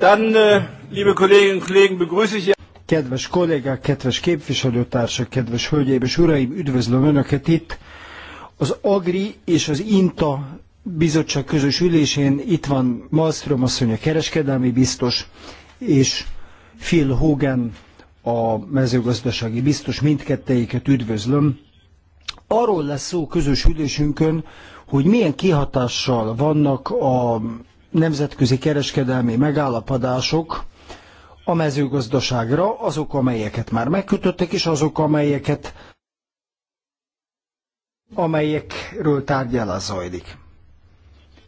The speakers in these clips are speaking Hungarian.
dann, äh, liebe Kolleginnen und Kollegen, begrüße ich Kedves kollégák, kedves képviselőtársak, kedves hölgyeim és uraim, üdvözlöm Önöket itt. Az AGRI és az INTA bizottság közös ülésén itt van Malmström asszony a kereskedelmi biztos, és Phil Hogan a mezőgazdasági biztos, mindkettejéket üdvözlöm. Arról lesz szó közös ülésünkön, hogy milyen kihatással vannak a nemzetközi kereskedelmi megállapodások a mezőgazdaságra, azok, amelyeket már megkötöttek, és azok, amelyeket amelyekről tárgyalás zajlik.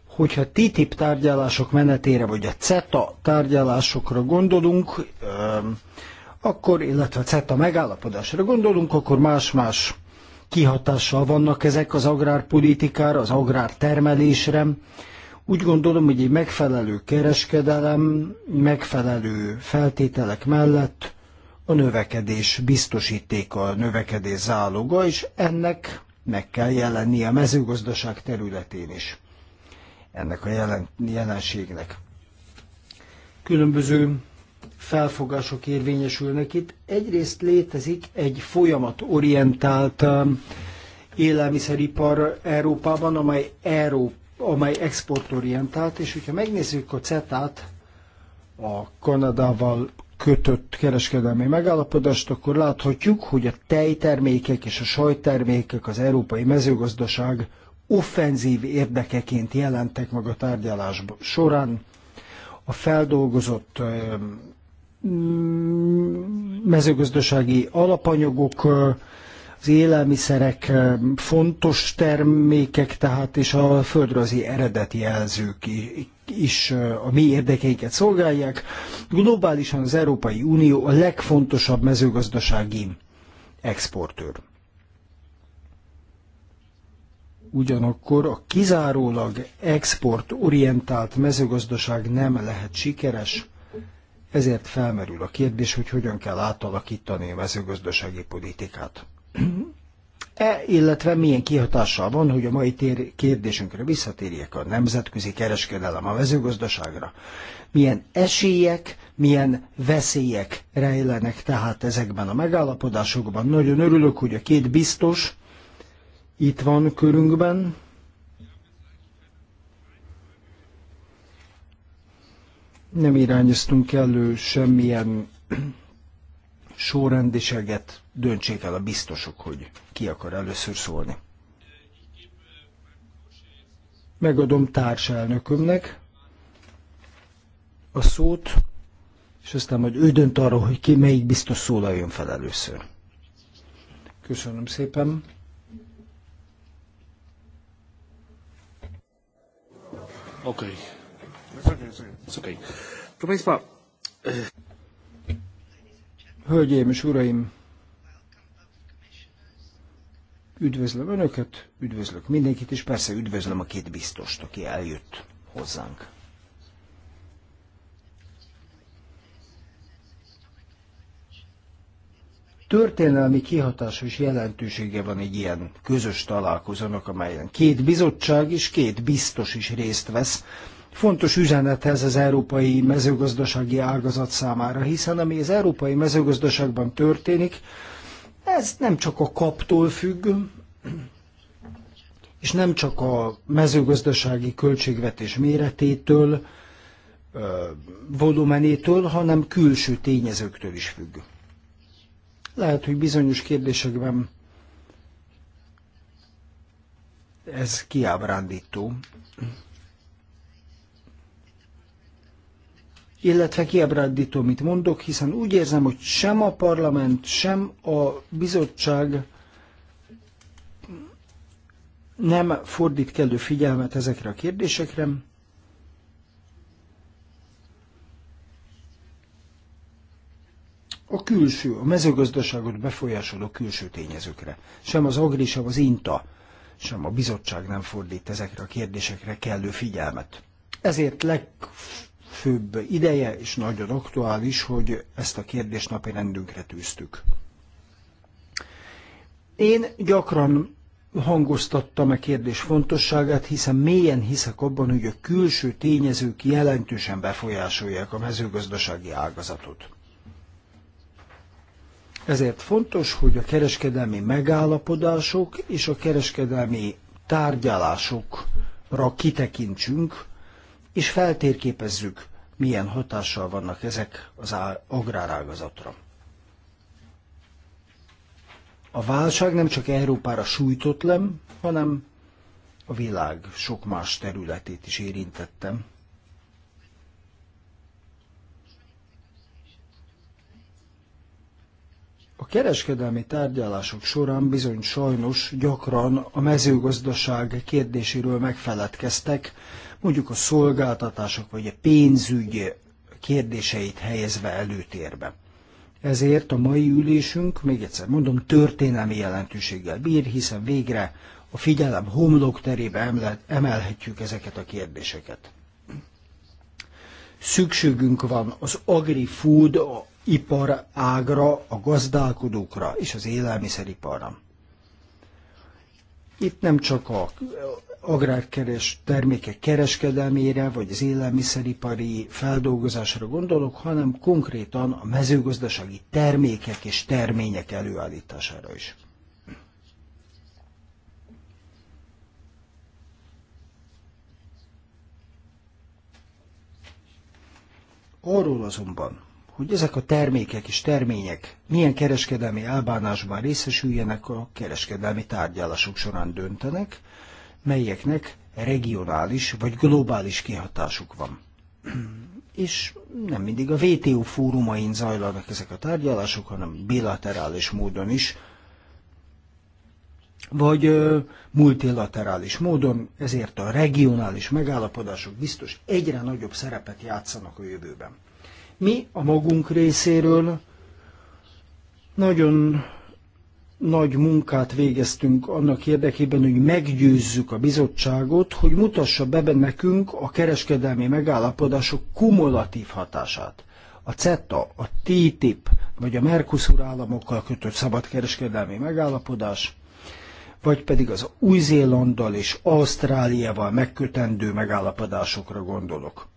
Hogyha TTIP tárgyalások menetére, vagy a CETA tárgyalásokra gondolunk, akkor, illetve a CETA megállapodásra gondolunk, akkor más-más kihatással vannak ezek az agrárpolitikára, az agrártermelésre, úgy gondolom, hogy egy megfelelő kereskedelem, megfelelő feltételek mellett a növekedés biztosítéka, a növekedés záloga, és ennek meg kell jelennie a mezőgazdaság területén is. Ennek a jelen, jelenségnek. Különböző felfogások érvényesülnek itt. Egyrészt létezik egy folyamatorientált orientált um, élelmiszeripar Európában, amely Európa amely exportorientált, és hogyha megnézzük a CETA-t, a Kanadával kötött kereskedelmi megállapodást, akkor láthatjuk, hogy a tejtermékek és a sajttermékek az európai mezőgazdaság offenzív érdekeként jelentek meg a tárgyalás során. A feldolgozott mezőgazdasági alapanyagok az élelmiszerek fontos termékek, tehát és a földrajzi eredeti jelzők is a mi érdekeinket szolgálják. Globálisan az Európai Unió a legfontosabb mezőgazdasági exportőr. Ugyanakkor a kizárólag exportorientált mezőgazdaság nem lehet sikeres, ezért felmerül a kérdés, hogy hogyan kell átalakítani a mezőgazdasági politikát. E, illetve milyen kihatással van, hogy a mai tér kérdésünkre visszatérjek a nemzetközi kereskedelem a mezőgazdaságra. Milyen esélyek, milyen veszélyek rejlenek tehát ezekben a megállapodásokban. Nagyon örülök, hogy a két biztos itt van körünkben. Nem irányoztunk elő semmilyen sorrendiseget döntsék el a biztosok, hogy ki akar először szólni. Megadom társelnökömnek a szót, és aztán majd ő dönt arról, hogy ki melyik biztos szólaljon fel először. Köszönöm szépen. Oké. Okay. okay. E, Hölgyeim és uraim, Üdvözlöm Önöket, üdvözlök mindenkit, és persze üdvözlöm a két biztost, aki eljött hozzánk. Történelmi kihatása és jelentősége van egy ilyen közös találkozónak, amelyen két bizottság és két biztos is részt vesz, fontos üzenethez az európai mezőgazdasági ágazat számára, hiszen ami az európai mezőgazdaságban történik, ez nem csak a kaptól függ, és nem csak a mezőgazdasági költségvetés méretétől, volumenétől, hanem külső tényezőktől is függ. Lehet, hogy bizonyos kérdésekben ez kiábrándító, illetve kiábrándító, mit mondok, hiszen úgy érzem, hogy sem a parlament, sem a bizottság nem fordít kellő figyelmet ezekre a kérdésekre. A külső, a mezőgazdaságot befolyásoló külső tényezőkre. Sem az Agri, sem az INTA, sem a bizottság nem fordít ezekre a kérdésekre kellő figyelmet. Ezért leg, főbb ideje, és nagyon aktuális, hogy ezt a kérdést napi rendünkre tűztük. Én gyakran hangoztattam a e kérdés fontosságát, hiszen mélyen hiszek abban, hogy a külső tényezők jelentősen befolyásolják a mezőgazdasági ágazatot. Ezért fontos, hogy a kereskedelmi megállapodások és a kereskedelmi tárgyalásokra kitekintsünk, és feltérképezzük, milyen hatással vannak ezek az agrárágazatra. A válság nem csak Európára sújtott lem, hanem a világ sok más területét is érintettem. A kereskedelmi tárgyalások során bizony sajnos gyakran a mezőgazdaság kérdéséről megfeledkeztek, mondjuk a szolgáltatások vagy a pénzügy kérdéseit helyezve előtérbe. Ezért a mai ülésünk, még egyszer mondom, történelmi jelentőséggel bír, hiszen végre a figyelem homlok terébe emelhetjük ezeket a kérdéseket. Szükségünk van az agri-food ágra, a gazdálkodókra és az élelmiszeriparra. Itt nem csak a agrárkeres termékek kereskedelmére, vagy az élelmiszeripari feldolgozásra gondolok, hanem konkrétan a mezőgazdasági termékek és termények előállítására is. Arról azonban, hogy ezek a termékek és termények milyen kereskedelmi elbánásban részesüljenek, a kereskedelmi tárgyalások során döntenek, melyeknek regionális vagy globális kihatásuk van. És nem mindig a WTO fórumain zajlanak ezek a tárgyalások, hanem bilaterális módon is, vagy multilaterális módon, ezért a regionális megállapodások biztos egyre nagyobb szerepet játszanak a jövőben. Mi a magunk részéről nagyon nagy munkát végeztünk annak érdekében, hogy meggyőzzük a bizottságot, hogy mutassa be nekünk a kereskedelmi megállapodások kumulatív hatását. A CETA, a TTIP vagy a Mercosur államokkal kötött szabadkereskedelmi megállapodás, vagy pedig az Új-Zélanddal és Ausztráliával megkötendő megállapodásokra gondolok.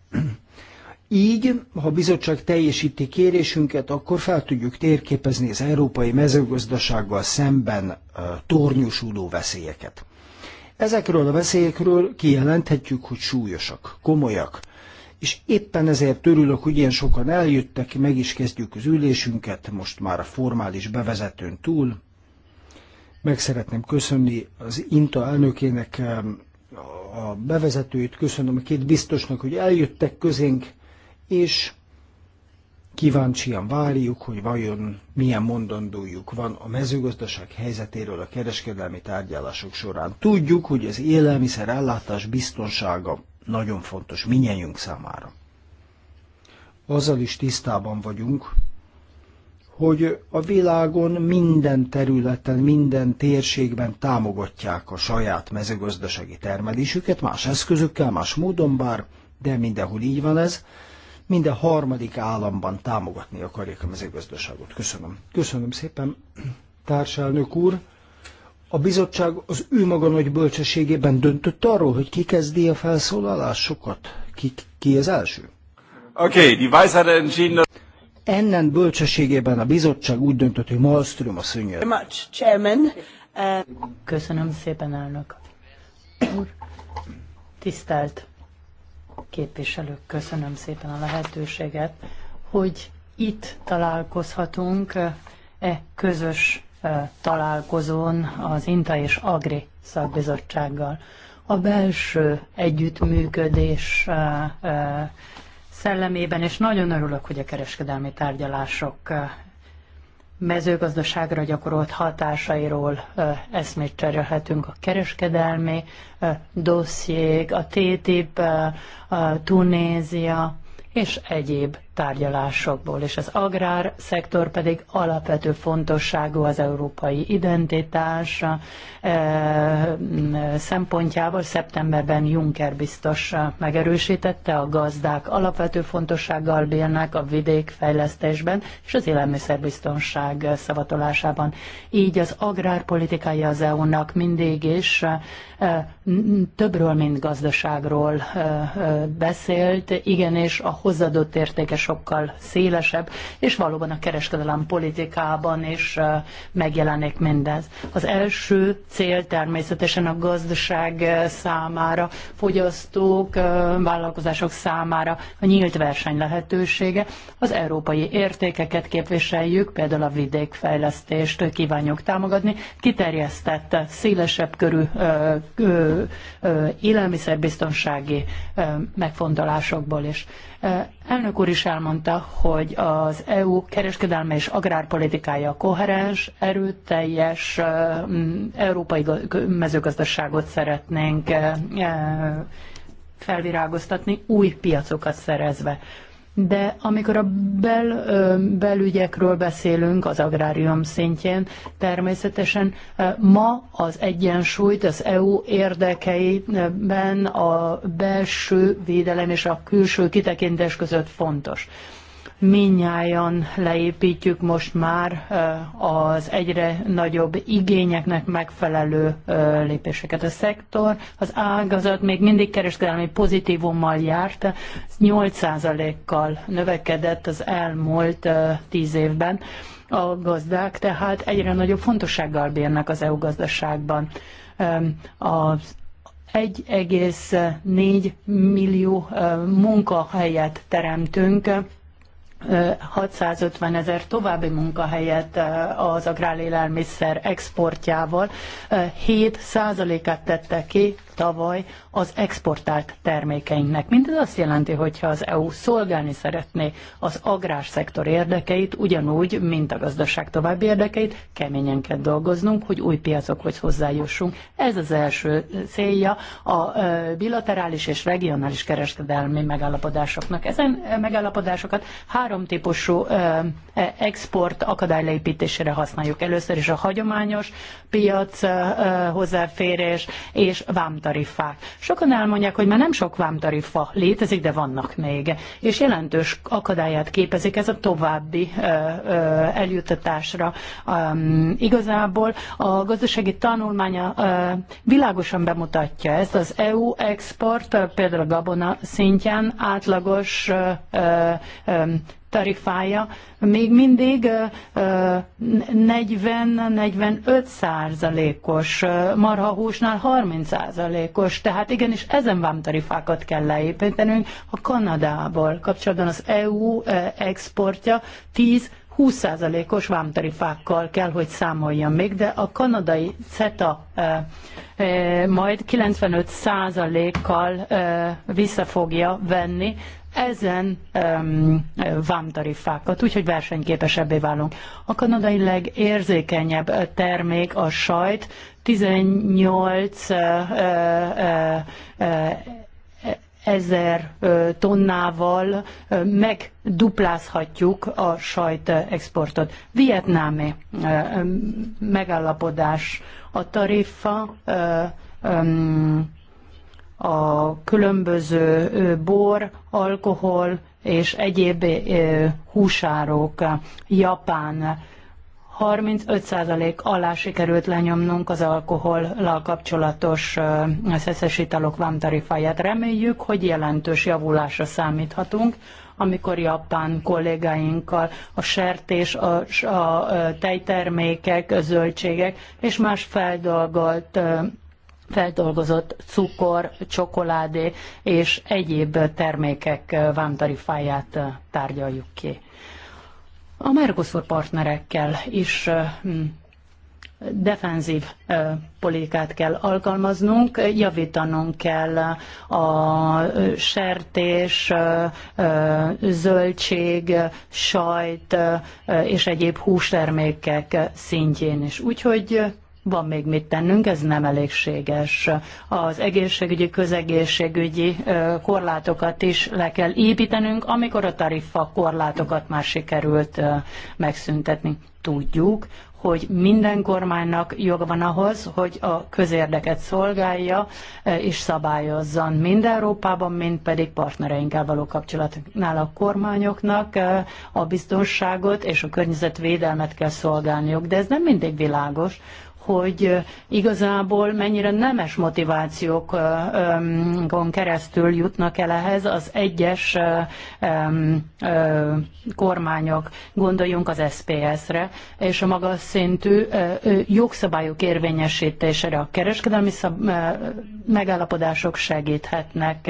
Így, ha a bizottság teljesíti kérésünket, akkor fel tudjuk térképezni az európai mezőgazdasággal szemben tornyosuló veszélyeket. Ezekről a veszélyekről kijelenthetjük, hogy súlyosak, komolyak. És éppen ezért örülök, hogy ilyen sokan eljöttek, meg is kezdjük az ülésünket, most már a formális bevezetőn túl. Meg szeretném köszönni az INTA elnökének a bevezetőjét, köszönöm a két biztosnak, hogy eljöttek közénk, és kíváncsian várjuk, hogy vajon milyen mondandójuk van a mezőgazdaság helyzetéről a kereskedelmi tárgyalások során. Tudjuk, hogy az élelmiszer ellátás biztonsága nagyon fontos minnyájunk számára. Azzal is tisztában vagyunk, hogy a világon minden területen, minden térségben támogatják a saját mezőgazdasági termelésüket, más eszközökkel, más módon bár, de mindenhol így van ez, minden harmadik államban támogatni akarják a mezőgazdaságot. Köszönöm. Köszönöm szépen, társelnök úr. A bizottság az ő maga nagy bölcsességében döntött arról, hogy ki kezdi a felszólalásokat? Ki, ki az első? Oké, okay, the vice Ennen bölcsességében a bizottság úgy döntött, hogy Malmström a szőnyeg. Köszönöm szépen, elnök úr. Tisztelt képviselők, köszönöm szépen a lehetőséget, hogy itt találkozhatunk e közös e, találkozón az INTA és AGRI szakbizottsággal. A belső együttműködés e, e, szellemében, és nagyon örülök, hogy a kereskedelmi tárgyalások mezőgazdaságra gyakorolt hatásairól eszmét cserélhetünk a kereskedelmi dossziék, a TTIP, a Tunézia és egyéb tárgyalásokból, és az agrárszektor pedig alapvető fontosságú az európai identitás eh, szempontjából. Szeptemberben Juncker biztos megerősítette, a gazdák alapvető fontossággal bírnak a vidékfejlesztésben és az élelmiszerbiztonság szavatolásában. Így az agrárpolitikai az EU-nak mindig is eh, többről, mint gazdaságról eh, beszélt, igen, és a hozzáadott értékes sokkal szélesebb, és valóban a kereskedelem politikában is megjelenik mindez. Az első cél természetesen a gazdaság számára, fogyasztók, vállalkozások számára a nyílt verseny lehetősége. Az európai értékeket képviseljük, például a vidékfejlesztést kívánjuk támogatni, kiterjesztett, szélesebb körű élelmiszerbiztonsági megfontolásokból is. Elnök úr is elmondta, hogy az EU kereskedelme és agrárpolitikája koherens, erőteljes európai mezőgazdaságot szeretnénk felvirágoztatni, új piacokat szerezve de amikor a bel, belügyekről beszélünk az agrárium szintjén, természetesen ma az egyensúlyt az EU érdekeiben a belső védelem és a külső kitekintés között fontos minnyáján leépítjük most már az egyre nagyobb igényeknek megfelelő lépéseket. A szektor, az ágazat még mindig kereskedelmi pozitívummal járt, 8%-kal növekedett az elmúlt 10 évben. A gazdák tehát egyre nagyobb fontossággal bírnak az EU gazdaságban. A 1,4 millió munkahelyet teremtünk 650 ezer további munkahelyet az agrálélelmiszer exportjával 7 százalékát tette ki tavaly az exportált termékeinknek. Mindez azt jelenti, hogy ha az EU szolgálni szeretné az agrárszektor érdekeit, ugyanúgy, mint a gazdaság további érdekeit, keményen kell dolgoznunk, hogy új piacokhoz hozzájussunk. Ez az első célja a bilaterális és regionális kereskedelmi megállapodásoknak. Ezen megállapodásokat három három típusú e, export akadályleépítésére használjuk. Először is a hagyományos piac hozzáférés és vámtarifák. Sokan elmondják, hogy már nem sok vámtarifa létezik, de vannak még. És jelentős akadályát képezik ez a további eljuttatásra. Igazából a gazdasági tanulmánya világosan bemutatja ezt. Az EU export például a gabona szintján átlagos tarifája még mindig 40-45 százalékos, marhahúsnál 30 százalékos, tehát igenis ezen vámtarifákat kell leépítenünk. A Kanadából kapcsolatban az EU exportja 10 20%-os vámtarifákkal kell, hogy számoljam még, de a kanadai CETA e, e, majd 95%-kal e, vissza fogja venni ezen um, vámtarifákat, úgyhogy versenyképesebbé válunk. A kanadai legérzékenyebb termék a sajt, 18 uh, uh, uh, ezer eh, tonnával eh, megduplázhatjuk a sajt exportot. Vietnámi eh, megállapodás, a tarifa a különböző bor, alkohol és egyéb húsárok Japán 35% alá sikerült lenyomnunk az alkohollal kapcsolatos szeszes italok vámtarifáját. Reméljük, hogy jelentős javulásra számíthatunk, amikor japán kollégáinkkal a sertés, a, a tejtermékek, a zöldségek és más feldolgolt feldolgozott cukor, csokoládé és egyéb termékek vámtarifáját tárgyaljuk ki. A Mercosur partnerekkel is hm, defenzív politikát kell alkalmaznunk, javítanunk kell a sertés, zöldség, sajt és egyéb hústermékek szintjén is. Úgyhogy van még mit tennünk, ez nem elégséges. Az egészségügyi, közegészségügyi korlátokat is le kell építenünk, amikor a tarifa korlátokat már sikerült megszüntetni. Tudjuk, hogy minden kormánynak joga van ahhoz, hogy a közérdeket szolgálja és szabályozzon mind Európában, mind pedig partnereinkkel való kapcsolatnál a kormányoknak a biztonságot és a környezetvédelmet kell szolgálniuk. De ez nem mindig világos, hogy igazából mennyire nemes motivációkon keresztül jutnak el ehhez az egyes kormányok. Gondoljunk az SPS-re és a magas szintű jogszabályok érvényesítésére. A kereskedelmi megállapodások segíthetnek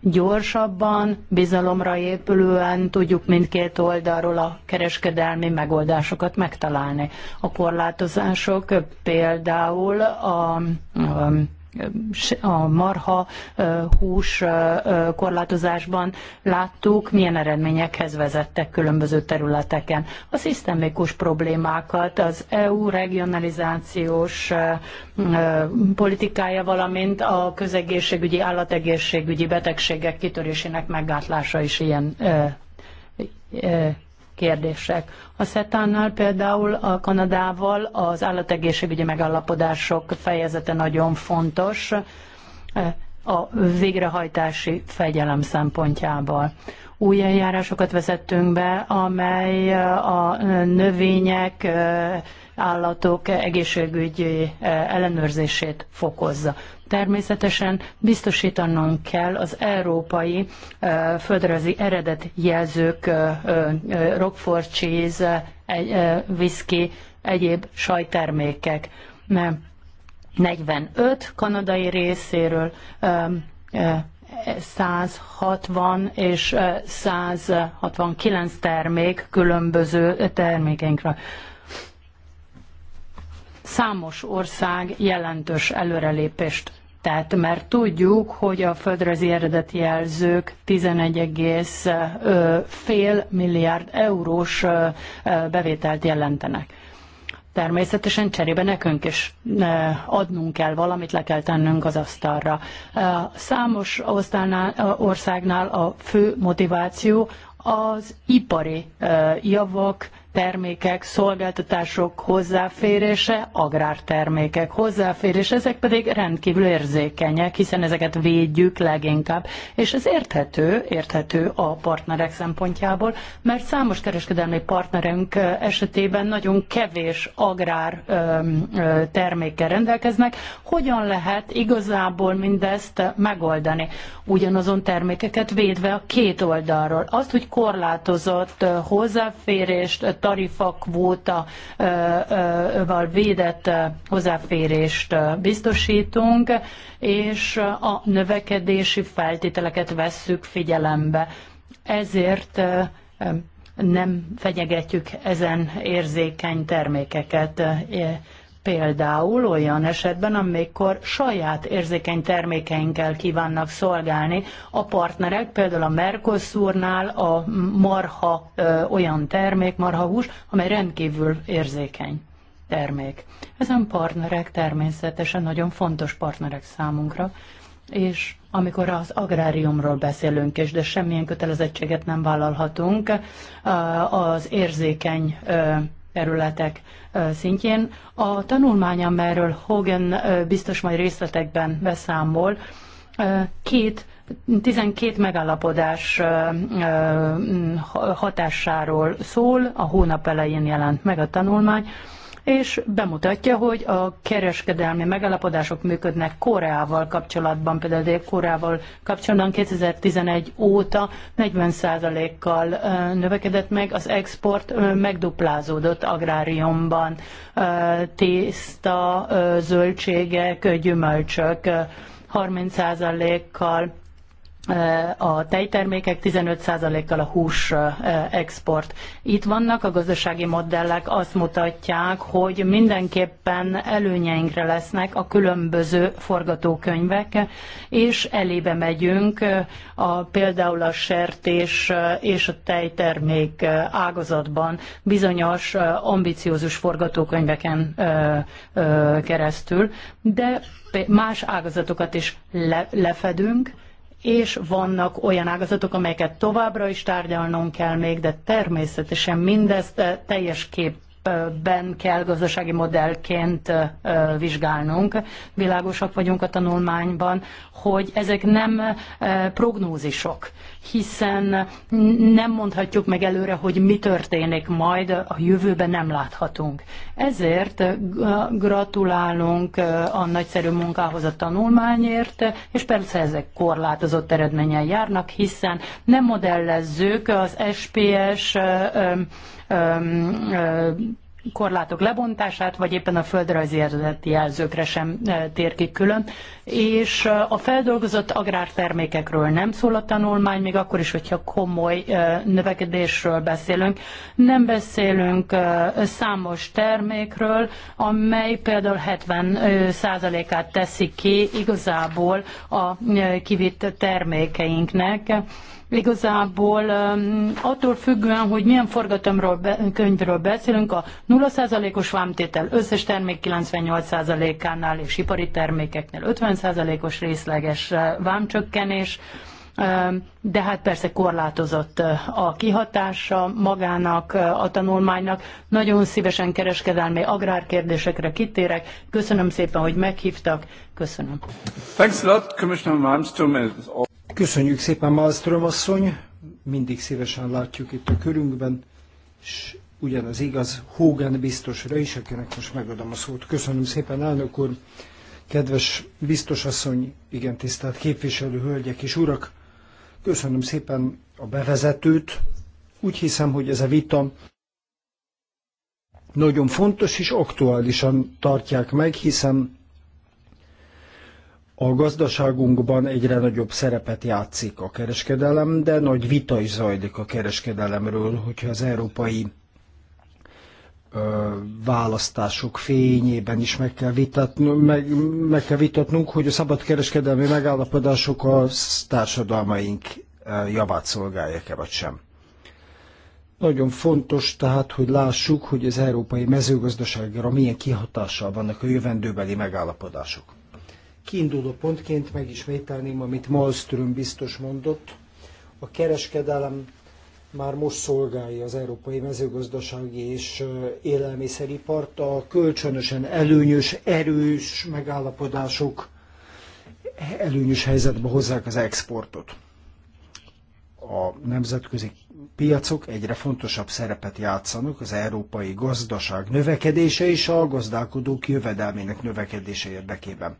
gyorsabban, bizalomra épülően tudjuk mindkét oldalról a kereskedelmi megoldásokat megtalálni. A korlátozások mondok például a, a a marha hús korlátozásban láttuk, milyen eredményekhez vezettek különböző területeken. A szisztemikus problémákat az EU regionalizációs politikája, valamint a közegészségügyi, állategészségügyi betegségek kitörésének meggátlása is ilyen kérdések. A szetánnál például a Kanadával az állategészségügyi megállapodások fejezete nagyon fontos a végrehajtási fegyelem szempontjából. Új eljárásokat vezettünk be, amely a növények, állatok egészségügyi ellenőrzését fokozza. Természetesen biztosítanunk kell az európai földrajzi eredet jelzők, rockford cheese, e, whisky, egyéb sajtermékek. 45 kanadai részéről 160 és 169 termék különböző termékeinkről. Számos ország jelentős előrelépést tehát már tudjuk, hogy a földrajzi eredeti jelzők 11,5 milliárd eurós bevételt jelentenek. Természetesen cserébe nekünk is adnunk kell valamit, le kell tennünk az asztalra. Számos országnál a fő motiváció az ipari javak termékek, szolgáltatások hozzáférése, agrártermékek hozzáférése, ezek pedig rendkívül érzékenyek, hiszen ezeket védjük leginkább. És ez érthető, érthető a partnerek szempontjából, mert számos kereskedelmi partnerünk esetében nagyon kevés agrár termékkel rendelkeznek. Hogyan lehet igazából mindezt megoldani? Ugyanazon termékeket védve a két oldalról. Azt, hogy korlátozott hozzáférést tarifakvótaval védett hozzáférést biztosítunk, és a növekedési feltételeket vesszük figyelembe. Ezért nem fenyegetjük ezen érzékeny termékeket Például olyan esetben, amikor saját érzékeny termékeinkkel kívánnak szolgálni a partnerek, például a Mercosurnál a marha ö, olyan termék, marhahús, amely rendkívül érzékeny termék. Ezen partnerek természetesen nagyon fontos partnerek számunkra, és amikor az agráriumról beszélünk és de semmilyen kötelezettséget nem vállalhatunk az érzékeny területek szintjén. A tanulmány, amelyről Hogan biztos majd részletekben beszámol, két 12 megállapodás hatásáról szól, a hónap elején jelent meg a tanulmány és bemutatja, hogy a kereskedelmi megállapodások működnek Koreával kapcsolatban, például koreával kapcsolatban 2011 óta 40%-kal növekedett meg, az export megduplázódott agráriumban, tészta, zöldségek, gyümölcsök 30%-kal a tejtermékek 15%-kal a hús export. Itt vannak a gazdasági modellek, azt mutatják, hogy mindenképpen előnyeinkre lesznek a különböző forgatókönyvek, és elébe megyünk a, például a sertés és a tejtermék ágazatban bizonyos ambiciózus forgatókönyveken keresztül, de más ágazatokat is lefedünk, és vannak olyan ágazatok, amelyeket továbbra is tárgyalnunk kell még, de természetesen mindezt eh, teljes kép ben kell gazdasági modellként eh, vizsgálnunk. Világosak vagyunk a tanulmányban, hogy ezek nem eh, prognózisok hiszen nem mondhatjuk meg előre, hogy mi történik majd, a jövőben nem láthatunk. Ezért uh, gratulálunk uh, a nagyszerű munkához a tanulmányért, és persze ezek korlátozott eredménnyel járnak, hiszen nem modellezzük az SPS korlátok lebontását, vagy éppen a földrajzi eredeti jelzőkre sem e, tér ki külön. És e, a feldolgozott agrártermékekről nem szól a tanulmány, még akkor is, hogyha komoly e, növekedésről beszélünk. Nem beszélünk számos termékről, amely például 70%-át teszi ki igazából a kivitt termékeinknek igazából attól függően, hogy milyen forgatomról, könyvről beszélünk, a 0%-os vámtétel összes termék 98%-ánál és ipari termékeknél 50%-os részleges vámcsökkenés, de hát persze korlátozott a kihatása magának, a tanulmánynak. Nagyon szívesen kereskedelmi agrárkérdésekre kitérek. Köszönöm szépen, hogy meghívtak. Köszönöm. Thanks a lot, Commissioner Malmström. Köszönjük szépen, Malmström asszony! Mindig szívesen látjuk itt a körünkben, és ugyanaz igaz Hogan biztosra is, akinek most megadom a szót. Köszönöm szépen, elnök úr! Kedves biztos asszony, igen tisztelt képviselő hölgyek és urak! Köszönöm szépen a bevezetőt. Úgy hiszem, hogy ez a vita nagyon fontos és aktuálisan tartják meg, hiszen a gazdaságunkban egyre nagyobb szerepet játszik a kereskedelem, de nagy vita is zajlik a kereskedelemről, hogyha az európai választások fényében is meg kell, vitatnunk, meg, meg kell vitatnunk, hogy a szabadkereskedelmi megállapodások a társadalmaink javát szolgálják-e vagy sem. Nagyon fontos tehát, hogy lássuk, hogy az európai mezőgazdaságra milyen kihatással vannak a jövendőbeli megállapodások kiinduló pontként megismételném, amit Malmström biztos mondott. A kereskedelem már most szolgálja az európai mezőgazdasági és élelmiszeripart. A kölcsönösen előnyös, erős megállapodások előnyös helyzetbe hozzák az exportot. A nemzetközi piacok egyre fontosabb szerepet játszanak az európai gazdaság növekedése és a gazdálkodók jövedelmének növekedése érdekében.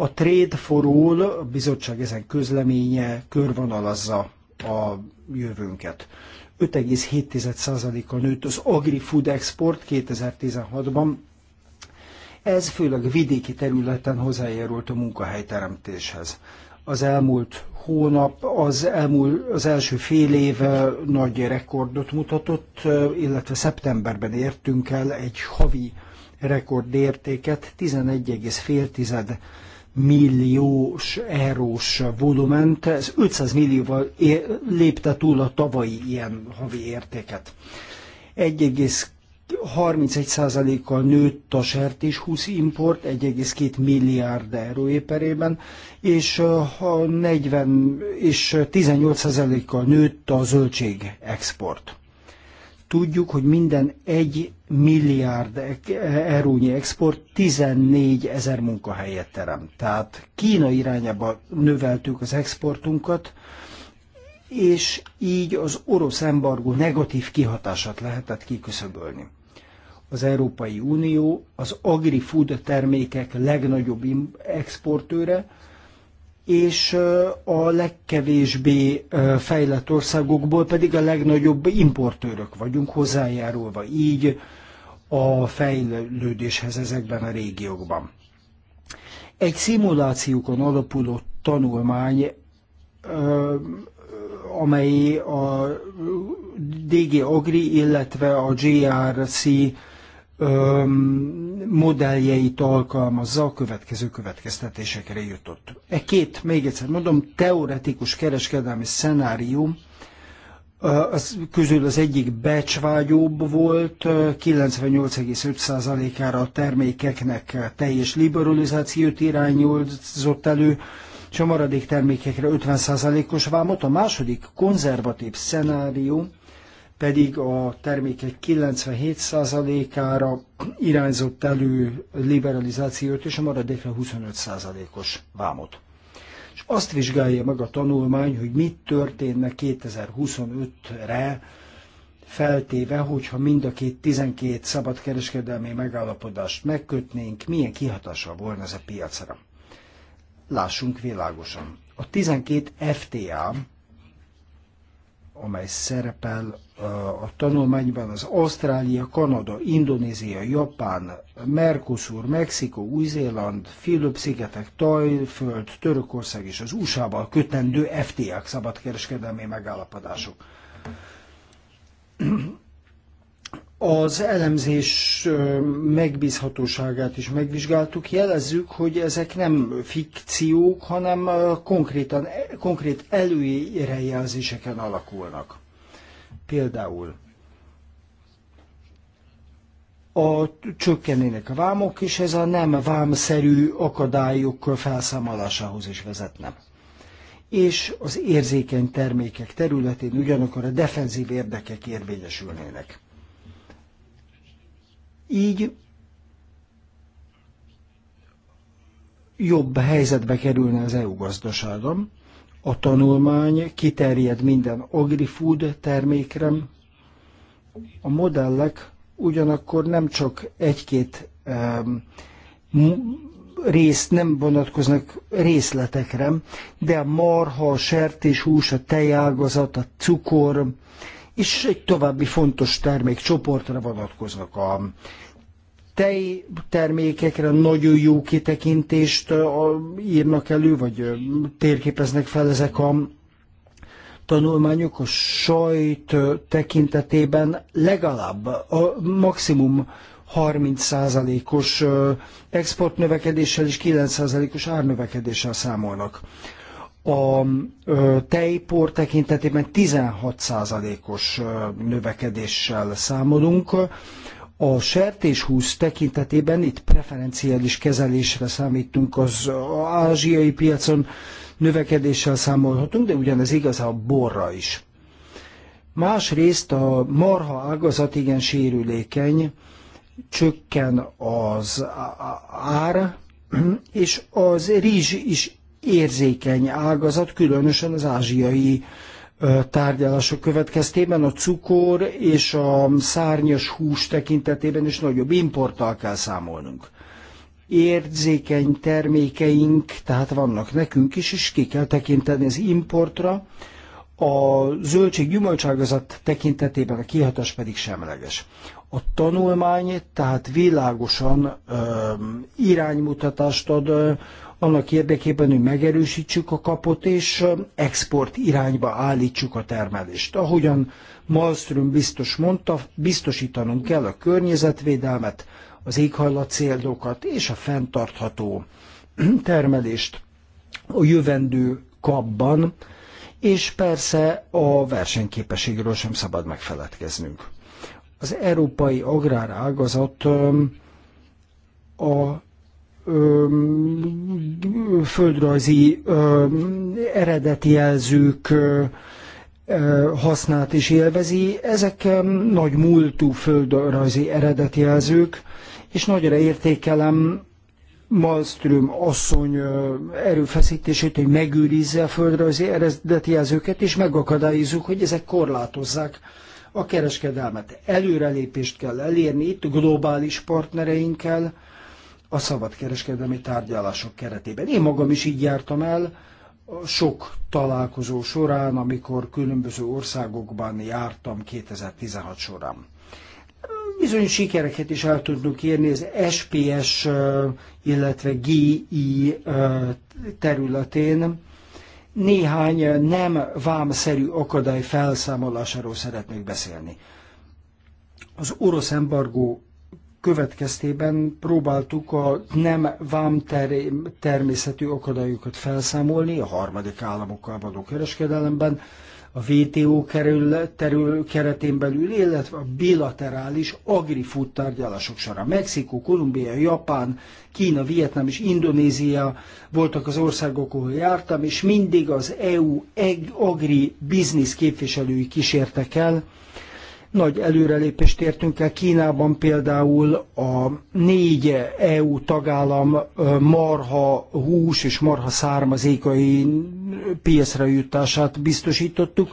A Trade for All, a bizottság ezen közleménye körvonalazza a jövőnket. 5,7%-kal nőtt az agri-food export 2016-ban. Ez főleg vidéki területen hozzájárult a munkahelyteremtéshez. Az elmúlt hónap, az, elmúlt, az első fél év nagy rekordot mutatott, illetve szeptemberben értünk el egy havi rekordértéket, 11,5 milliós eurós volument, ez 500 millióval lépte túl a tavalyi ilyen havi értéket. 131 kal nőtt a 20 import, 1,2 milliárd euró éperében, és, 40, és 18%-kal nőtt a zöldség export. Tudjuk, hogy minden egy milliárd eurónyi export 14 ezer munkahelyet terem. Tehát Kína irányába növeltük az exportunkat, és így az orosz embargó negatív kihatását lehetett kiküszöbölni. Az Európai Unió az agri-food termékek legnagyobb exportőre, és a legkevésbé fejlett országokból pedig a legnagyobb importőrök vagyunk hozzájárulva így a fejlődéshez ezekben a régiókban. Egy szimulációkon alapuló tanulmány, amely a DG Agri, illetve a GRC modelljeit alkalmazza, a következő következtetésekre jutott. E két, még egyszer mondom, teoretikus kereskedelmi szenárium az közül az egyik becsvágyóbb volt, 98,5%-ára a termékeknek teljes liberalizációt irányozott elő, és a maradék termékekre 50%-os vámot. A második konzervatív szenárium pedig a termékek 97%-ára irányzott elő liberalizációt és a maradékra 25%-os vámot. És azt vizsgálja meg a tanulmány, hogy mit történne 2025-re, feltéve, hogyha mind a két 12 szabadkereskedelmi megállapodást megkötnénk, milyen kihatással volna ez a piacra. Lássunk világosan. A 12 FTA amely szerepel uh, a tanulmányban, az Ausztrália, Kanada, Indonézia, Japán, Mercosur, Mexikó, Új-Zéland, Fülöp-szigetek, Tajföld, Törökország és az USA-val kötendő FTA-k szabadkereskedelmi megállapodások az elemzés megbízhatóságát is megvizsgáltuk, jelezzük, hogy ezek nem fikciók, hanem konkrétan, e, konkrét előrejelzéseken alakulnak. Például a csökkennének a vámok, és ez a nem vámszerű akadályok felszámolásához is vezetne és az érzékeny termékek területén ugyanakkor a defenzív érdekek érvényesülnének. Így jobb helyzetbe kerülne az EU gazdaságom. A tanulmány kiterjed minden agrifood termékre. A modellek ugyanakkor nem csak egy-két um, részt nem vonatkoznak részletekre, de a marha, a sertéshús, a tejágazat, a cukor, és egy további fontos termékcsoportra vonatkoznak a tej termékekre nagyon jó kitekintést írnak elő, vagy térképeznek fel ezek a tanulmányok a sajt tekintetében legalább a maximum 30%-os exportnövekedéssel és 9%-os árnövekedéssel számolnak a tejpor tekintetében 16%-os növekedéssel számolunk. A sertéshúsz tekintetében itt preferenciális kezelésre számítunk az ázsiai piacon, növekedéssel számolhatunk, de ugyanez igaz a borra is. Másrészt a marha ágazat igen sérülékeny, csökken az ár, és az rizs is érzékeny ágazat, különösen az ázsiai tárgyalások következtében a cukor és a szárnyas hús tekintetében is nagyobb importtal kell számolnunk. Érzékeny termékeink, tehát vannak nekünk is, és ki kell tekinteni az importra, a zöldség gyümölcságazat tekintetében a kihatás pedig semleges. A tanulmány tehát világosan ö, iránymutatást ad ö, annak érdekében, hogy megerősítsük a kapot és ö, export irányba állítsuk a termelést. Ahogyan Malmström biztos mondta, biztosítanunk kell a környezetvédelmet, az éghajlat célokat és a fenntartható termelést a jövendő kapban és persze a versenyképességről sem szabad megfeledkeznünk. Az európai agrárágazat a földrajzi eredeti jelzők hasznát is élvezi. Ezek nagy múltú földrajzi eredeti jelzők, és nagyra értékelem Malmström asszony erőfeszítését, hogy megőrizze a földrajzi eredeti jelzőket, és megakadályozzuk, hogy ezek korlátozzák a kereskedelmet. Előrelépést kell elérni itt globális partnereinkkel a kereskedelmi tárgyalások keretében. Én magam is így jártam el, sok találkozó során, amikor különböző országokban jártam 2016 során bizony sikereket is el tudnunk érni az SPS, illetve GI területén. Néhány nem vámszerű akadály felszámolásáról szeretnék beszélni. Az orosz embargó következtében próbáltuk a nem vám ter- természetű akadályokat felszámolni a harmadik államokkal való kereskedelemben, a WTO kerül, terül, keretén belül, illetve a bilaterális agri-food tárgyalások során. Mexikó, Kolumbia, Japán, Kína, Vietnám és Indonézia voltak az országok, ahol jártam, és mindig az EU agri-biznisz képviselői kísértek el, nagy előrelépést értünk el Kínában például a négy EU tagállam marha hús és marha származékai piacra jutását biztosítottuk.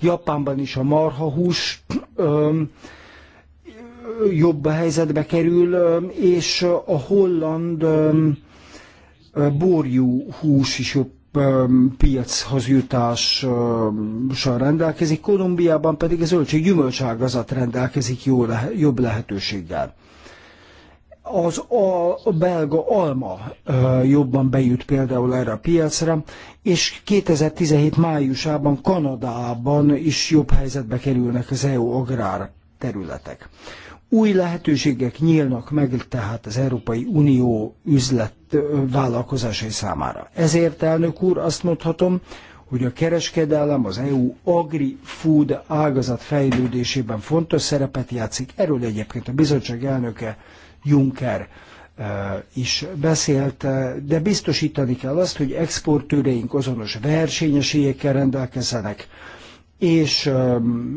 Japánban is a marha hús jobb helyzetbe kerül, és a holland borjú hús is jobb Um, piachoz jutással rendelkezik, Kolumbiában pedig a zöldség gyümölcságazat rendelkezik jó le, jobb lehetőséggel. Az a belga alma uh, jobban bejut például erre a piacra, és 2017 májusában Kanadában is jobb helyzetbe kerülnek az EU agrár területek. Új lehetőségek nyílnak meg tehát az Európai Unió üzlet vállalkozásai számára. Ezért, elnök úr, azt mondhatom, hogy a kereskedelem az EU agri-food ágazat fejlődésében fontos szerepet játszik. Erről egyébként a bizottság elnöke Juncker is beszélt, de biztosítani kell azt, hogy exportőreink azonos versenyeségekkel rendelkezzenek, és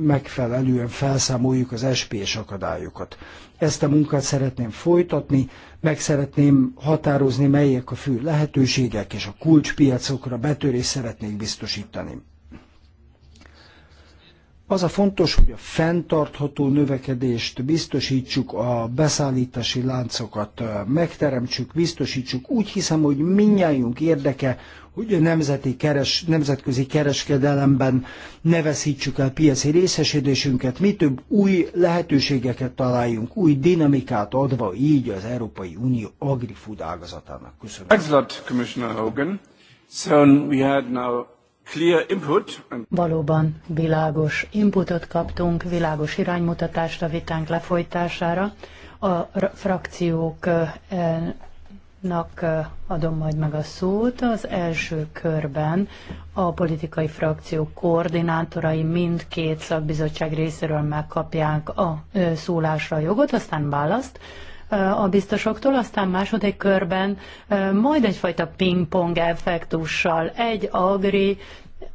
megfelelően felszámoljuk az SPS akadályokat. Ezt a munkát szeretném folytatni, meg szeretném határozni, melyek a fő lehetőségek, és a kulcspiacokra betörést szeretnék biztosítani. Az a fontos, hogy a fenntartható növekedést biztosítsuk, a beszállítási láncokat megteremtsük, biztosítsuk. Úgy hiszem, hogy minnyájunk érdeke, hogy a nemzeti keres, nemzetközi kereskedelemben ne veszítsük el piaci részesedésünket, mi több új lehetőségeket találjunk, új dinamikát adva így az Európai Unió agrifood ágazatának. Köszönöm. Thanks a lot, Commissioner Hogan. So we had now Valóban világos inputot kaptunk, világos iránymutatást a vitánk lefolytására. A frakcióknak adom majd meg a szót. Az első körben a politikai frakciók koordinátorai mindkét szakbizottság részéről megkapják a szólásra a jogot, aztán választ a biztosoktól, aztán második körben majd egyfajta pingpong effektussal egy agri,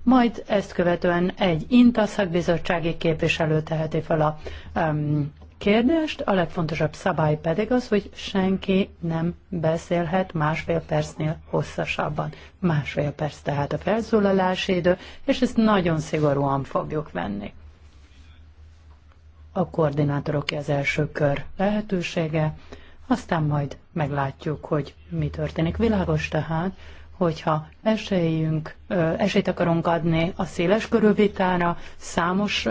majd ezt követően egy INTA szakbizottsági képviselő teheti fel a um, kérdést, a legfontosabb szabály pedig az, hogy senki nem beszélhet másfél percnél hosszasabban. Másfél perc tehát a felszólalási idő, és ezt nagyon szigorúan fogjuk venni a koordinátoroké az első kör lehetősége, aztán majd meglátjuk, hogy mi történik. Világos tehát, hogyha esélyünk, esélyt akarunk adni a széles körű vitára, számos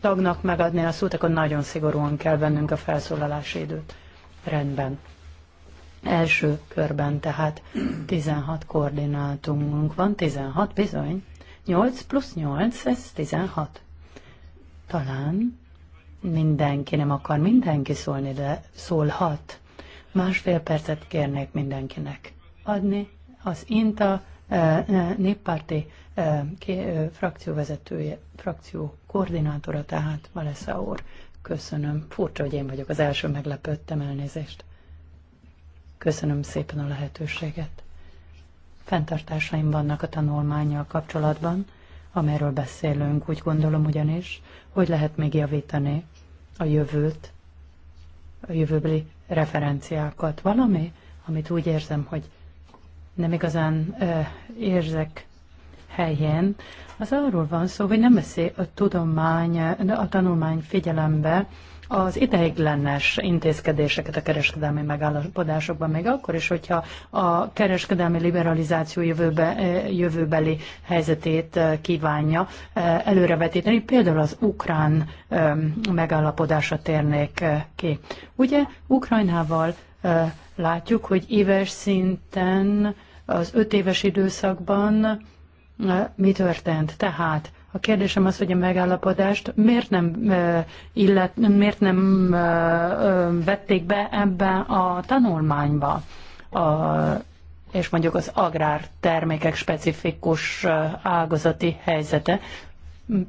tagnak megadni a szót, akkor nagyon szigorúan kell vennünk a felszólalási időt. Rendben. Első körben tehát 16 koordinátumunk van, 16 bizony. 8 plusz 8, ez 16. Talán mindenki nem akar mindenki szólni, de szólhat. Másfél percet kérnék mindenkinek adni. Az INTA eh, eh, néppárti eh, frakcióvezetője, frakció koordinátora tehát Valesza úr. Köszönöm. Furcsa, hogy én vagyok az első, meglepődtem elnézést. Köszönöm szépen a lehetőséget. Fentartásaim vannak a tanulmányjal kapcsolatban, amelyről beszélünk. Úgy gondolom ugyanis, hogy lehet még javítani a jövőt, a jövőbeli referenciákat. Valami, amit úgy érzem, hogy nem igazán ö, érzek helyén, az arról van szó, hogy nem veszi a tudomány, a tanulmány figyelembe az ideiglenes intézkedéseket a kereskedelmi megállapodásokban, még akkor is, hogyha a kereskedelmi liberalizáció jövőbe, eh, jövőbeli helyzetét eh, kívánja eh, előrevetíteni, például az ukrán megállapodásra térnék ki. Ugye Ukrajnával látjuk, hogy éves szinten az öt éves időszakban mi történt? Tehát a kérdésem az, hogy a megállapodást miért nem, illet, miért nem vették be ebbe a tanulmányba? A, és mondjuk az agrártermékek specifikus ágazati helyzete.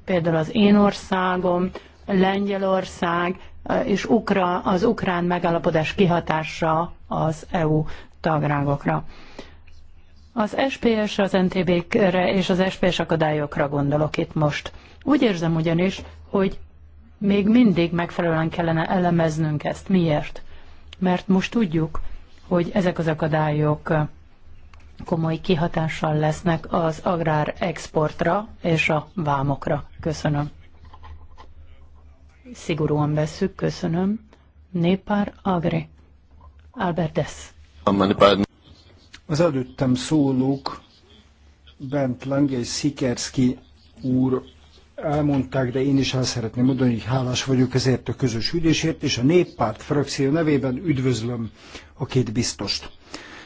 Például az én országom, Lengyelország és Ukra, az ukrán megállapodás kihatása az EU tagrágokra. Az SPS, az ntb kre és az SPS akadályokra gondolok itt most. Úgy érzem ugyanis, hogy még mindig megfelelően kellene elemeznünk ezt. Miért? Mert most tudjuk, hogy ezek az akadályok komoly kihatással lesznek az agrár exportra és a vámokra. Köszönöm. Szigorúan veszük, köszönöm. Népár Agri. Albertes. Az előttem szólók Bent Lange és Szikerszki úr elmondták, de én is el szeretném mondani, hogy hálás vagyok ezért a közös ügyésért, és a néppárt frakció nevében üdvözlöm a két biztost.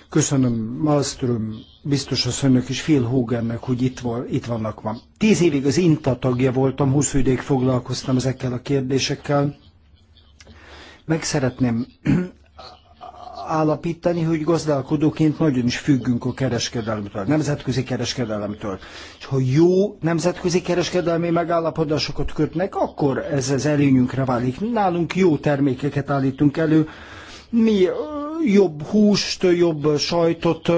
Köszönöm Malmström biztos szönnök is, Phil Hogannek, hogy itt, van, itt vannak van. Tíz évig az INTA tagja voltam, hosszú ideig foglalkoztam ezekkel a kérdésekkel. Meg szeretném állapítani, hogy gazdálkodóként nagyon is függünk a kereskedelemtől, a nemzetközi kereskedelemtől. És ha jó nemzetközi kereskedelmi megállapodásokat kötnek, akkor ez az előnyünkre válik. Nálunk jó termékeket állítunk elő, mi jobb húst, jobb sajtot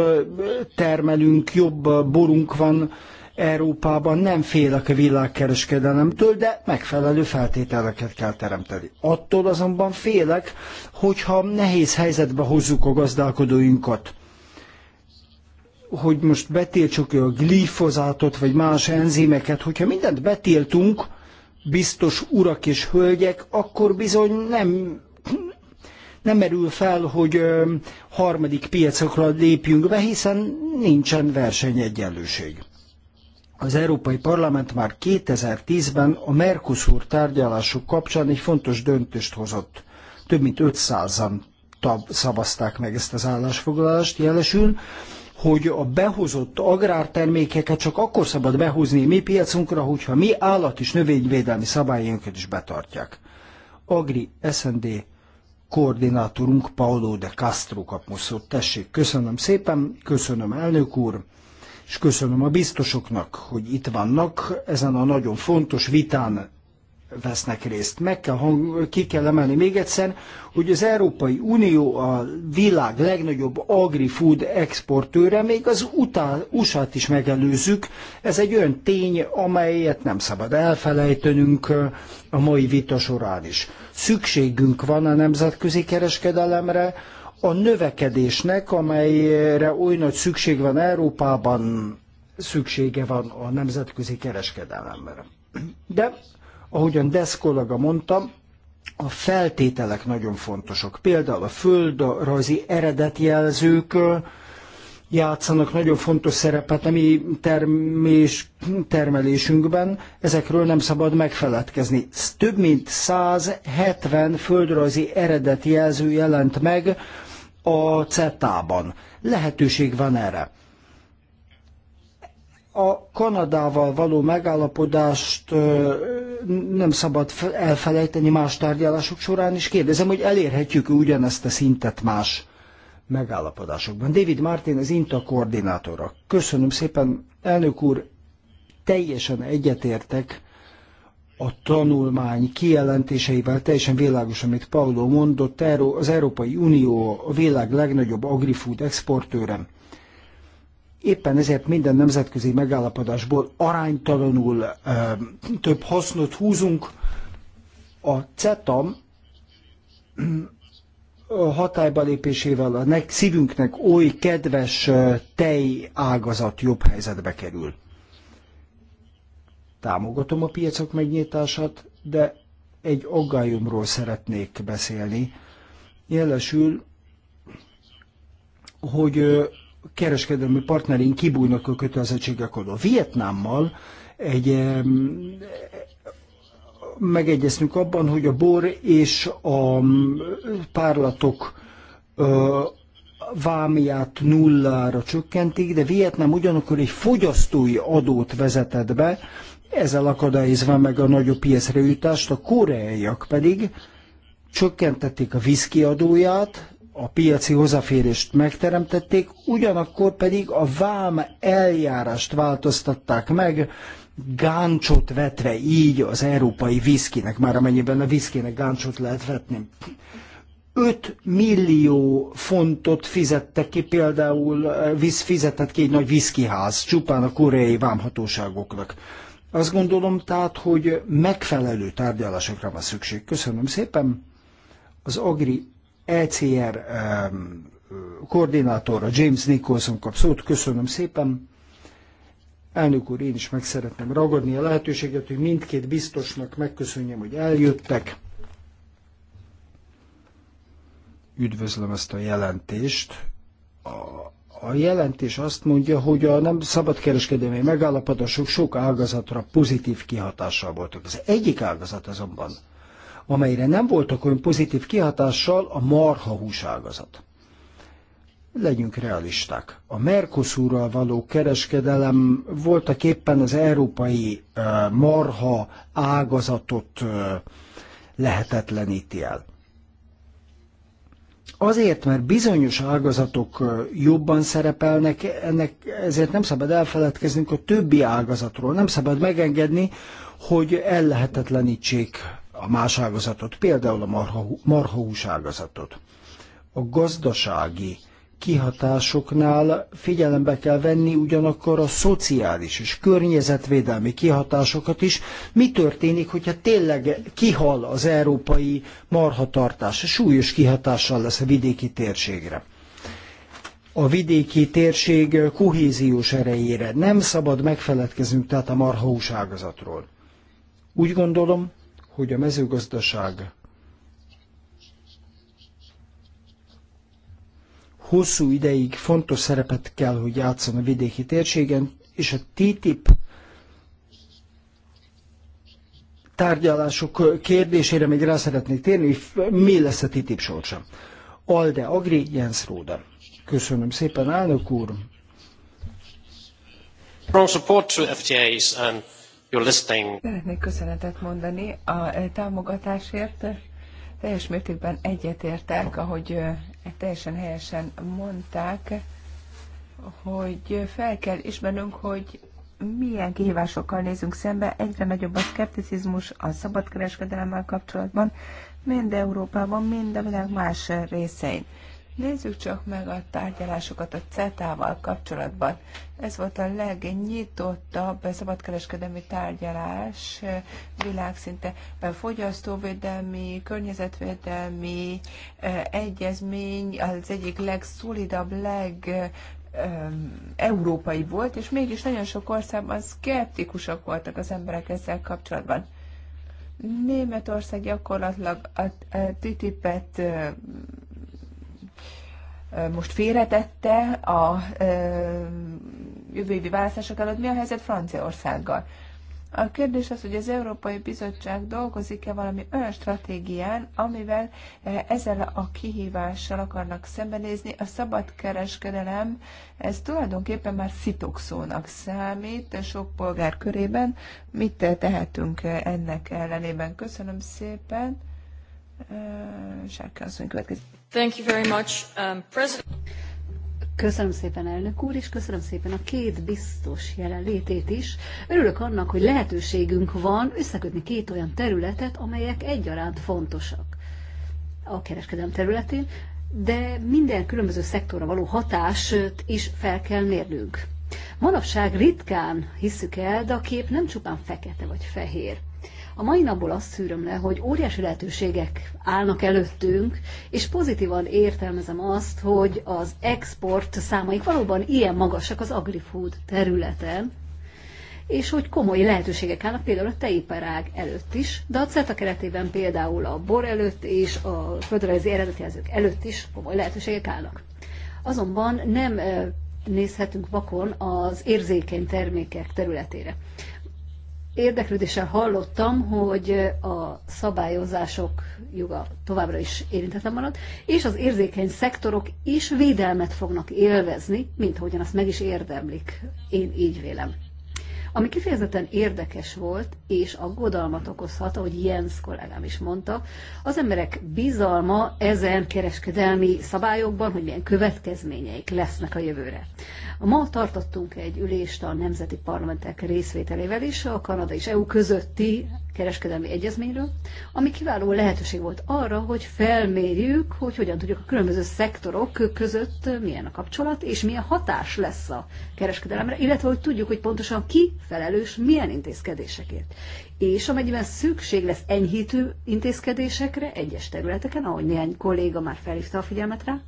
termelünk, jobb borunk van, Európában nem félek a világkereskedelemtől, de megfelelő feltételeket kell teremteni. Attól azonban félek, hogyha nehéz helyzetbe hozzuk a gazdálkodóinkat hogy most betiltsuk a glifozátot, vagy más enzimeket, hogyha mindent betiltunk, biztos urak és hölgyek, akkor bizony nem, nem merül fel, hogy harmadik piacokra lépjünk be, hiszen nincsen versenyegyenlőség az Európai Parlament már 2010-ben a Mercosur tárgyalások kapcsán egy fontos döntést hozott. Több mint 500-an szavazták meg ezt az állásfoglalást jelesül, hogy a behozott agrártermékeket csak akkor szabad behozni mi piacunkra, hogyha mi állat- és növényvédelmi szabályainkat is betartják. Agri SND koordinátorunk Paulo de Castro kap Tessék, köszönöm szépen, köszönöm elnök úr és köszönöm a biztosoknak, hogy itt vannak, ezen a nagyon fontos vitán vesznek részt. Meg kell ki kell emelni még egyszer, hogy az Európai Unió a világ legnagyobb agri-food exportőre, még az USA-t is megelőzzük. Ez egy olyan tény, amelyet nem szabad elfelejtenünk a mai vita során is. Szükségünk van a nemzetközi kereskedelemre, a növekedésnek, amelyre oly nagy szükség van Európában, szüksége van a nemzetközi kereskedelemre. De, ahogyan Desz kollega mondta, a feltételek nagyon fontosak. Például a földrajzi eredetjelzők játszanak nagyon fontos szerepet a mi termés, termelésünkben, ezekről nem szabad megfeledkezni. Több mint 170 földrajzi eredetjelző jelent meg a CETA-ban. Lehetőség van erre. A Kanadával való megállapodást nem szabad elfelejteni más tárgyalások során, és kérdezem, hogy elérhetjük ugyanezt a szintet más megállapodásokban. David Martin, az INTA koordinátora. Köszönöm szépen, elnök úr, teljesen egyetértek a tanulmány kijelentéseivel teljesen világos, amit Paulo mondott, az Európai Unió a világ legnagyobb agrifood exportőre. Éppen ezért minden nemzetközi megállapodásból aránytalanul ö, több hasznot húzunk. A CETA hatályba lépésével a nek, szívünknek oly kedves tej ágazat jobb helyzetbe kerül. Támogatom a piacok megnyitását, de egy aggályomról szeretnék beszélni. Jelesül, hogy kereskedelmi partnerink kibújnak a kötelezettségek a Vietnámmal egy, megegyeztünk abban, hogy a bor és a párlatok vámiát nullára csökkentik, de Vietnám ugyanakkor egy fogyasztói adót vezetett be, ezzel akadályozva meg a nagyobb piacra jutást, a koreaiak pedig csökkentették a viszki a piaci hozzáférést megteremtették, ugyanakkor pedig a vám eljárást változtatták meg, gáncsot vetve így az európai viszkinek, már amennyiben a viszkinek gáncsot lehet vetni. 5 millió fontot fizettek ki például, víz fizetett ki egy nagy viszkiház, csupán a koreai vámhatóságoknak. Azt gondolom tehát, hogy megfelelő tárgyalásokra van szükség. Köszönöm szépen. Az Agri ECR um, koordinátora James Nicholson kap szót. Köszönöm szépen. Elnök úr, én is meg szeretném ragadni a lehetőséget, hogy mindkét biztosnak megköszönjem, hogy eljöttek. Üdvözlöm ezt a jelentést. A a jelentés azt mondja, hogy a nem szabadkereskedelmi megállapodások sok ágazatra pozitív kihatással voltak. Az egyik ágazat azonban, amelyre nem voltak olyan pozitív kihatással, a hús ágazat legyünk realisták. A Mercosurral való kereskedelem voltak éppen az európai eh, marha ágazatot eh, lehetetleníti el. Azért, mert bizonyos ágazatok jobban szerepelnek, ennek, ezért nem szabad elfeledkeznünk a többi ágazatról. Nem szabad megengedni, hogy ellehetetlenítsék a más ágazatot, például a marha, marhahús ágazatot. A gazdasági kihatásoknál figyelembe kell venni ugyanakkor a szociális és környezetvédelmi kihatásokat is. Mi történik, hogyha tényleg kihal az európai marhatartás? Súlyos kihatással lesz a vidéki térségre a vidéki térség kohéziós erejére. Nem szabad megfeledkeznünk tehát a marhaúságazatról. Úgy gondolom, hogy a mezőgazdaság hosszú ideig fontos szerepet kell, hogy játszon a vidéki térségen, és a TTIP tárgyalások kérdésére még rá szeretnék térni, hogy mi lesz a TTIP sorsa. Alde Agri, Jens Róda. Köszönöm szépen, elnök úr. support to FTAs and your Szeretnék köszönetet mondani a támogatásért. Teljes mértékben egyetértek, ahogy teljesen helyesen mondták, hogy fel kell ismernünk, hogy milyen kihívásokkal nézünk szembe, egyre nagyobb a szkepticizmus a szabadkereskedelemmel kapcsolatban, mind Európában, mind a világ más részein. Nézzük csak meg a tárgyalásokat a CETA-val kapcsolatban. Ez volt a legnyitottabb szabadkereskedelmi tárgyalás világszinte fogyasztóvédelmi, környezetvédelmi eh, egyezmény, az egyik legszolidabb, leg európai volt, és mégis nagyon sok országban szkeptikusak voltak az emberek ezzel kapcsolatban. Németország gyakorlatilag a TTIP-et most félretette a jövő évi választások előtt. Mi a helyzet Franciaországgal? A kérdés az, hogy az Európai Bizottság dolgozik-e valami olyan stratégián, amivel ezzel a kihívással akarnak szembenézni. A szabadkereskedelem, ez tulajdonképpen már szitokszónak számít sok polgár körében. Mit tehetünk ennek ellenében? Köszönöm szépen. Sárka asszony következik. Um, köszönöm szépen, elnök úr, és köszönöm szépen a két biztos jelenlétét is. Örülök annak, hogy lehetőségünk van összekötni két olyan területet, amelyek egyaránt fontosak a kereskedelem területén, de minden különböző szektorra való hatást is fel kell mérnünk. Manapság ritkán hisszük el, de a kép nem csupán fekete vagy fehér. A mai napból azt szűröm le, hogy óriási lehetőségek állnak előttünk, és pozitívan értelmezem azt, hogy az export számaik valóban ilyen magasak az agrifood területen, és hogy komoly lehetőségek állnak például a tejiparág előtt is, de a CETA keretében például a bor előtt és a földrajzi eredetjelzők előtt is komoly lehetőségek állnak. Azonban nem nézhetünk vakon az érzékeny termékek területére érdeklődéssel hallottam, hogy a szabályozások joga továbbra is érintetlen marad, és az érzékeny szektorok is védelmet fognak élvezni, mint ahogyan azt meg is érdemlik. Én így vélem ami kifejezetten érdekes volt, és aggodalmat okozhat, ahogy Jens kollégám is mondta, az emberek bizalma ezen kereskedelmi szabályokban, hogy milyen következményeik lesznek a jövőre. Ma tartottunk egy ülést a nemzeti parlamentek részvételével is, a Kanada és EU közötti kereskedelmi egyezményről, ami kiváló lehetőség volt arra, hogy felmérjük, hogy hogyan tudjuk a különböző szektorok között milyen a kapcsolat, és milyen hatás lesz a kereskedelemre, illetve hogy tudjuk, hogy pontosan ki felelős milyen intézkedésekért. És amennyiben szükség lesz enyhítő intézkedésekre egyes területeken, ahogy néhány kolléga már felhívta a figyelmet rá,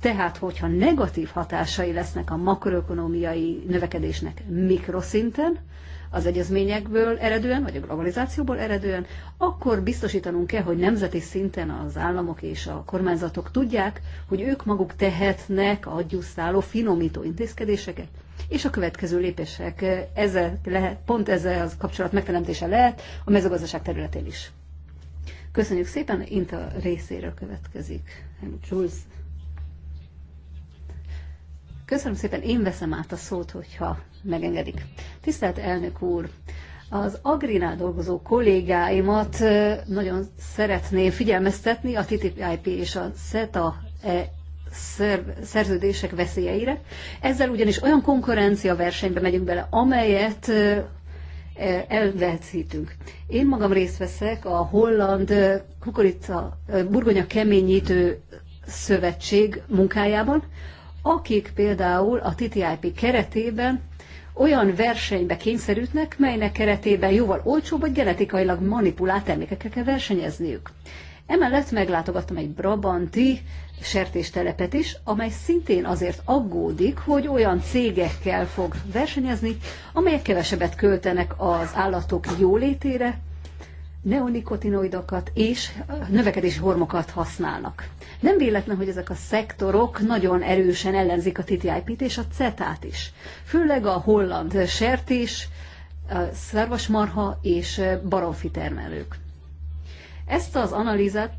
tehát, hogyha negatív hatásai lesznek a makroökonomiai növekedésnek mikroszinten, az egyezményekből eredően, vagy a globalizációból eredően, akkor biztosítanunk kell, hogy nemzeti szinten az államok és a kormányzatok tudják, hogy ők maguk tehetnek adjusztáló, finomító intézkedéseket, és a következő lépések ezzel lehet, pont ezzel az kapcsolat megteremtése lehet a mezőgazdaság területén is. Köszönjük szépen, Inta részéről következik. Jules. Köszönöm szépen, én veszem át a szót, hogyha megengedik. Tisztelt elnök úr! Az Agrinál dolgozó kollégáimat nagyon szeretném figyelmeztetni a TTIP és a CETA -e szerződések veszélyeire. Ezzel ugyanis olyan konkurencia versenybe megyünk bele, amelyet e, elveszítünk. Én magam részt veszek a holland kukorica burgonya keményítő szövetség munkájában, akik például a TTIP keretében olyan versenybe kényszerültnek, melynek keretében jóval olcsóbb vagy genetikailag manipulált termékekkel kell versenyezniük. Emellett meglátogattam egy brabanti sertéstelepet is, amely szintén azért aggódik, hogy olyan cégekkel fog versenyezni, amelyek kevesebbet költenek az állatok jólétére, neonikotinoidokat és növekedési hormokat használnak. Nem véletlen, hogy ezek a szektorok nagyon erősen ellenzik a TTIP-t és a CETA-t is. Főleg a holland sertés, szarvasmarha és baromfi termelők. Ezt az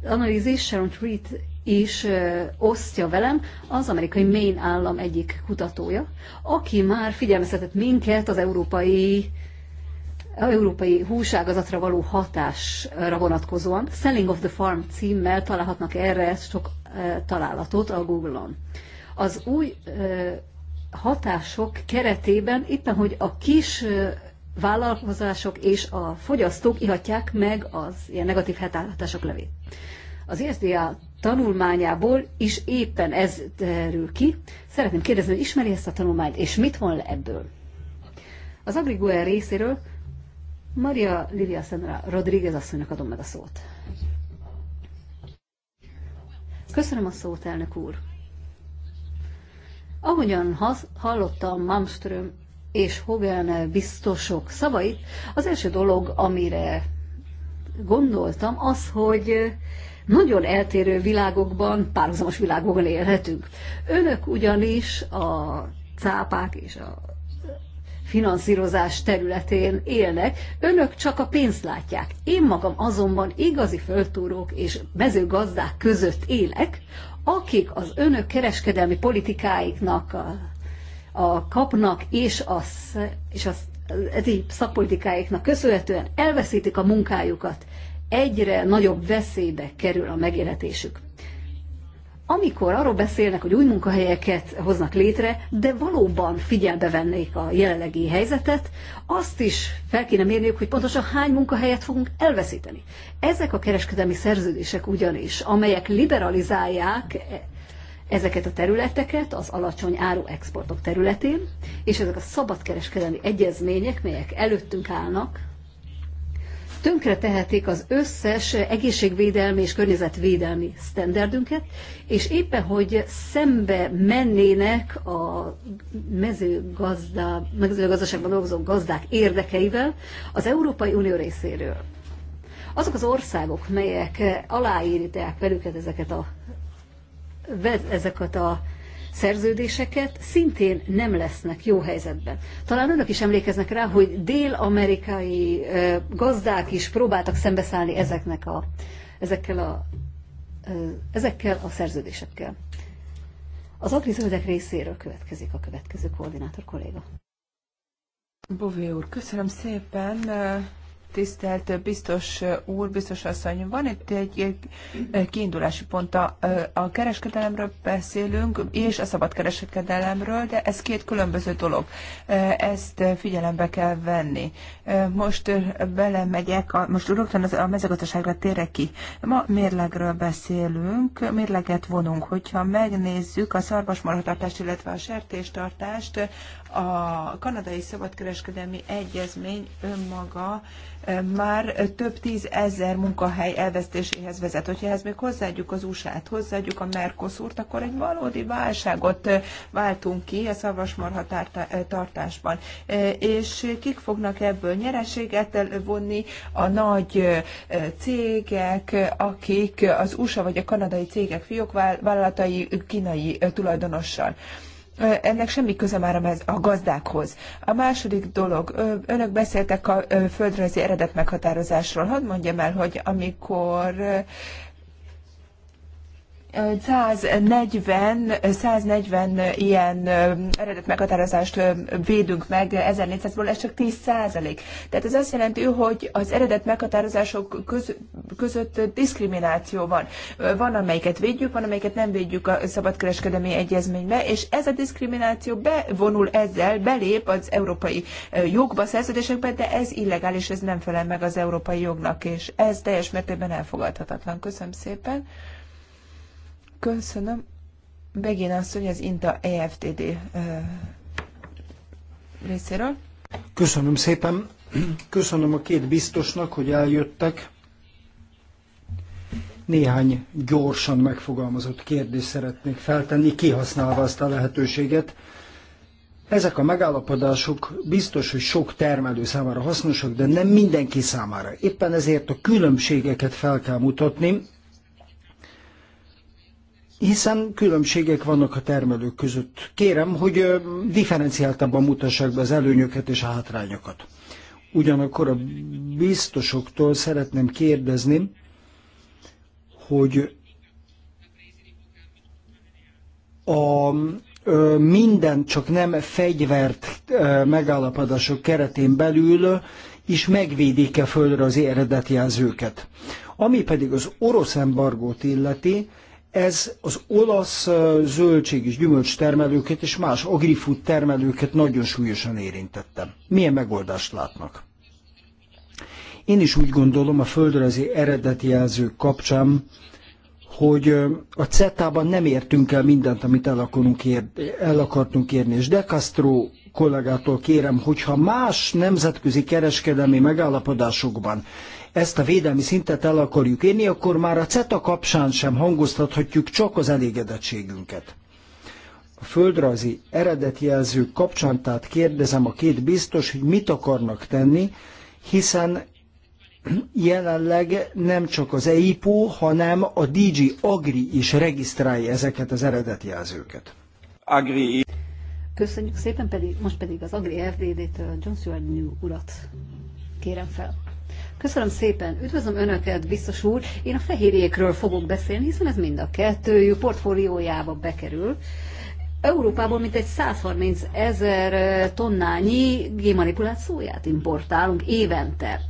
analízis Sharon Treat is ö, osztja velem az amerikai Maine állam egyik kutatója, aki már figyelmeztetett minket az európai európai húságazatra való hatásra vonatkozóan. Selling of the Farm címmel találhatnak erre sok találatot a Google-on. Az új hatások keretében éppen, hogy a kis vállalkozások és a fogyasztók ihatják meg az ilyen negatív hatások levét. Az ISDA tanulmányából is éppen ez derül ki. Szeretném kérdezni, hogy ismeri ezt a tanulmányt, és mit von le ebből? Az Agriguer részéről Maria Lilia Szenra Rodríguez asszonynak adom meg a szót. Köszönöm a szót, elnök úr. Ahogyan hallottam Malmström és Hogan biztosok szavait, az első dolog, amire gondoltam, az, hogy nagyon eltérő világokban, párhuzamos világokban élhetünk. Önök ugyanis a cápák és a finanszírozás területén élnek, önök csak a pénzt látják. Én magam azonban igazi föltúrók és mezőgazdák között élek, akik az önök kereskedelmi politikáiknak a, a kapnak és a, és a eti szakpolitikáiknak köszönhetően elveszítik a munkájukat, egyre nagyobb veszélybe kerül a megélhetésük amikor arról beszélnek, hogy új munkahelyeket hoznak létre, de valóban figyelbe vennék a jelenlegi helyzetet, azt is fel kéne mérniük, hogy pontosan hány munkahelyet fogunk elveszíteni. Ezek a kereskedelmi szerződések ugyanis, amelyek liberalizálják ezeket a területeket, az alacsony áru exportok területén, és ezek a szabadkereskedelmi egyezmények, melyek előttünk állnak, tönkre tehetik az összes egészségvédelmi és környezetvédelmi sztenderdünket, és éppen, hogy szembe mennének a mezőgazda, mezőgazdaságban dolgozó gazdák érdekeivel az Európai Unió részéről. Azok az országok, melyek aláírták velük ezeket a, ezeket a szerződéseket, szintén nem lesznek jó helyzetben. Talán önök is emlékeznek rá, hogy dél-amerikai gazdák is próbáltak szembeszállni ezeknek a, ezekkel, a, ezekkel a szerződésekkel. Az agrizöldek részéről következik a következő koordinátor kolléga. Bové úr, köszönöm szépen. Tisztelt biztos úr, biztos asszony, van itt egy, egy kiindulási pont. A, a kereskedelemről beszélünk, és a szabad kereskedelemről, de ez két különböző dolog. Ezt figyelembe kell venni. Most belemegyek, a, most rögtön a mezőgazdaságra térek ki. Ma mérlegről beszélünk, mérleget vonunk. Hogyha megnézzük a szarvasmarhatartást, illetve a sertéstartást, a kanadai szabadkereskedelmi egyezmény önmaga már több tízezer munkahely elvesztéséhez vezet. Hogyha ehhez még hozzáadjuk az USA-t, hozzáadjuk a Mercosurt, akkor egy valódi válságot váltunk ki a szarvasmarhatartásban. És kik fognak ebből nyereséget elvonni a nagy cégek, akik az USA vagy a kanadai cégek fiókvállalatai kínai tulajdonossal. Ennek semmi köze már a gazdákhoz. A második dolog, önök beszéltek a földrajzi eredet meghatározásról. Hadd mondjam el, hogy amikor 140, 140 ilyen eredet meghatározást védünk meg 1400-ból, ez csak 10 százalék. Tehát ez azt jelenti, hogy az eredet meghatározások köz, között diszkrimináció van. Van, amelyiket védjük, van, amelyiket nem védjük a szabadkereskedelmi egyezménybe, és ez a diszkrimináció bevonul ezzel, belép az európai jogba, szerződésekbe, de ez illegális, ez nem felel meg az európai jognak, és ez teljes mértékben elfogadhatatlan. Köszönöm szépen. Köszönöm. Begén asszony az INTA EFTD részéről. Köszönöm szépen. Köszönöm a két biztosnak, hogy eljöttek. Néhány gyorsan megfogalmazott kérdést szeretnék feltenni, kihasználva azt a lehetőséget. Ezek a megállapodások biztos, hogy sok termelő számára hasznosak, de nem mindenki számára. Éppen ezért a különbségeket fel kell mutatni, hiszen különbségek vannak a termelők között. Kérem, hogy differenciáltabban mutassák be az előnyöket és a hátrányokat. Ugyanakkor a biztosoktól szeretném kérdezni, hogy a minden csak nem fegyvert megállapodások keretén belül is megvédik-e földre az eredeti jelzőket. Ami pedig az orosz embargót illeti, ez az olasz zöldség és gyümölcs termelőket és más agrifood termelőket nagyon súlyosan érintette. Milyen megoldást látnak? Én is úgy gondolom a földrajzi eredeti jelzők kapcsán, hogy a CETA-ban nem értünk el mindent, amit el, akarunk ér, el akartunk érni, és De Castro kollégától kérem, hogyha más nemzetközi kereskedelmi megállapodásokban ezt a védelmi szintet el akarjuk érni, akkor már a CETA kapcsán sem hangoztathatjuk csak az elégedettségünket. A földrajzi eredetjelzők kapcsán tehát kérdezem a két biztos, hogy mit akarnak tenni, hiszen jelenleg nem csak az EIPO, hanem a DG Agri is regisztrálja ezeket az eredetjelzőket. Agri. Köszönjük szépen, pedig, most pedig az Agri RDD-től John Stewart New urat kérem fel. Köszönöm szépen, üdvözlöm Önöket, biztos úr. Én a fehérjékről fogok beszélni, hiszen ez mind a kettőjük portfóliójába bekerül. Európából mintegy 130 ezer tonnányi gémanipulált szóját importálunk évente.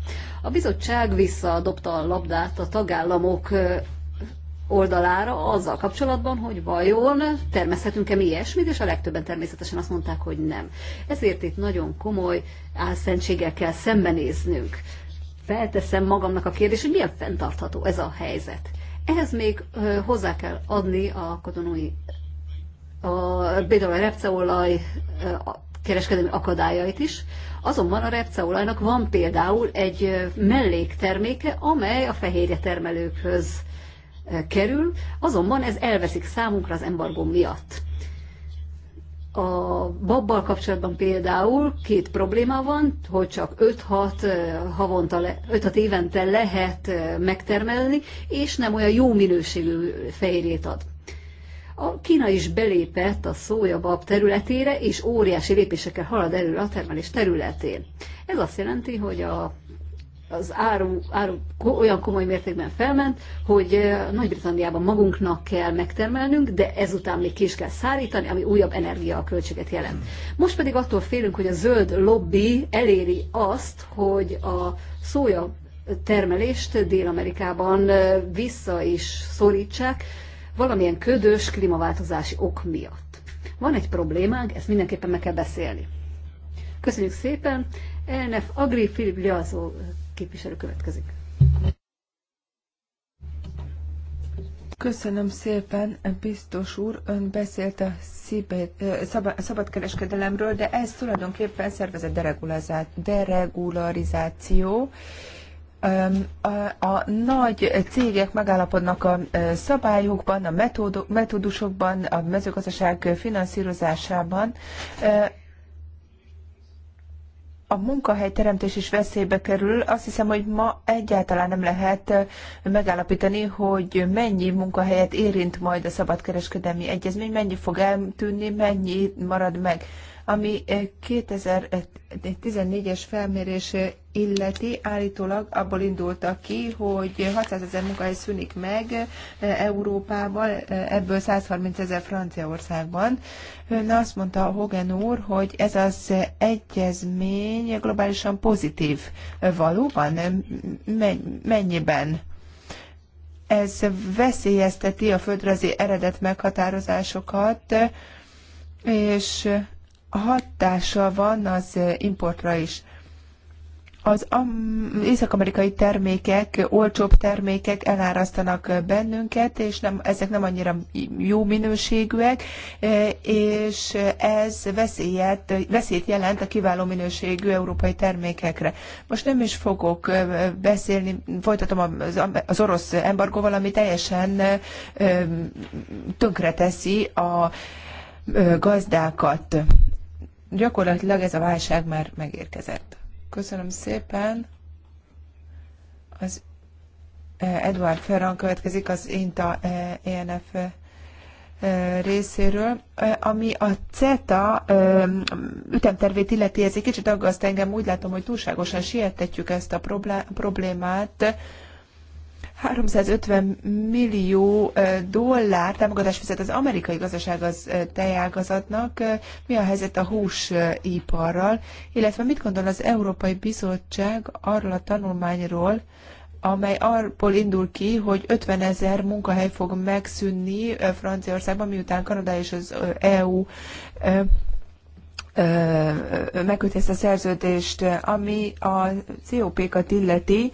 A bizottság visszadobta a labdát a tagállamok oldalára azzal kapcsolatban, hogy vajon termeszhetünk e mi ilyesmit, és a legtöbben természetesen azt mondták, hogy nem. Ezért itt nagyon komoly álszentséggel kell szembenéznünk felteszem magamnak a kérdést, hogy milyen fenntartható ez a helyzet. Ehhez még hozzá kell adni a katonai, a, például a repceolaj kereskedelmi akadályait is. Azonban a repceolajnak van például egy mellékterméke, amely a fehérje termelőkhöz kerül, azonban ez elveszik számunkra az embargó miatt a babbal kapcsolatban például két probléma van, hogy csak 5-6 havonta, 5-6 évente lehet megtermelni, és nem olyan jó minőségű fehérjét ad. A Kína is belépett a szójabab területére, és óriási lépésekkel halad előre a termelés területén. Ez azt jelenti, hogy a az áru, áru olyan komoly mértékben felment, hogy Nagy-Britanniában magunknak kell megtermelnünk, de ezután még ki is kell szárítani, ami újabb energia költséget jelent. Most pedig attól félünk, hogy a zöld lobby eléri azt, hogy a szója termelést Dél-Amerikában vissza is szorítsák valamilyen ködös klímaváltozási ok miatt. Van egy problémánk, ezt mindenképpen meg kell beszélni. Köszönjük szépen! ELNEF Agri Filip Liazó képviselő következik. Köszönöm szépen, biztos úr, ön beszélt a szabadkereskedelemről, de ez tulajdonképpen szervezett deregularizáció. A nagy cégek megállapodnak a szabályokban, a metódusokban, a mezőgazdaság finanszírozásában a munkahelyteremtés is veszélybe kerül. Azt hiszem, hogy ma egyáltalán nem lehet eh, megállapítani, hogy mennyi munkahelyet érint majd a szabadkereskedelmi egyezmény, mennyi fog eltűnni, mennyi marad meg. Ami 2014-es eh, eh, felmérés eh, illeti, állítólag abból indulta ki, hogy 600 ezer munkahely szűnik meg Európában, ebből 130 ezer Franciaországban. Ön azt mondta Hogan úr, hogy ez az egyezmény globálisan pozitív valóban, mennyiben? Ez veszélyezteti a földrajzi eredet meghatározásokat, és hatása van az eh, importra is. Az észak-amerikai termékek, olcsóbb termékek elárasztanak eh, bennünket, és nem, ezek nem annyira jó minőségűek, eh, és ez veszélyet, veszélyt jelent a kiváló minőségű európai termékekre. Most nem is fogok beszélni, folytatom az, az orosz embargóval, ami teljesen tönkreteszi a gazdákat gyakorlatilag ez a válság már megérkezett. Köszönöm szépen. Az eh, Eduard Ferran következik az INTA ENF eh, e eh, részéről, ami a CETA ütemtervét illeti, ez egy kicsit aggaszt engem, úgy látom, hogy túlságosan sietetjük ezt a problémát, 350 millió dollár támogatást fizet az amerikai gazdaság az tejágazatnak. Mi a helyzet a húsiparral, illetve mit gondol az Európai Bizottság arról a tanulmányról, amely arból indul ki, hogy 50 ezer munkahely fog megszűnni Franciaországban, miután Kanada és az EU megköti ezt a szerződést, ami a COP-kat illeti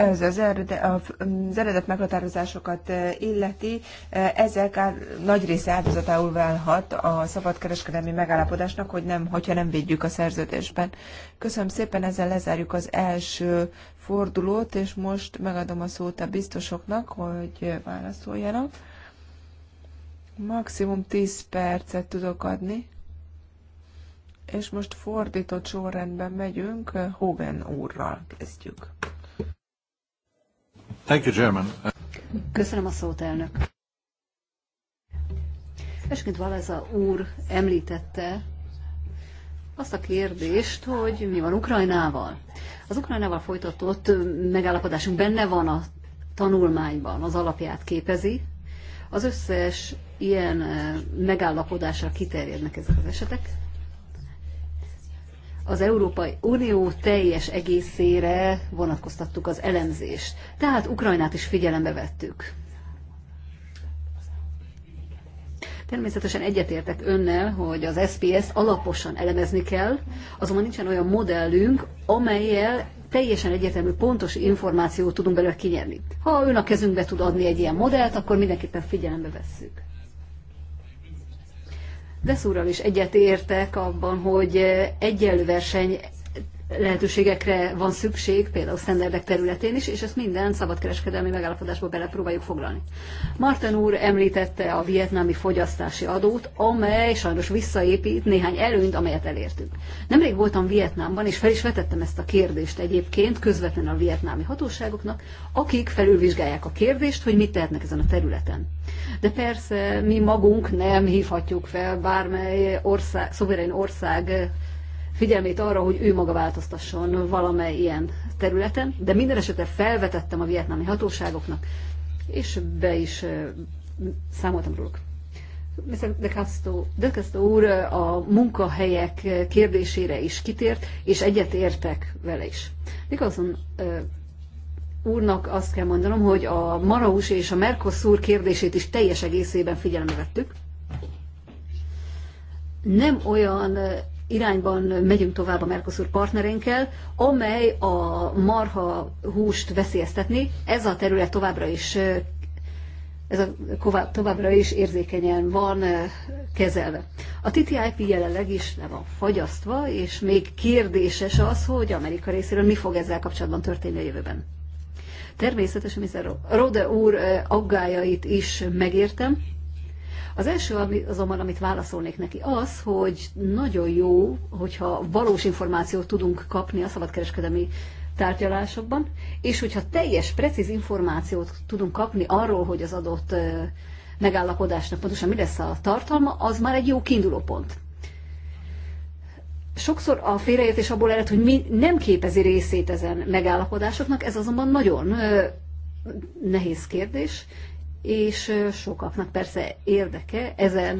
ez az, eredet, az eredet meghatározásokat eh, illeti, eh, ezek á, nagy része áldozatául válhat a szabadkereskedelmi megállapodásnak, hogy nem, hogyha nem védjük a szerződésben. Köszönöm szépen, ezzel lezárjuk az első fordulót, és most megadom a szót a biztosoknak, hogy válaszoljanak. Maximum 10 percet tudok adni. És most fordított sorrendben megyünk, eh, Hogan úrral kezdjük. Köszönöm a szót, elnök. Esként Valeza úr említette azt a kérdést, hogy mi van Ukrajnával. Az Ukrajnával folytatott megállapodásunk benne van a tanulmányban, az alapját képezi. Az összes ilyen megállapodásra kiterjednek ezek az esetek, az Európai Unió teljes egészére vonatkoztattuk az elemzést. Tehát Ukrajnát is figyelembe vettük. Természetesen egyetértek önnel, hogy az SPS alaposan elemezni kell, azonban nincsen olyan modellünk, amelyel teljesen egyértelmű, pontos információt tudunk belőle kinyerni. Ha ön a kezünkbe tud adni egy ilyen modellt, akkor mindenképpen figyelembe vesszük. Deszúrral is egyet abban, hogy egyenlő verseny lehetőségekre van szükség, például sztenderdek területén is, és ezt minden szabadkereskedelmi megállapodásba belepróbáljuk foglalni. Martin úr említette a vietnámi fogyasztási adót, amely sajnos visszaépít néhány előnyt, amelyet elértünk. Nemrég voltam Vietnámban, és fel is vetettem ezt a kérdést egyébként közvetlenül a vietnámi hatóságoknak, akik felülvizsgálják a kérdést, hogy mit tehetnek ezen a területen. De persze mi magunk nem hívhatjuk fel bármely ország, szuverén ország figyelmét arra, hogy ő maga változtasson valamely ilyen területen, de minden esetre felvetettem a vietnámi hatóságoknak, és be is számoltam róluk. Mr. De Castro, De Castro úr a munkahelyek kérdésére is kitért, és egyet értek vele is. Nicholson úrnak azt kell mondanom, hogy a Maraus és a Mercosur kérdését is teljes egészében figyelembe vettük. Nem olyan irányban megyünk tovább a Mercosur partnerénkkel, amely a marha húst veszélyeztetni. Ez a terület továbbra is ez a továbbra is érzékenyen van eh, kezelve. A TTIP jelenleg is le van fagyasztva, és még kérdéses az, hogy Amerika részéről mi fog ezzel kapcsolatban történni a jövőben. Természetesen Mr. Rode úr eh, aggájait is megértem, az első azonban, amit válaszolnék neki, az, hogy nagyon jó, hogyha valós információt tudunk kapni a szabadkereskedelmi tárgyalásokban, és hogyha teljes, precíz információt tudunk kapni arról, hogy az adott megállapodásnak pontosan mi lesz a tartalma, az már egy jó kiinduló pont. Sokszor a félreértés abból ered, hogy mi nem képezi részét ezen megállapodásoknak, ez azonban nagyon nehéz kérdés, és sokaknak persze érdeke ezen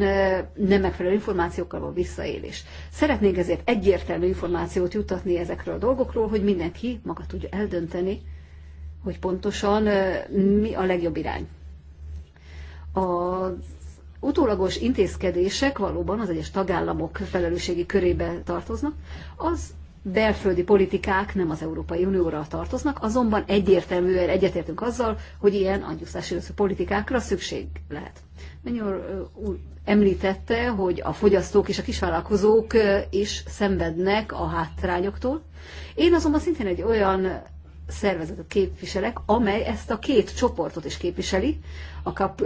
nem megfelelő információkkal való visszaélés. Szeretnénk ezért egyértelmű információt jutatni ezekről a dolgokról, hogy mindenki maga tudja eldönteni, hogy pontosan mi a legjobb irány. a utólagos intézkedések valóban az egyes tagállamok felelősségi körébe tartoznak. Az belföldi politikák nem az Európai Unióra tartoznak, azonban egyértelműen egyetértünk azzal, hogy ilyen angyusztási politikákra szükség lehet. Menyor úr említette, hogy a fogyasztók és a kisvállalkozók is szenvednek a hátrányoktól. Én azonban szintén egy olyan szervezetet képviselek, amely ezt a két csoportot is képviseli, a kap,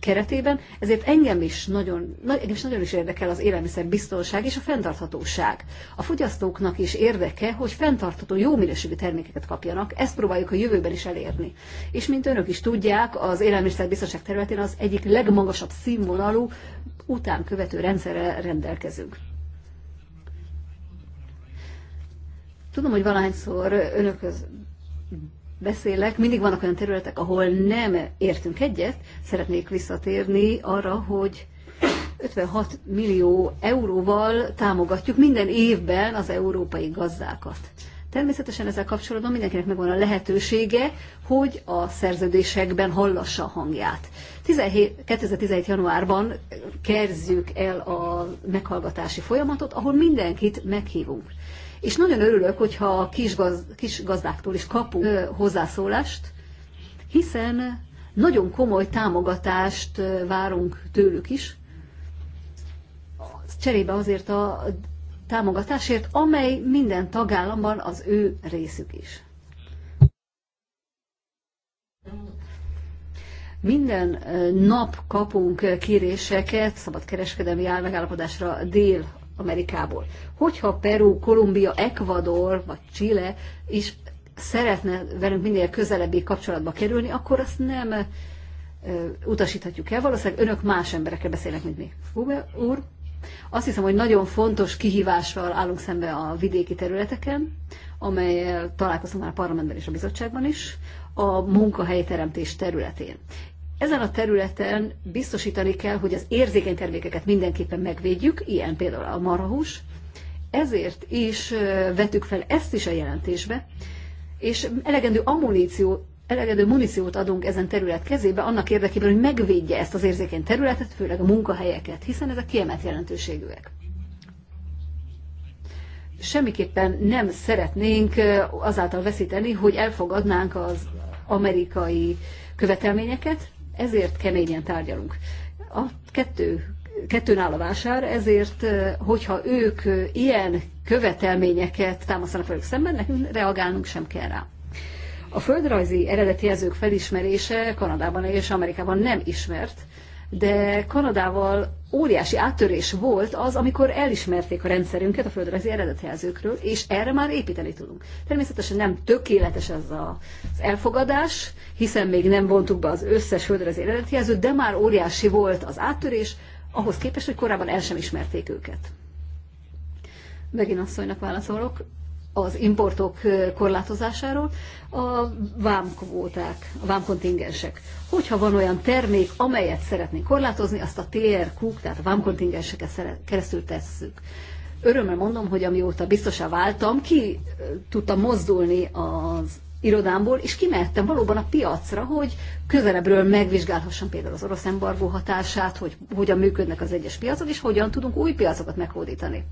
keretében, ezért engem is nagyon, engem is nagyon is érdekel az élelmiszerbiztonság és a fenntarthatóság. A fogyasztóknak is érdeke, hogy fenntartható, jó minőségű termékeket kapjanak, ezt próbáljuk a jövőben is elérni. És mint önök is tudják, az élelmiszerbiztonság területén az egyik legmagasabb színvonalú utánkövető rendszerrel rendelkezünk. Tudom, hogy valahányszor önökhöz beszélek, mindig vannak olyan területek, ahol nem értünk egyet. Szeretnék visszatérni arra, hogy 56 millió euróval támogatjuk minden évben az európai gazdákat. Természetesen ezzel kapcsolatban mindenkinek megvan a lehetősége, hogy a szerződésekben hallassa a hangját. 17, 2017. januárban kezdjük el a meghallgatási folyamatot, ahol mindenkit meghívunk és nagyon örülök, hogyha a kis, gaz, kis gazdáktól is kapunk hozzászólást, hiszen nagyon komoly támogatást várunk tőlük is, cserébe azért a támogatásért, amely minden tagállamban az ő részük is. Minden nap kapunk kéréseket szabadkereskedelmi állmegállapodásra dél Amerikából. Hogyha Peru, Kolumbia, Ecuador vagy Chile is szeretne velünk minél közelebbi kapcsolatba kerülni, akkor azt nem utasíthatjuk el. Valószínűleg önök más emberekkel beszélnek, mint mi. Fube úr, azt hiszem, hogy nagyon fontos kihívással állunk szembe a vidéki területeken, amelyel találkoztam már a parlamentben és a bizottságban is, a munkahelyteremtés területén. Ezen a területen biztosítani kell, hogy az érzékeny termékeket mindenképpen megvédjük, ilyen például a marahús, ezért is vetük fel ezt is a jelentésbe, és elegendő amuníció, elegendő muníciót adunk ezen terület kezébe, annak érdekében, hogy megvédje ezt az érzékeny területet, főleg a munkahelyeket, hiszen ezek kiemelt jelentőségűek. Semmiképpen nem szeretnénk azáltal veszíteni, hogy elfogadnánk az amerikai követelményeket, ezért keményen tárgyalunk. A kettő kettőn áll a vásár, ezért, hogyha ők ilyen követelményeket támasztanak velük szemben, nekünk reagálnunk sem kell rá. A földrajzi eredeti jelzők felismerése Kanadában és Amerikában nem ismert, de Kanadával óriási áttörés volt az, amikor elismerték a rendszerünket a földrajzi eredetjelzőkről, és erre már építeni tudunk. Természetesen nem tökéletes ez az elfogadás, hiszen még nem vontuk be az összes földrajzi eredetjelzőt, de már óriási volt az áttörés, ahhoz képest, hogy korábban el sem ismerték őket. Megint asszonynak válaszolok az importok korlátozásáról, a vámkvóták, a vámkontingensek. Hogyha van olyan termék, amelyet szeretnénk korlátozni, azt a TRQ, tehát a vámkontingenseket keresztül tesszük. Örömmel mondom, hogy amióta biztosá váltam, ki tudtam mozdulni az irodámból, és kimehettem valóban a piacra, hogy közelebbről megvizsgálhassam például az orosz embargó hatását, hogy hogyan működnek az egyes piacok, és hogyan tudunk új piacokat meghódítani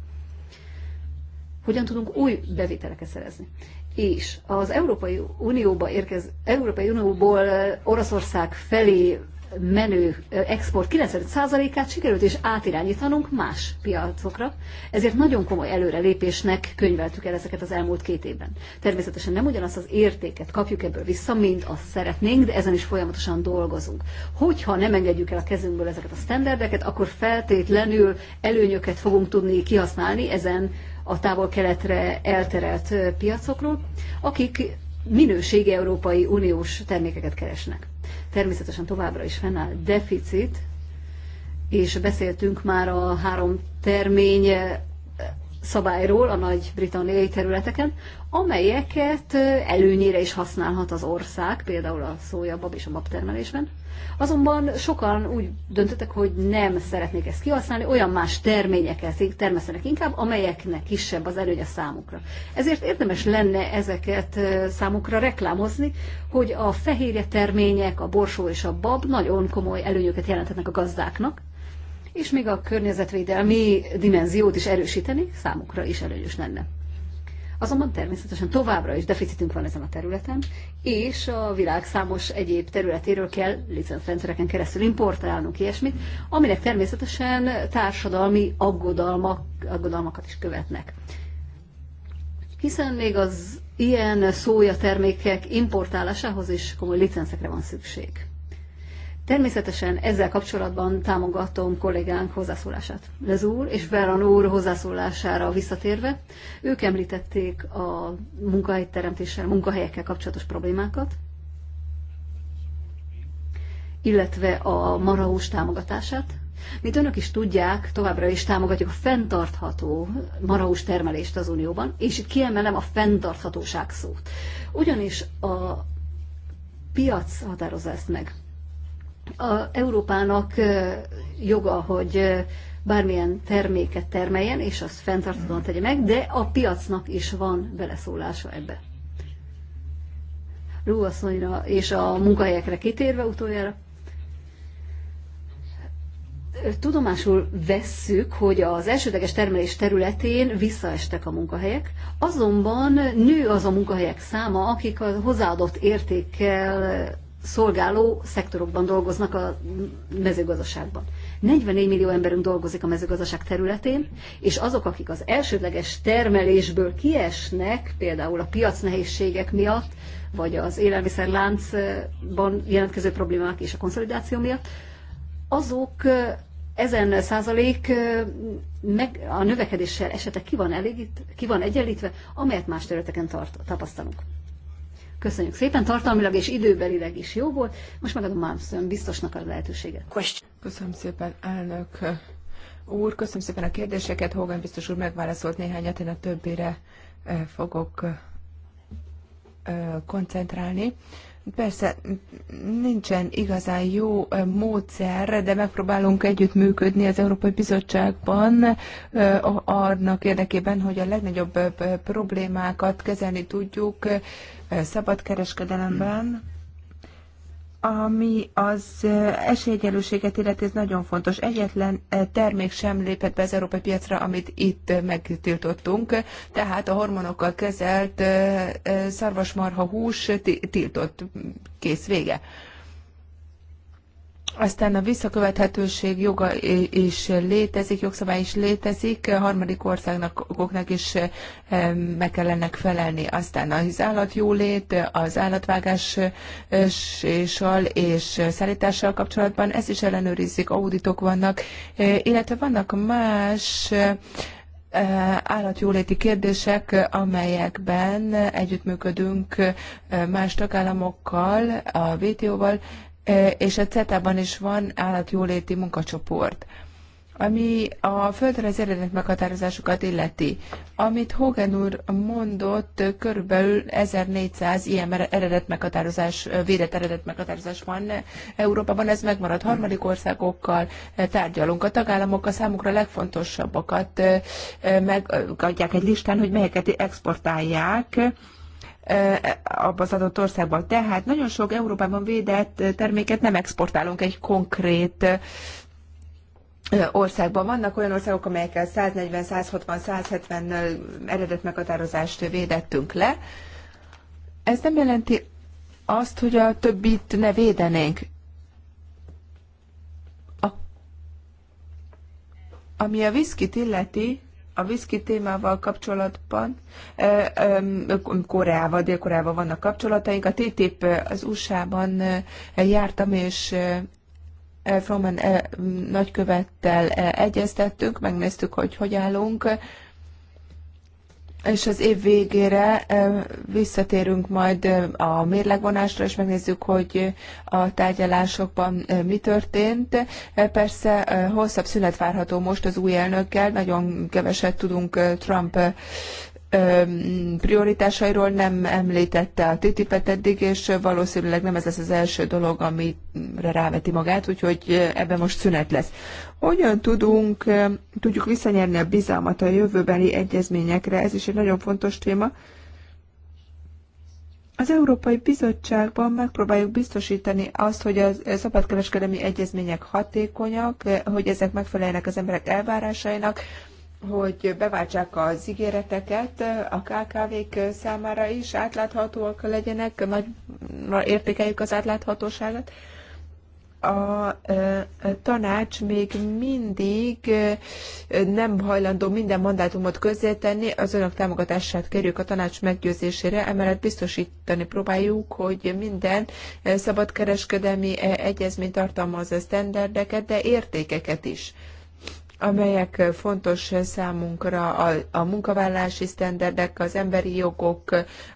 hogyan tudunk új bevételeket szerezni. És az Európai Unióba érkez, Európai Unióból Oroszország felé menő export 95%-át sikerült és átirányítanunk más piacokra, ezért nagyon komoly előrelépésnek könyveltük el ezeket az elmúlt két évben. Természetesen nem ugyanazt az értéket kapjuk ebből vissza, mint azt szeretnénk, de ezen is folyamatosan dolgozunk. Hogyha nem engedjük el a kezünkből ezeket a standardeket, akkor feltétlenül előnyöket fogunk tudni kihasználni ezen a távol-keletre elterelt piacokról, akik minőségi Európai Uniós termékeket keresnek. Természetesen továbbra is fennáll deficit, és beszéltünk már a három termény szabályról a nagy-britanniai területeken, amelyeket előnyére is használhat az ország, például a szójabab és a babtermelésben. Azonban sokan úgy döntöttek, hogy nem szeretnék ezt kihasználni, olyan más terményeket termesztenek inkább, amelyeknek kisebb az előnye számukra. Ezért érdemes lenne ezeket számukra reklámozni, hogy a fehérje termények, a borsó és a bab nagyon komoly előnyöket jelenthetnek a gazdáknak, és még a környezetvédelmi dimenziót is erősíteni számukra is előnyös lenne. Azonban természetesen továbbra is deficitünk van ezen a területen, és a világ számos egyéb területéről kell licencrendszereken keresztül importálnunk ilyesmit, aminek természetesen társadalmi aggodalmak, aggodalmakat is követnek. Hiszen még az ilyen szója termékek importálásához is komoly licencekre van szükség. Természetesen ezzel kapcsolatban támogatom kollégánk hozzászólását. Lez úr és Veran úr hozzászólására visszatérve, ők említették a munkahelyteremtéssel, munkahelyekkel kapcsolatos problémákat, illetve a maraós támogatását. Mint önök is tudják, továbbra is támogatjuk a fenntartható maraós termelést az Unióban, és itt kiemelem a fenntarthatóság szót. Ugyanis a piac határozza ezt meg a Európának joga, hogy bármilyen terméket termeljen, és azt fenntarthatóan tegye meg, de a piacnak is van beleszólása ebbe. Rúgasszonyra és a munkahelyekre kitérve utoljára, tudomásul vesszük, hogy az elsődleges termelés területén visszaestek a munkahelyek, azonban nő az a munkahelyek száma, akik a hozzáadott értékkel szolgáló szektorokban dolgoznak a mezőgazdaságban. 44 millió emberünk dolgozik a mezőgazdaság területén, és azok, akik az elsődleges termelésből kiesnek, például a piac nehézségek miatt, vagy az élelmiszerláncban jelentkező problémák és a konszolidáció miatt, azok ezen százalék meg a növekedéssel esetek ki van, elégít, ki van egyenlítve, amelyet más területeken tart, tapasztalunk. Köszönjük szépen, tartalmilag és időbelileg is jó volt. Most megadom szóval biztosnak a lehetőséget. Köszönöm szépen, elnök úr, köszönöm szépen a kérdéseket. Hogan biztos úr megválaszolt néhányat, én a többire eh, fogok eh, koncentrálni. Persze nincsen igazán jó eh, módszer, de megpróbálunk együttműködni az Európai Bizottságban annak érdekében, hogy a legnagyobb problémákat kezelni tudjuk, szabadkereskedelemben, ami az eh, esélyegyenlőséget illeti, ez nagyon fontos. Egyetlen eh, termék sem lépett be az európai piacra, amit itt megtiltottunk, tehát a hormonokkal kezelt eh, szarvasmarha hús tiltott, kész vége. Aztán a visszakövethetőség joga is létezik, jogszabály is létezik, a harmadik országnak is meg kellenek felelni. Aztán az állatjólét, az állatvágással és szállítással kapcsolatban ezt is ellenőrizik, auditok vannak, e, illetve vannak más e, állatjóléti kérdések, amelyekben együttműködünk e, más tagállamokkal, a WTO-val, és a CETA-ban is van állatjóléti munkacsoport ami a földrajz eredet meghatározásokat illeti. Amit Hogan úr mondott, körülbelül 1400 ilyen eredet meghatározás, védett eredet meghatározás van Európában, ez megmarad harmadik országokkal, tárgyalunk. A tagállamok a számukra legfontosabbakat megadják egy listán, hogy melyeket exportálják abban az adott országban. Tehát nagyon sok Európában védett terméket nem exportálunk egy konkrét országban. Vannak olyan országok, amelyekkel 140, 160, 170 eredet meghatározást védettünk le. Ez nem jelenti azt, hogy a többit ne védenénk. A, ami a viszkit illeti, a viszki témával kapcsolatban, Koreával, Dél-Koreával vannak kapcsolataink. A TTIP az USA-ban jártam, és Froman nagykövettel egyeztettünk, megnéztük, hogy hogy állunk és az év végére visszatérünk majd a mérlegvonásra, és megnézzük, hogy a tárgyalásokban mi történt. Persze hosszabb szünet várható most az új elnökkel, nagyon keveset tudunk Trump prioritásairól nem említette a TTIP-et eddig, és valószínűleg nem ez lesz az első dolog, amire ráveti magát, úgyhogy ebben most szünet lesz. Hogyan tudunk, eh, tudjuk visszanyerni a bizalmat a jövőbeli egyezményekre? Ez is egy nagyon fontos téma. Az Európai Bizottságban megpróbáljuk biztosítani azt, hogy a eh, szabadkereskedelmi egyezmények hatékonyak, eh, hogy ezek megfelelnek az emberek elvárásainak, hogy beváltsák az ígéreteket a KKV-k számára is, átláthatóak legyenek, nagy, értékeljük az átláthatóságot a tanács még mindig nem hajlandó minden mandátumot közzétenni, az önök támogatását kérjük a tanács meggyőzésére, emellett biztosítani próbáljuk, hogy minden szabadkereskedelmi egyezmény tartalmaz a sztenderdeket, de értékeket is amelyek fontos számunkra a, a munkavállalási sztenderdek, az emberi jogok,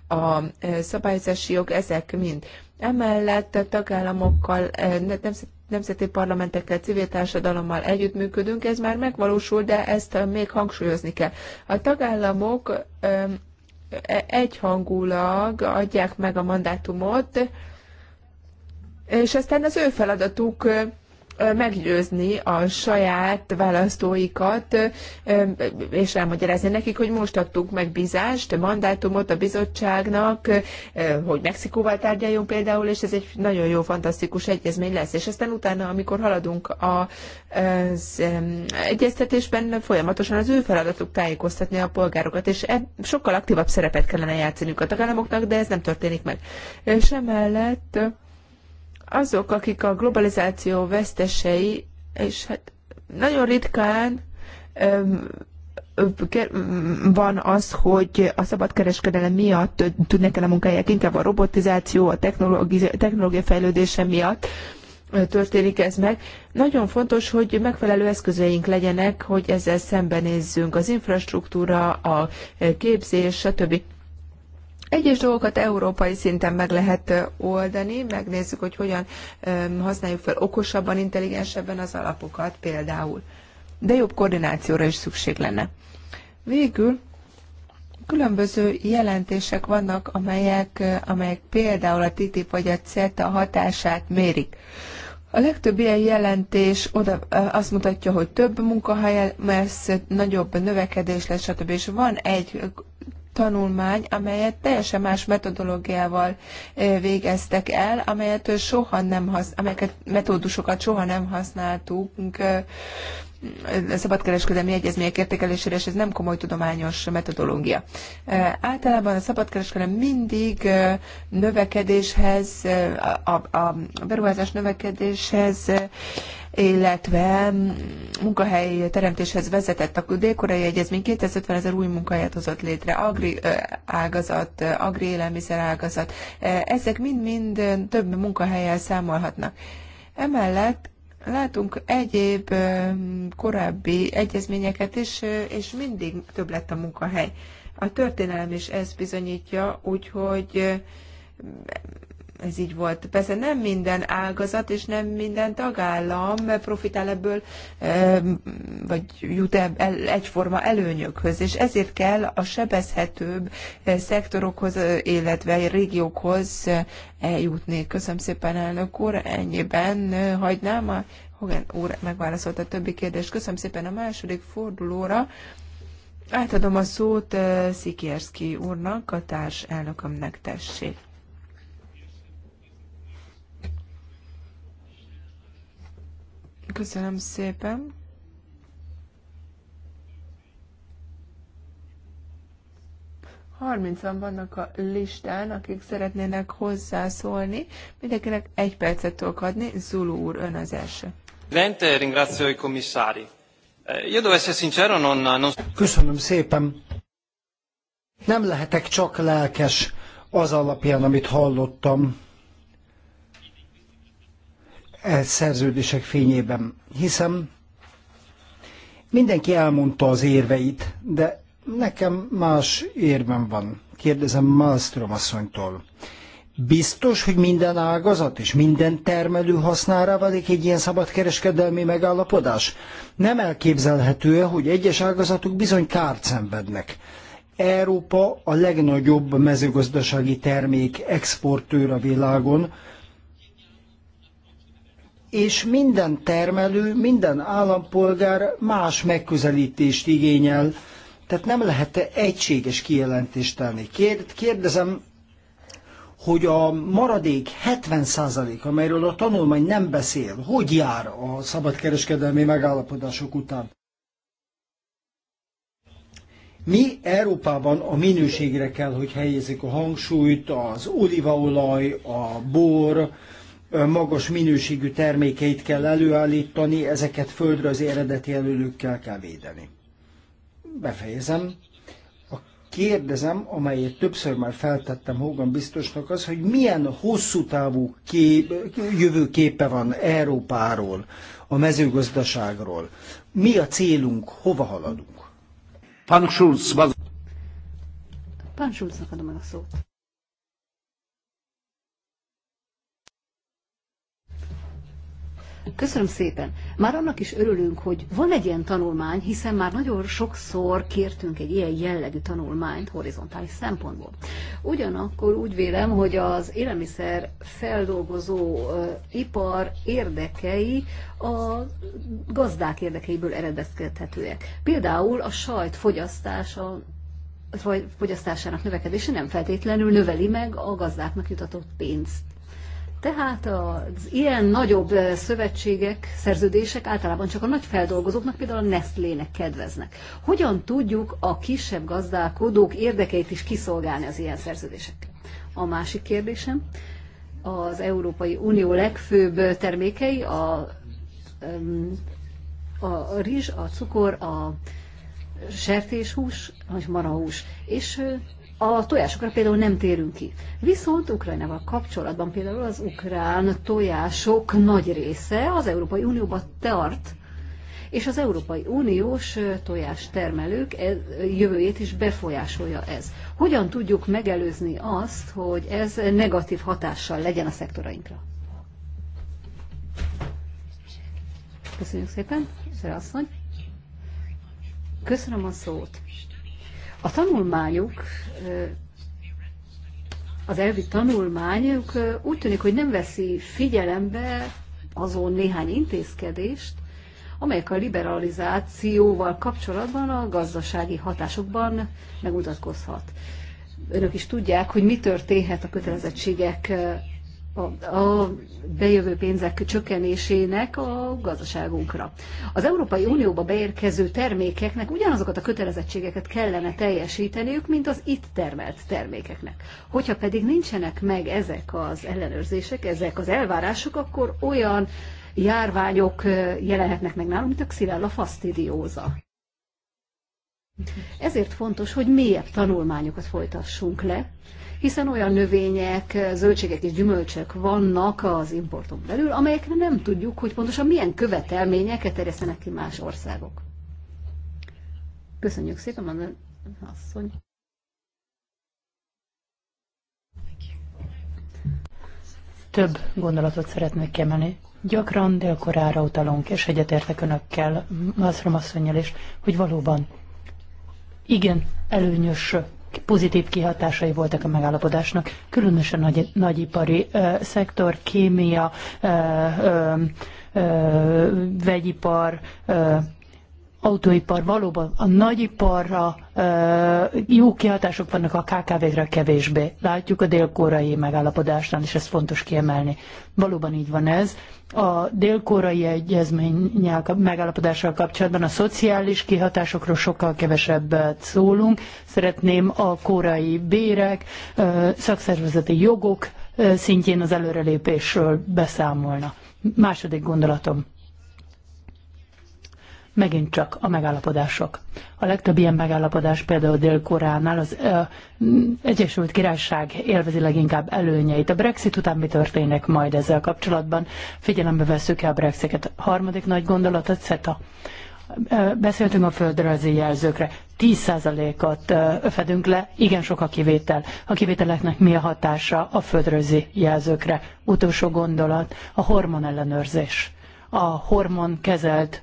a szabályzási jog, ezek mind. Emellett a tagállamokkal, eh, nemzeti parlamentekkel, civil társadalommal együttműködünk, ez már megvalósul, de ezt eh, még hangsúlyozni kell. A tagállamok e- egyhangulag adják meg a mandátumot, és aztán az ő feladatuk eh, meggyőzni a saját választóikat, és elmagyarázni nekik, hogy most adtuk meg bizást, mandátumot a bizottságnak, hogy Mexikóval tárgyaljon például, és ez egy nagyon jó, fantasztikus egyezmény lesz. És aztán utána, amikor haladunk a, az egyeztetésben, folyamatosan az ő feladatuk tájékoztatni a polgárokat, és e, sokkal aktívabb szerepet kellene játszani a tagállamoknak, de ez nem történik meg. És emellett azok, akik a globalizáció vesztesei, és hát nagyon ritkán van az, hogy a szabadkereskedelem miatt tűnnek el a munkáják, inkább a robotizáció, a technológia, technológia fejlődése miatt történik ez meg. Nagyon fontos, hogy megfelelő eszközeink legyenek, hogy ezzel szembenézzünk. Az infrastruktúra, a képzés, stb. Egyes dolgokat európai szinten meg lehet oldani, megnézzük, hogy hogyan használjuk fel okosabban, intelligensebben az alapokat például. De jobb koordinációra is szükség lenne. Végül különböző jelentések vannak, amelyek, amelyek például a TTIP vagy a CETA hatását mérik. A legtöbb ilyen jelentés oda azt mutatja, hogy több munkahely lesz, nagyobb növekedés lesz, stb. És van egy tanulmány, amelyet teljesen más metodológiával végeztek el, amelyet soha nem hasz, amelyeket metódusokat soha nem használtunk szabadkereskedelmi egyezmények értékelésére, és ez nem komoly tudományos metodológia. E, általában a szabadkereskedelem mindig e, növekedéshez, e, a, a beruházás növekedéshez, illetve munkahely teremtéshez vezetett a dél-koreai egyezmény 250 ezer új munkahelyet hozott létre, agri ágazat, agri élelmiszer ágazat, ezek mind-mind több munkahelyel számolhatnak. Emellett Látunk egyéb korábbi egyezményeket is, és mindig több lett a munkahely. A történelem is ezt bizonyítja, úgyhogy ez így volt. Persze nem minden ágazat és nem minden tagállam profitál ebből, vagy jut el egyforma előnyökhöz, és ezért kell a sebezhetőbb szektorokhoz, illetve régiókhoz eljutni. Köszönöm szépen, elnök úr, ennyiben hagynám a Hogan úr megválaszolta a többi kérdést. Köszönöm szépen a második fordulóra. Átadom a szót Szikierszki úrnak, a társ elnökömnek tessék. Köszönöm szépen. Harmincan vannak a listán, akik szeretnének hozzászólni. Mindenkinek egy percet tudok adni. Zulu úr, ön az első. Eh, Köszönöm szépen. Nem lehetek csak lelkes az alapján, amit hallottam e szerződések fényében, hiszen mindenki elmondta az érveit, de nekem más érvem van. Kérdezem Malmström asszonytól. Biztos, hogy minden ágazat és minden termelő hasznára válik egy ilyen szabadkereskedelmi megállapodás? Nem elképzelhető -e, hogy egyes ágazatok bizony kárt szenvednek? Európa a legnagyobb mezőgazdasági termék exportőr a világon, és minden termelő, minden állampolgár más megközelítést igényel, tehát nem lehet -e egységes kijelentést tenni. Kérdezem, hogy a maradék 70%, amelyről a tanulmány nem beszél, hogy jár a szabadkereskedelmi megállapodások után? Mi Európában a minőségre kell, hogy helyezik a hangsúlyt, az olívaolaj, a bor, magas minőségű termékeit kell előállítani, ezeket földre az eredeti előlőkkel kell védeni. Befejezem. A kérdezem, amelyet többször már feltettem Hogan biztosnak, az, hogy milyen hosszú távú kép, jövőképe van Európáról, a mezőgazdaságról. Mi a célunk, hova haladunk? Pán Schulz, Pán Schulznak adom meg a szót. Köszönöm szépen. Már annak is örülünk, hogy van egy ilyen tanulmány, hiszen már nagyon sokszor kértünk egy ilyen jellegű tanulmányt horizontális szempontból. Ugyanakkor úgy vélem, hogy az élelmiszer feldolgozó ipar érdekei a gazdák érdekeiből eredezkedhetőek. Például a sajt fogyasztása fogyasztásának növekedése nem feltétlenül növeli meg a gazdáknak jutatott pénzt. Tehát az ilyen nagyobb szövetségek, szerződések általában csak a nagy feldolgozóknak, például a Nestlének kedveznek. Hogyan tudjuk a kisebb gazdálkodók érdekeit is kiszolgálni az ilyen szerződésekkel? A másik kérdésem, az Európai Unió legfőbb termékei a, a rizs, a cukor, a sertéshús, vagy marahús. És a tojásokra például nem térünk ki. Viszont Ukrajnával kapcsolatban például az ukrán tojások nagy része az Európai Unióba tart, és az Európai Uniós tojástermelők e, jövőjét is befolyásolja ez. Hogyan tudjuk megelőzni azt, hogy ez negatív hatással legyen a szektorainkra? Köszönjük szépen, Zere asszony. Köszönöm a szót. A tanulmányuk, az elvi tanulmányuk úgy tűnik, hogy nem veszi figyelembe azon néhány intézkedést, amelyek a liberalizációval kapcsolatban a gazdasági hatásokban megmutatkozhat. Önök is tudják, hogy mi történhet a kötelezettségek a, a bejövő pénzek csökkenésének a gazdaságunkra. Az Európai Unióba beérkező termékeknek ugyanazokat a kötelezettségeket kellene teljesíteniük, mint az itt termelt termékeknek. Hogyha pedig nincsenek meg ezek az ellenőrzések, ezek az elvárások, akkor olyan járványok jelenhetnek meg nálunk, mint a xilella fastidióza. Ezért fontos, hogy mélyebb tanulmányokat folytassunk le, hiszen olyan növények, zöldségek és gyümölcsök vannak az importon belül, amelyekre nem tudjuk, hogy pontosan milyen követelményeket terjesztenek ki más országok. Köszönjük szépen, Mandel asszony. Több gondolatot szeretnék kiemelni. Gyakran délkorára utalunk, és egyetértek önökkel, Mászrom asszonynal is, hogy valóban igen előnyös pozitív kihatásai voltak a megállapodásnak, különösen nagy, nagyipari ö, szektor, kémia, ö, ö, ö, vegyipar, ö, autóipar valóban a nagyiparra jó kihatások vannak, a KKV-kre kevésbé. Látjuk a dél-koreai megállapodásnál, és ez fontos kiemelni. Valóban így van ez. A dél-koreai egyezmény megállapodással kapcsolatban a szociális kihatásokról sokkal kevesebbet szólunk. Szeretném a korai bérek, szakszervezeti jogok szintjén az előrelépésről beszámolna. Második gondolatom Megint csak a megállapodások. A legtöbb ilyen megállapodás például Dél-Koreánál az ö, Egyesült Királyság élvezi leginkább előnyeit. A Brexit után mi történik majd ezzel kapcsolatban? Figyelembe veszük-e a Brexitet? Harmadik nagy gondolat a CETA. Beszéltünk a földrajzi jelzőkre. 10%-ot fedünk le, igen sok a kivétel. A kivételeknek mi a hatása a földrajzi jelzőkre? Utolsó gondolat, a hormonellenőrzés. A hormon kezelt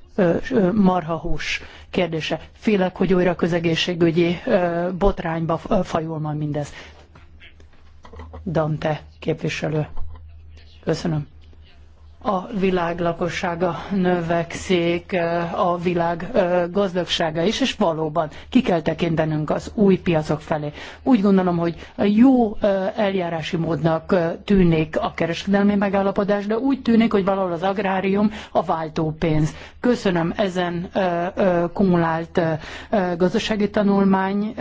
marhahús kérdése. Félek, hogy újra közegészségügyi botrányba fajul majd mindez. Dante képviselő. Köszönöm a világ lakossága növekszik, a világ gazdagsága is, és valóban ki kell tekintenünk az új piacok felé. Úgy gondolom, hogy jó eljárási módnak tűnik a kereskedelmi megállapodás, de úgy tűnik, hogy valahol az agrárium a váltópénz. Köszönöm ezen kumulált gazdasági tanulmány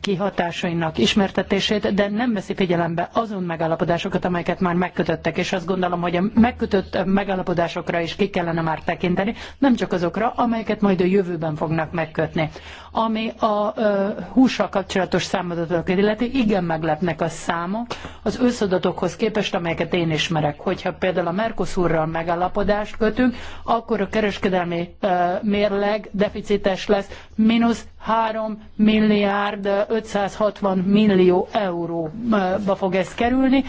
kihatásainak ismertetését, de nem veszi figyelembe azon megállapodásokat, amelyeket már megkötöttek, és azt gondolom, hogy a megkötött megállapodásokra is ki kellene már tekinteni, nem csak azokra, amelyeket majd a jövőben fognak megkötni. Ami a ö, hússal kapcsolatos számadatok illeti, igen meglepnek a számok az összadatokhoz képest, amelyeket én ismerek. Hogyha például a Mercosurral megállapodást kötünk, akkor a kereskedelmi ö, mérleg deficites lesz, mínusz 3 milliárd milliárd 560 millió euróba fog ez kerülni.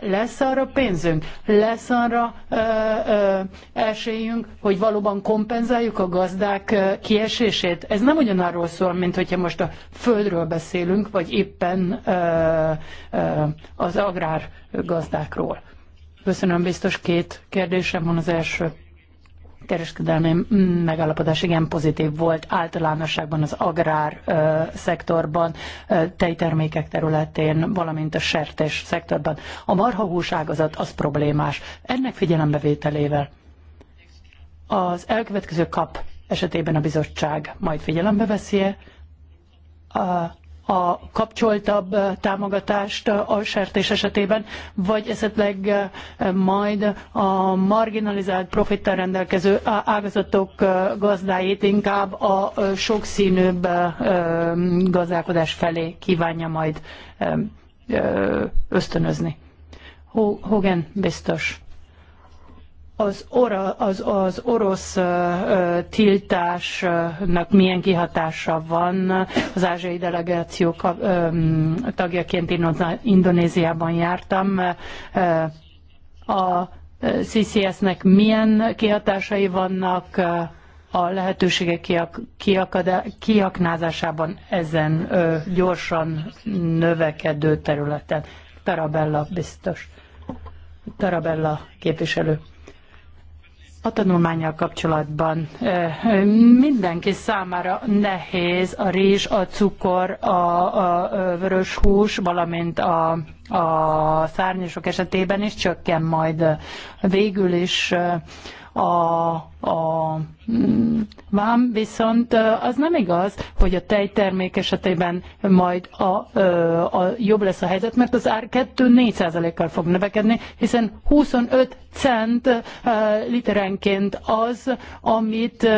Lesz arra pénzünk? Lesz arra esélyünk, hogy valóban kompenzáljuk a gazdák kiesését? Ez nem ugyanarról szól, mint hogyha most a földről beszélünk, vagy éppen az agrárgazdákról. Köszönöm, biztos két kérdésem van az első kereskedelmi megállapodás igen pozitív volt általánosságban az agrár ö, szektorban, ö, tejtermékek területén, valamint a sertés szektorban. A marhahús ágazat az problémás. Ennek figyelembevételével az elkövetkező kap esetében a bizottság majd figyelembe veszi -e a a kapcsoltabb támogatást a sertés esetében, vagy esetleg majd a marginalizált profittal rendelkező ágazatok gazdáit inkább a sokszínűbb gazdálkodás felé kívánja majd ösztönözni. Hogan biztos az, ora, az, az orosz tiltásnak milyen kihatása van az ázsiai delegáció tagjaként Indonéziában jártam. A CCS-nek milyen kihatásai vannak a lehetőségek kiaknázásában ezen gyorsan növekedő területen? Tarabella biztos. Tarabella képviselő a tanulmányjal kapcsolatban. Mindenki számára nehéz a rizs, a cukor, a, a vörös hús, valamint a, a szárnyasok esetében is csökken majd végül is a, a Vám viszont az nem igaz, hogy a tejtermék esetében majd a, a, a jobb lesz a helyzet, mert az ár 2-4%-kal fog növekedni, hiszen 25 cent literenként az, amit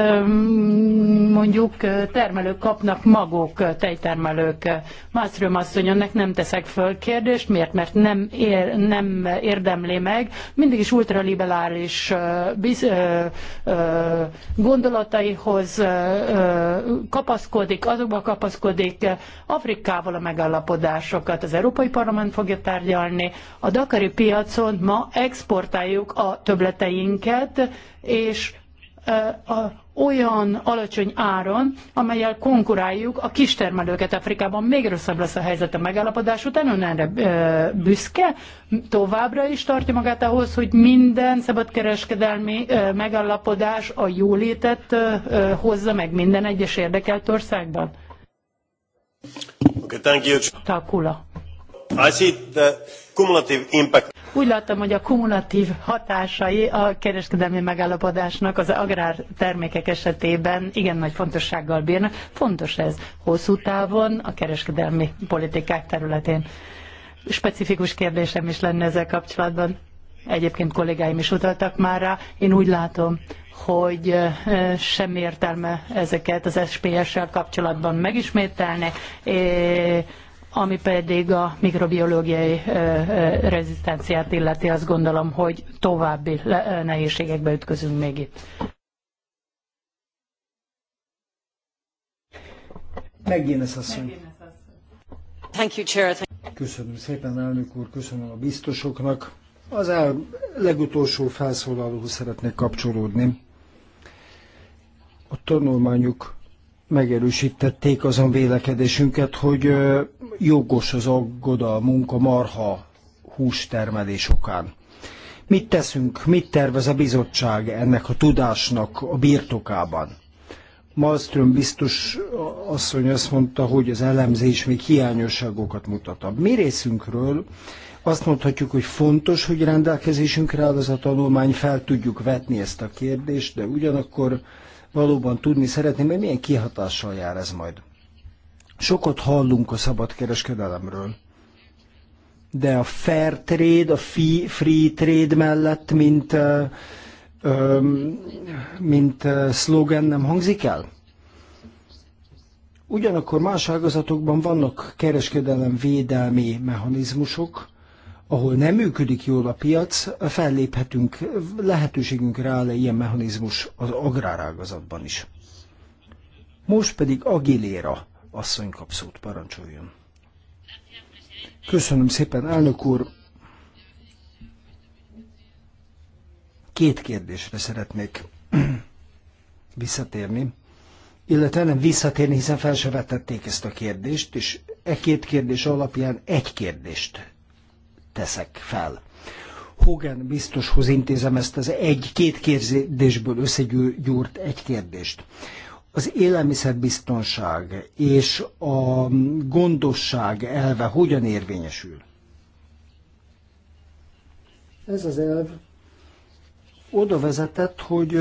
mondjuk termelők kapnak maguk, tejtermelők. Mászrőm asszony, önnek nem teszek föl kérdést, miért? Mert nem, ér, nem érdemli meg. Mindig is ultraliberális biz, gondolataihoz kapaszkodik, azokba kapaszkodik, Afrikával a megállapodásokat az Európai Parlament fogja tárgyalni. A dakari piacon ma exportáljuk a töbleteinket, és a olyan alacsony áron, amelyel konkuráljuk a kistermelőket Afrikában. Még rosszabb lesz a helyzet a megállapodás után, ön erre büszke, továbbra is tartja magát ahhoz, hogy minden szabadkereskedelmi megállapodás a jólétet hozza meg minden egyes érdekelt országban? Okay, thank you. Takula. I see the cumulative impact. Úgy láttam, hogy a kumulatív hatásai a kereskedelmi megállapodásnak az agrártermékek esetében igen nagy fontossággal bírnak. Fontos ez hosszú távon a kereskedelmi politikák területén. Specifikus kérdésem is lenne ezzel kapcsolatban. Egyébként kollégáim is utaltak már rá. Én úgy látom, hogy semmi értelme ezeket az SPS-sel kapcsolatban megismételni. É- ami pedig a mikrobiológiai rezisztenciát illeti, azt gondolom, hogy további nehézségekbe ütközünk még itt. Megjénes asszony. Köszönöm szépen, elnök úr, köszönöm a biztosoknak. Az el, legutolsó felszólalóhoz szeretnék kapcsolódni. A tanulmányuk megerősítették azon vélekedésünket, hogy jogos az aggodalmunk a marha hústermelés okán. Mit teszünk, mit tervez a bizottság ennek a tudásnak a birtokában? Malmström biztos asszony azt mondta, hogy az elemzés még hiányosságokat mutat. A mi részünkről azt mondhatjuk, hogy fontos, hogy rendelkezésünkre áll ez a tanulmány, fel tudjuk vetni ezt a kérdést, de ugyanakkor valóban tudni szeretném, hogy milyen kihatással jár ez majd. Sokat hallunk a kereskedelemről, de a fair trade, a fee, free trade mellett, mint, mint szlogen nem hangzik el? Ugyanakkor más ágazatokban vannak kereskedelem védelmi mechanizmusok, ahol nem működik jól a piac, felléphetünk, lehetőségünk rá le ilyen mechanizmus az agrárágazatban is. Most pedig Agiléra asszony kap szót, parancsoljon. Köszönöm szépen, elnök úr. Két kérdésre szeretnék visszatérni, illetve nem visszatérni, hiszen fel se vetették ezt a kérdést, és e két kérdés alapján egy kérdést teszek fel. Hogan biztoshoz intézem ezt az egy-két kérdésből összegyúrt egy kérdést. Az élelmiszerbiztonság és a gondosság elve hogyan érvényesül? Ez az elv oda vezetett, hogy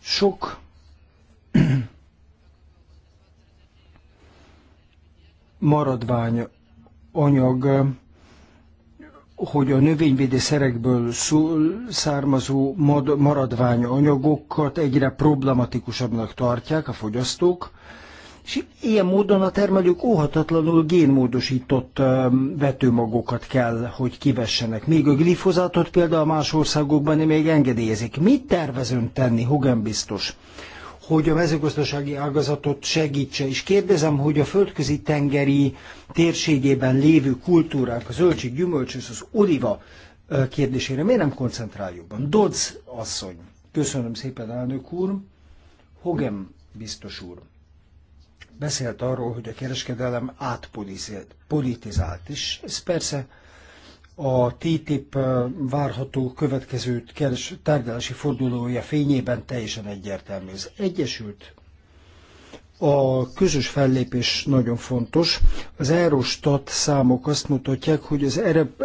sok maradvány anyag hogy a szerekből származó maradványanyagokat egyre problematikusabbnak tartják a fogyasztók, és ilyen módon a termelők óhatatlanul génmódosított vetőmagokat kell, hogy kivessenek. Még a glifozátot például más országokban még engedélyezik. Mit tervezünk tenni, Hogan biztos? hogy a mezőgazdasági ágazatot segítse. És kérdezem, hogy a földközi tengeri térségében lévő kultúrák, a zöldség, gyümölcs és az oliva kérdésére miért nem koncentrál jobban? asszony. Köszönöm szépen, elnök úr. Hogem biztos úr beszélt arról, hogy a kereskedelem átpolitizált, és ez persze a TTIP várható következő tárgyalási fordulója fényében teljesen egyértelmű. Az Egyesült a közös fellépés nagyon fontos. Az Eurostat számok azt mutatják, hogy az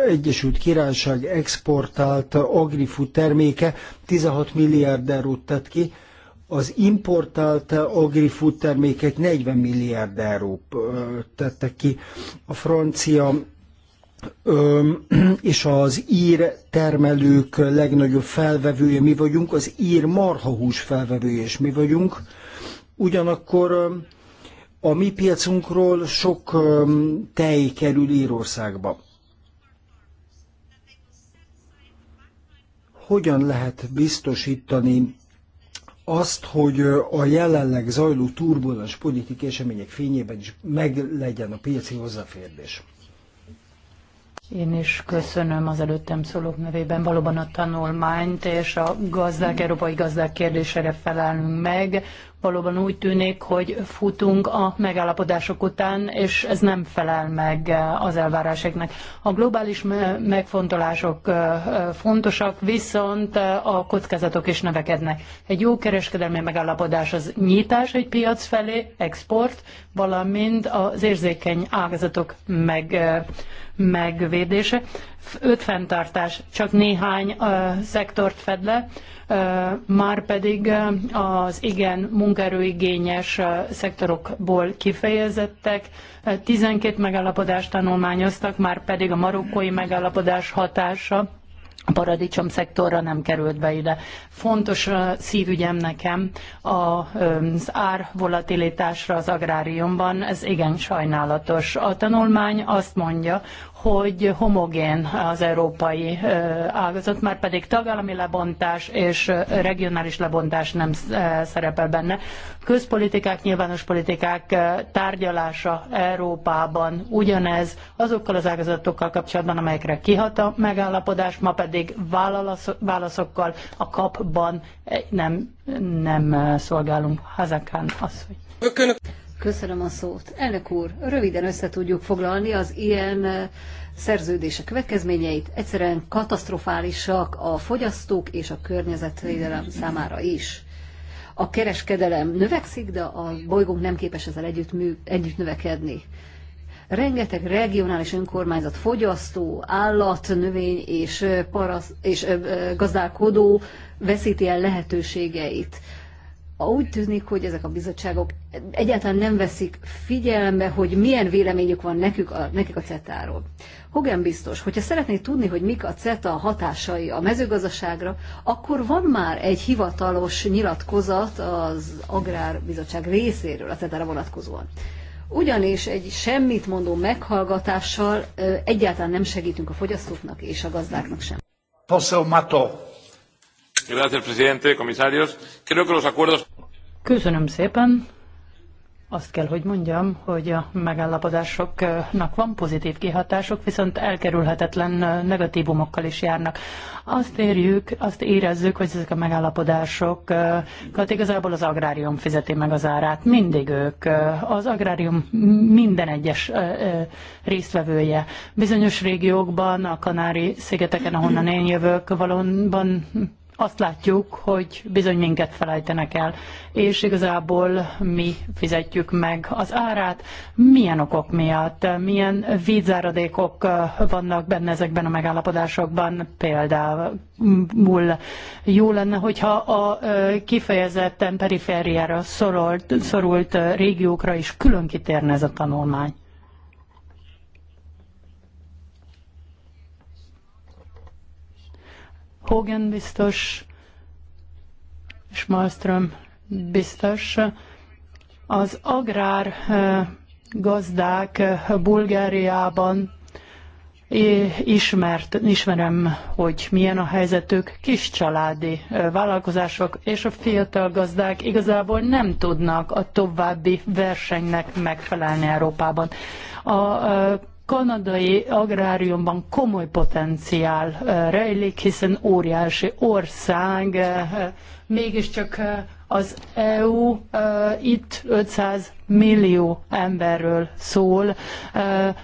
Egyesült Királyság exportált agrifood terméke 16 milliárd eurót tett ki, az importált agrifood termékek 40 milliárd eurót tettek ki. A francia és az ír termelők legnagyobb felvevője mi vagyunk, az ír marhahús felvevője is mi vagyunk. Ugyanakkor a mi piacunkról sok tej kerül Írországba. Hogyan lehet biztosítani azt, hogy a jelenleg zajló turbulens politikai események fényében is meglegyen a piaci hozzáférés? Én is köszönöm az előttem szólók nevében valóban a tanulmányt, és a gazdák, európai gazdák kérdésére felelünk meg valóban úgy tűnik, hogy futunk a megállapodások után, és ez nem felel meg az elvárásoknak. A globális megfontolások fontosak, viszont a kockázatok is növekednek. Egy jó kereskedelmi megállapodás az nyitás egy piac felé, export, valamint az érzékeny ágazatok meg, megvédése öt fenntartás csak néhány szektort fed le, uh, már pedig az igen munkaerőigényes szektorokból kifejezettek. Uh, 12 megállapodást tanulmányoztak, már pedig a marokkói megállapodás hatása a paradicsom szektorra nem került be ide. Fontos uh, szívügyem nekem a, az ár volatilitásra az agráriumban, ez igen sajnálatos. A tanulmány azt mondja, hogy homogén az európai ágazat, már pedig tagállami lebontás és regionális lebontás nem szerepel benne. Közpolitikák, nyilvános politikák tárgyalása Európában ugyanez azokkal az ágazatokkal kapcsolatban, amelyekre kihat a megállapodás, ma pedig válaszokkal a kapban nem, nem szolgálunk. Hazakán Köszönöm a szót. Elnök úr, röviden össze tudjuk foglalni az ilyen eh, szerződések következményeit. Egyszerűen katasztrofálisak a fogyasztók és a környezetvédelem számára is. A kereskedelem növekszik, de a bolygónk nem képes ezzel együtt, mű, együtt növekedni. Rengeteg regionális önkormányzat, fogyasztó, állat, növény és, eh, parasz, és eh, gazdálkodó veszíti el lehetőségeit úgy tűnik, hogy ezek a bizottságok egyáltalán nem veszik figyelembe, hogy milyen véleményük van nekük a, nekik a CETA-ról. Hogan biztos, hogyha szeretné tudni, hogy mik a CETA hatásai a mezőgazdaságra, akkor van már egy hivatalos nyilatkozat az Agrárbizottság részéről a CETA-ra vonatkozóan. Ugyanis egy semmit mondó meghallgatással egyáltalán nem segítünk a fogyasztóknak és a gazdáknak sem. Poseł Mato. Gracias, presidente, comisarios. Creo que los acuerdos... Köszönöm szépen. Azt kell, hogy mondjam, hogy a megállapodásoknak van pozitív kihatások, viszont elkerülhetetlen negatívumokkal is járnak. Azt érjük, azt érezzük, hogy ezek a megállapodásokat igazából az agrárium fizeti meg az árát. Mindig ők. Az agrárium minden egyes résztvevője. Bizonyos régiókban, a Kanári-szigeteken, ahonnan én jövök, valóban azt látjuk, hogy bizony minket felejtenek el, és igazából mi fizetjük meg az árát, milyen okok miatt, milyen vízáradékok vannak benne ezekben a megállapodásokban, például jó lenne, hogyha a kifejezetten perifériára szorult, szorult régiókra is külön kitérne ez a tanulmány. Hogan biztos és Malmström biztos. Az agrár eh, gazdák eh, Bulgáriában eh, ismert, ismerem, hogy milyen a helyzetük, kis családi vállalkozások és a fiatal gazdák igazából nem tudnak a további versenynek megfelelni Európában. A kanadai agráriumban komoly potenciál rejlik, hiszen óriási ország, mégiscsak az EU itt 500 millió emberről szól.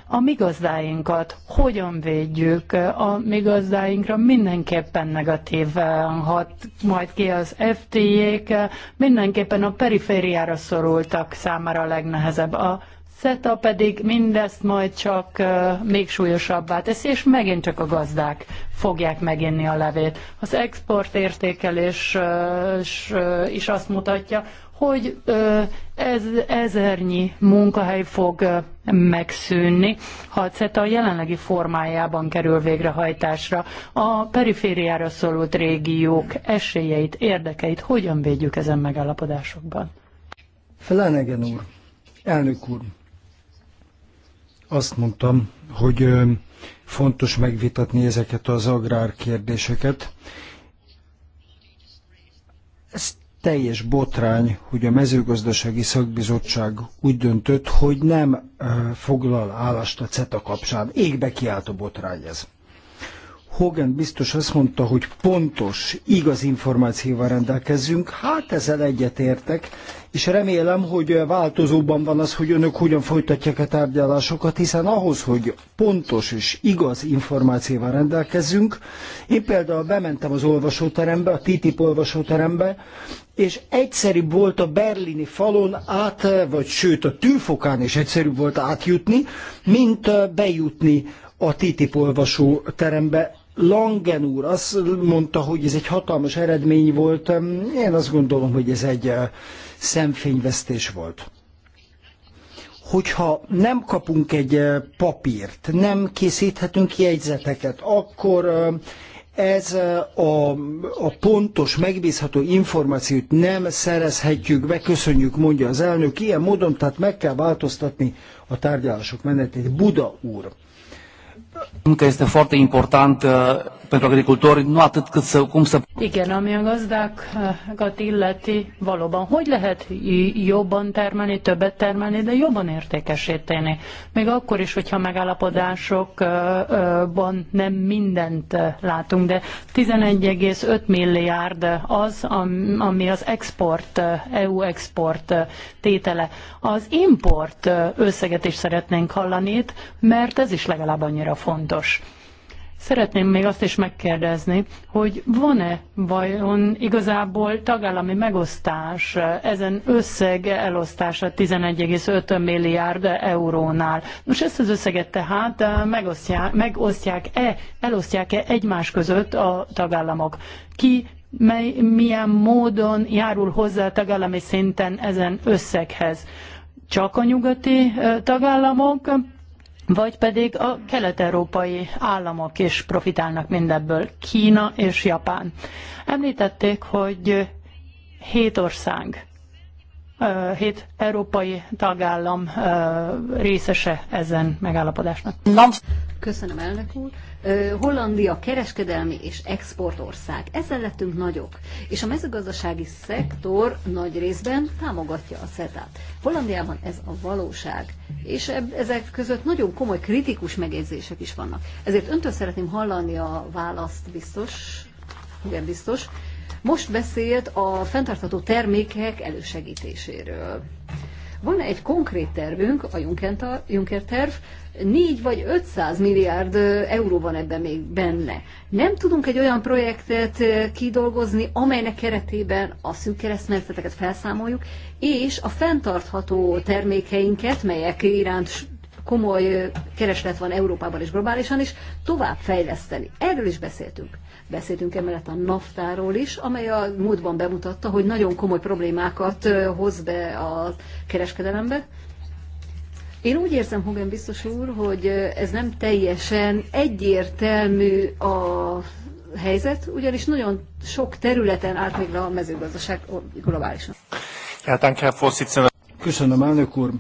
A mi gazdáinkat hogyan védjük? A mi gazdáinkra mindenképpen negatívan hat majd ki az FTA-k, mindenképpen a perifériára szorultak számára a legnehezebb. A CETA pedig mindezt majd csak még súlyosabbá teszi, és megint csak a gazdák fogják meginni a levét. Az export értékelés uh, is azt mutatja, hogy ez, ezernyi munkahely fog megszűnni, ha a CETA a jelenlegi formájában kerül végrehajtásra. A perifériára szorult régiók esélyeit, érdekeit hogyan védjük ezen megállapodásokban? Felenegen úr, elnök úr, azt mondtam, hogy fontos megvitatni ezeket az agrárkérdéseket. Ez teljes botrány, hogy a mezőgazdasági szakbizottság úgy döntött, hogy nem foglal állást a CETA kapcsán. Égbe kiállt a botrány ez. Hogan biztos azt mondta, hogy pontos, igaz információval rendelkezünk. Hát ezzel egyetértek, és remélem, hogy változóban van az, hogy önök hogyan folytatják a tárgyalásokat, hiszen ahhoz, hogy pontos és igaz információval rendelkezzünk, én például bementem az olvasóterembe, a TTIP olvasóterembe, és egyszerűbb volt a berlini falon át, vagy sőt a tűfokán is egyszerűbb volt átjutni, mint bejutni a TTIP olvasó terembe Langen úr azt mondta, hogy ez egy hatalmas eredmény volt. Én azt gondolom, hogy ez egy eh, szemfényvesztés volt. Hogyha nem kapunk egy eh, papírt, nem készíthetünk jegyzeteket, akkor eh, ez a, a pontos, megbízható információt nem szerezhetjük be, köszönjük, mondja az elnök. Ilyen módon tehát meg kell változtatni a tárgyalások menetét. Buda úr că este foarte important uh, pentru agricultori, nu atât cât să, cum să... Igen, ami a gazdákat illeti, valóban hogy lehet jobban termelni, többet termelni, de jobban értékesíteni? Még akkor is, hogyha megállapodásokban nem mindent látunk, de 11,5 milliárd az, ami az export, EU export tétele. Az import összeget is szeretnénk hallani itt, mert ez is legalább annyira fontos. Szeretném még azt is megkérdezni, hogy van-e vajon igazából tagállami megosztás ezen összeg elosztása 11,5 milliárd eurónál. Most ezt az összeget tehát eh, megosztják, megosztják-e, elosztják-e egymás között a tagállamok? Ki mely, milyen módon járul hozzá tagállami szinten ezen összeghez? Csak a nyugati eh, tagállamok, vagy pedig a kelet-európai államok is profitálnak mindebből, Kína és Japán. Említették, hogy hét ország hét európai tagállam részese ezen megállapodásnak. Köszönöm, elnök úr. Hollandia kereskedelmi és exportország. Ezzel lettünk nagyok, és a mezőgazdasági szektor nagy részben támogatja a SZETÁT. Hollandiában ez a valóság, és ezek között nagyon komoly kritikus megjegyzések is vannak. Ezért öntől szeretném hallani a választ biztos, igen biztos, most beszélt a fenntartható termékek elősegítéséről. Van egy konkrét tervünk, a Juncker terv, 4 vagy 500 milliárd euró van ebben még benne. Nem tudunk egy olyan projektet kidolgozni, amelynek keretében a szűk keresztmetszeteket felszámoljuk, és a fenntartható termékeinket, melyek iránt komoly kereslet van Európában és globálisan is, tovább fejleszteni. Erről is beszéltünk. Beszéltünk emellett a naftáról is, amely a múltban bemutatta, hogy nagyon komoly problémákat hoz be a kereskedelembe. Én úgy érzem, Hogan biztos úr, hogy ez nem teljesen egyértelmű a helyzet, ugyanis nagyon sok területen állt még le a mezőgazdaság globálisan. Köszönöm, elnök úr.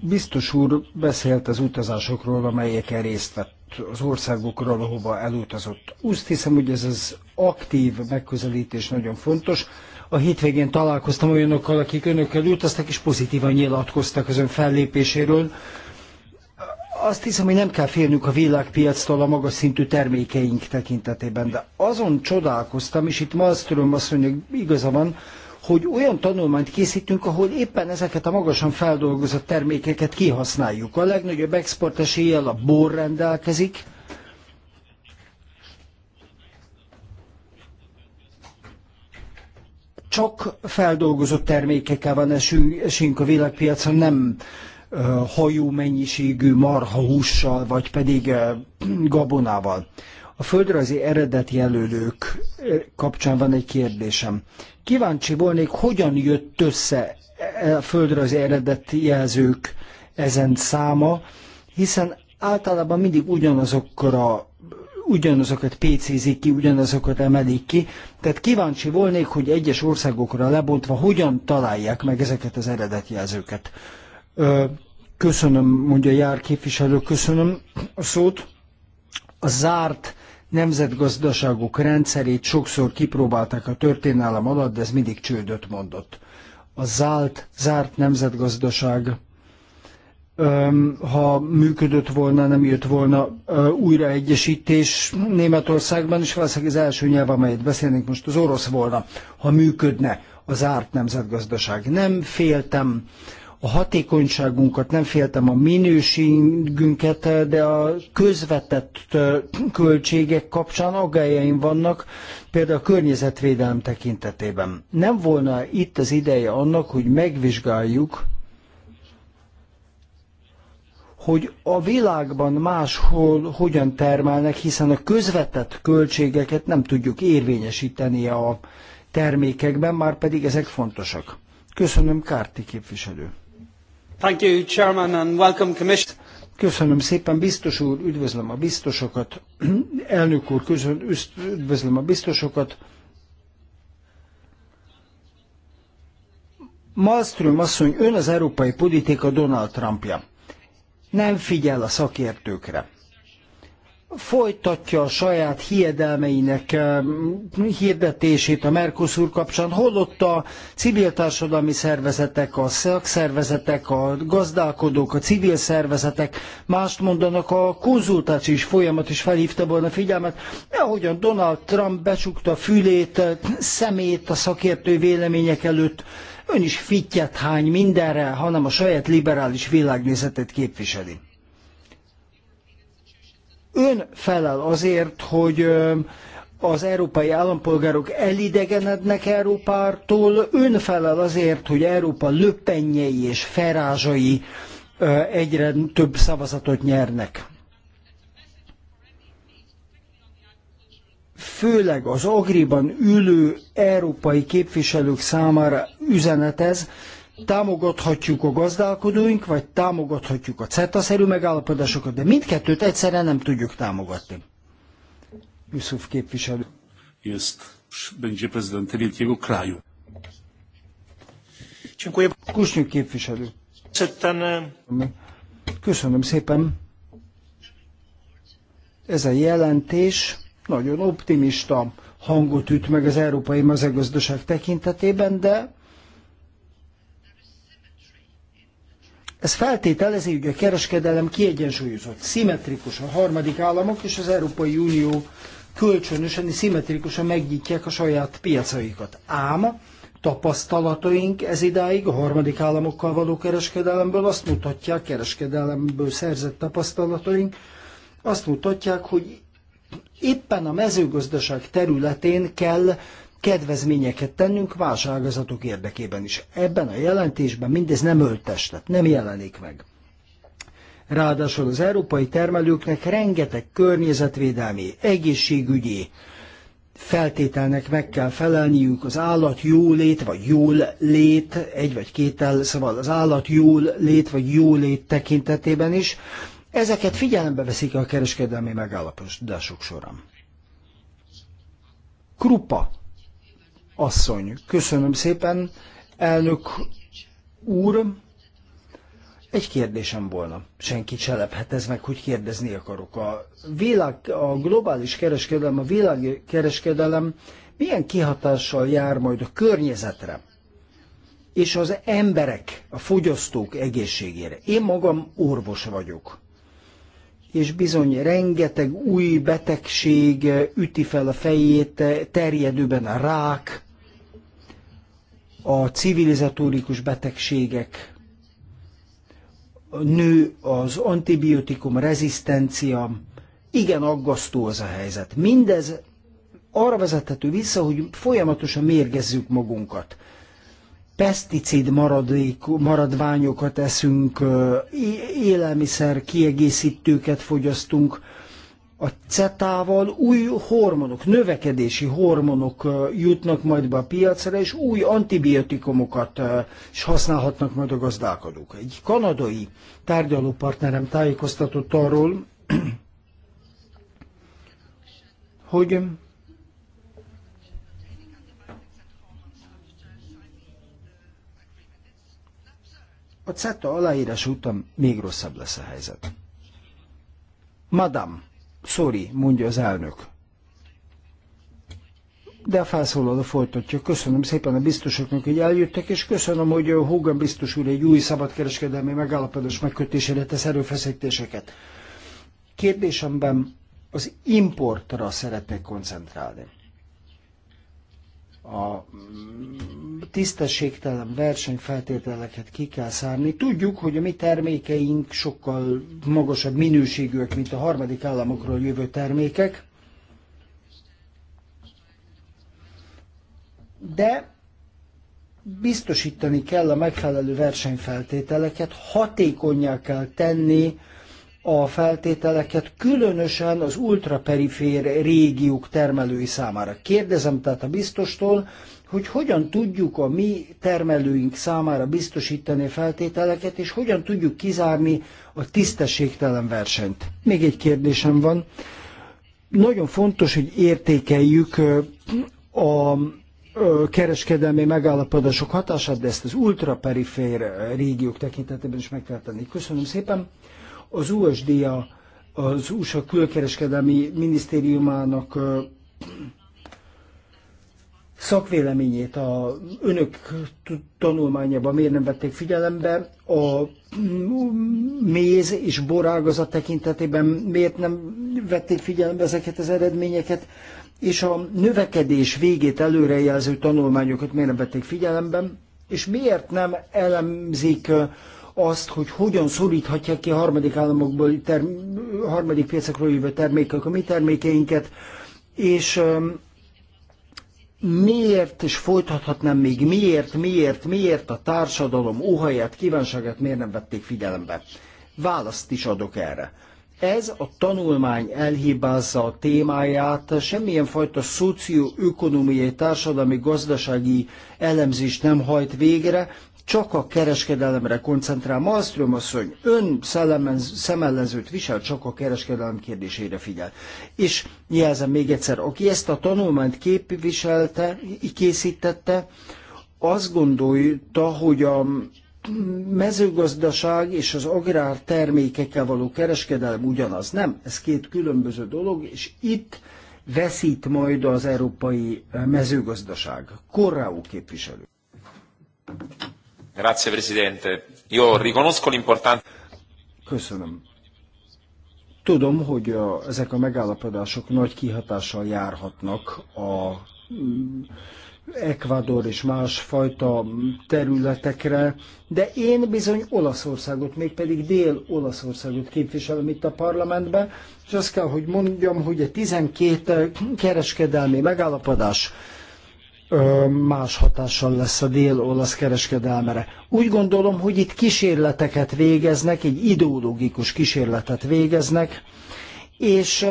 Biztos úr beszélt az utazásokról, amelyeken részt vett az országokról, ahova elutazott. Úgy hiszem, hogy ez az aktív megközelítés nagyon fontos. A hétvégén találkoztam olyanokkal, akik önökkel utaztak, és pozitívan nyilatkoztak az ön fellépéséről. Azt hiszem, hogy nem kell félnünk a világpiactól a magas szintű termékeink tekintetében, de azon csodálkoztam, és itt Malmström asszonynak igaza van, hogy olyan tanulmányt készítünk, ahol éppen ezeket a magasan feldolgozott termékeket kihasználjuk. A legnagyobb export eséllyel a bor rendelkezik, csak feldolgozott termékekkel van esünk a világpiacon, nem hajó mennyiségű marhahússal, vagy pedig gabonával. A földrajzi eredetjelölők kapcsán van egy kérdésem. Kíváncsi volnék, hogyan jött össze e, a földrajzi eredetjelzők ezen száma, hiszen általában mindig ugyanazokra ugyanazokat pécézik ki, ugyanazokat emelik ki. Tehát kíváncsi volnék, hogy egyes országokra lebontva hogyan találják meg ezeket az eredetjelzőket. Köszönöm, mondja jár képviselő, köszönöm a szót. A zárt nemzetgazdaságok rendszerét sokszor kipróbálták a történelem alatt, de ez mindig csődöt mondott. A zárt, zárt nemzetgazdaság ha működött volna, nem jött volna újraegyesítés Németországban, és valószínűleg az első nyelv, amelyet beszélnénk most, az orosz volna, ha működne a zárt nemzetgazdaság. Nem féltem a hatékonyságunkat, nem féltem a minőségünket, de a közvetett költségek kapcsán aggájaim vannak, például a környezetvédelem tekintetében. Nem volna itt az ideje annak, hogy megvizsgáljuk, hogy a világban máshol hogyan termelnek, hiszen a közvetett költségeket nem tudjuk érvényesíteni a termékekben, már pedig ezek fontosak. Köszönöm, Kárti képviselő. Thank you, Chairman, and welcome, Commissioner. Köszönöm szépen, biztos úr, üdvözlöm a biztosokat. Elnök úr, üdvözlöm a biztosokat. Malmström asszony, ön az európai politika Donald Trumpja. Nem figyel a szakértőkre folytatja a saját hiedelmeinek hirdetését a Mercosur kapcsán, holott a civil társadalmi szervezetek, a szakszervezetek, a gazdálkodók, a civil szervezetek mást mondanak, a konzultációs folyamat is felhívta volna figyelmet, ahogyan Donald Trump becsukta fülét, szemét a szakértő vélemények előtt, ön is fittyet hány mindenre, hanem a saját liberális világnézetét képviseli ön felel azért, hogy az európai állampolgárok elidegenednek Európától, ön felel azért, hogy Európa löppenjei és ferázsai egyre több szavazatot nyernek. Főleg az agriban ülő európai képviselők számára üzenet ez, támogathatjuk a gazdálkodóink, vagy támogathatjuk a CETA-szerű megállapodásokat, de mindkettőt egyszerre nem tudjuk támogatni. Yusuf képviselő. Jest, będzie prezydentem wielkiego kraju. Dziękuję. Kusnyuk képviselő. E, Köszönöm szépen. Ez a jelentés nagyon optimista hangot üt meg az európai mezőgazdaság tekintetében, de Ez feltételezi, hogy a kereskedelem kiegyensúlyozott, szimmetrikus a harmadik államok és az Európai Unió kölcsönösen és szimmetrikusan megnyitják a saját piacaikat. Ám tapasztalataink ez idáig a harmadik államokkal való kereskedelemből azt mutatják, kereskedelemből szerzett tapasztalataink, azt mutatják, hogy éppen a mezőgazdaság területén kell kedvezményeket tennünk válságazatok érdekében is. Ebben a jelentésben mindez nem öltestet, nem jelenik meg. Ráadásul az európai termelőknek rengeteg környezetvédelmi, egészségügyi feltételnek meg kell felelniük az állat jólét vagy jól lét, egy vagy két el, szóval az állat jól lét vagy jólét tekintetében is. Ezeket figyelembe veszik a kereskedelmi megállapodások során. Krupa asszony. Köszönöm szépen, elnök úr. Egy kérdésem volna. Senki cselephet ez meg, hogy kérdezni akarok. A, világ, a globális kereskedelem, a világkereskedelem milyen kihatással jár majd a környezetre és az emberek, a fogyasztók egészségére. Én magam orvos vagyok és bizony rengeteg új betegség üti fel a fejét, terjedőben a rák, a civilizatórikus betegségek, nő az antibiotikum rezisztencia, igen aggasztó az a helyzet. Mindez arra vezethető vissza, hogy folyamatosan mérgezzük magunkat. Peszticid maradék, maradványokat eszünk, élelmiszer kiegészítőket fogyasztunk, a CETA-val új hormonok, növekedési hormonok jutnak majd be a piacra, és új antibiotikumokat is használhatnak majd a gazdálkodók. Egy kanadai tárgyalópartnerem tájékoztatott arról, hogy a CETA aláírás után még rosszabb lesz a helyzet. Madame, Sorry, mondja az elnök. De a felszólaló folytatja. Köszönöm szépen a biztosoknak, hogy eljöttek, és köszönöm, hogy Hogan biztos úr egy új szabadkereskedelmi megállapodás megkötésére tesz erőfeszítéseket. Kérdésemben az importra szeretnék koncentrálni a tisztességtelen versenyfeltételeket ki kell szárni. Tudjuk, hogy a mi termékeink sokkal magasabb minőségűek, mint a harmadik államokról jövő termékek, de biztosítani kell a megfelelő versenyfeltételeket, hatékonyá kell tenni a feltételeket, különösen az ultraperifér régiók termelői számára. Kérdezem tehát a biztostól, hogy hogyan tudjuk a mi termelőink számára biztosítani a feltételeket, és hogyan tudjuk kizárni a tisztességtelen versenyt. Még egy kérdésem van. Nagyon fontos, hogy értékeljük a kereskedelmi megállapodások hatását, de ezt az ultraperifér régiók tekintetében is meg kell tenni. Köszönöm szépen. Az USDA, az USA külkereskedelmi minisztériumának szakvéleményét a önök tanulmányában miért nem vették figyelembe, a méz és borágazat tekintetében miért nem vették figyelembe ezeket az eredményeket, és a növekedés végét előrejelző tanulmányokat miért nem vették figyelembe, és miért nem elemzik azt, hogy hogyan szoríthatják ki a harmadik államokból, term, harmadik piacokról jövő termékek a mi termékeinket, és miért, és folytathatnám még, miért, miért, miért a társadalom óhaját, kívánságát miért nem vették figyelembe. Választ is adok erre. Ez a tanulmány elhibázza a témáját, semmilyen fajta szocioökonomiai, társadalmi, gazdasági elemzést nem hajt végre, csak a kereskedelemre koncentrál. Malmström asszony ön szemellezőt visel, csak a kereskedelem kérdésére figyel. És jelzem még egyszer, aki ezt a tanulmányt képviselte, készítette, azt gondolta, hogy a mezőgazdaság és az agrártermékekkel való kereskedelem ugyanaz. Nem, ez két különböző dolog, és itt veszít majd az európai mezőgazdaság. Korráú képviselő. Grazie Presidente. Io riconosco l'importanza. Köszönöm. Tudom, hogy a, ezek a megállapodások nagy kihatással járhatnak a mm, Ekvador és más fajta területekre, de én bizony Olaszországot, mégpedig Dél-Olaszországot képviselem itt a parlamentben, és azt kell, hogy mondjam, hogy a 12 kereskedelmi megállapodás más hatással lesz a dél-olasz kereskedelmere. Úgy gondolom, hogy itt kísérleteket végeznek, egy ideológikus kísérletet végeznek, és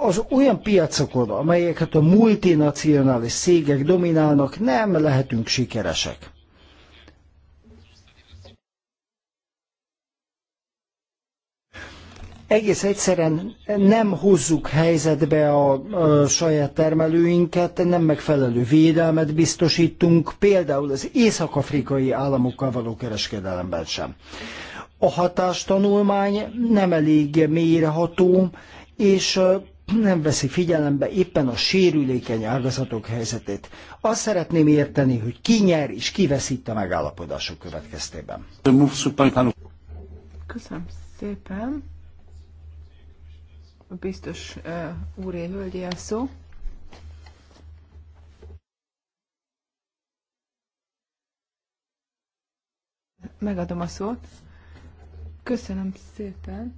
az olyan piacokon, amelyeket a multinacionális cégek dominálnak, nem lehetünk sikeresek. egész egyszerűen nem hozzuk helyzetbe a, a saját termelőinket, nem megfelelő védelmet biztosítunk, például az észak-afrikai államokkal való kereskedelemben sem. A hatástanulmány nem elég mélyreható, és nem veszi figyelembe éppen a sérülékeny ágazatok helyzetét. Azt szeretném érteni, hogy ki nyer és ki veszít a megállapodások következtében. Köszönöm szépen biztos uh, úré, hölgyi a szó. Megadom a szót. Köszönöm szépen.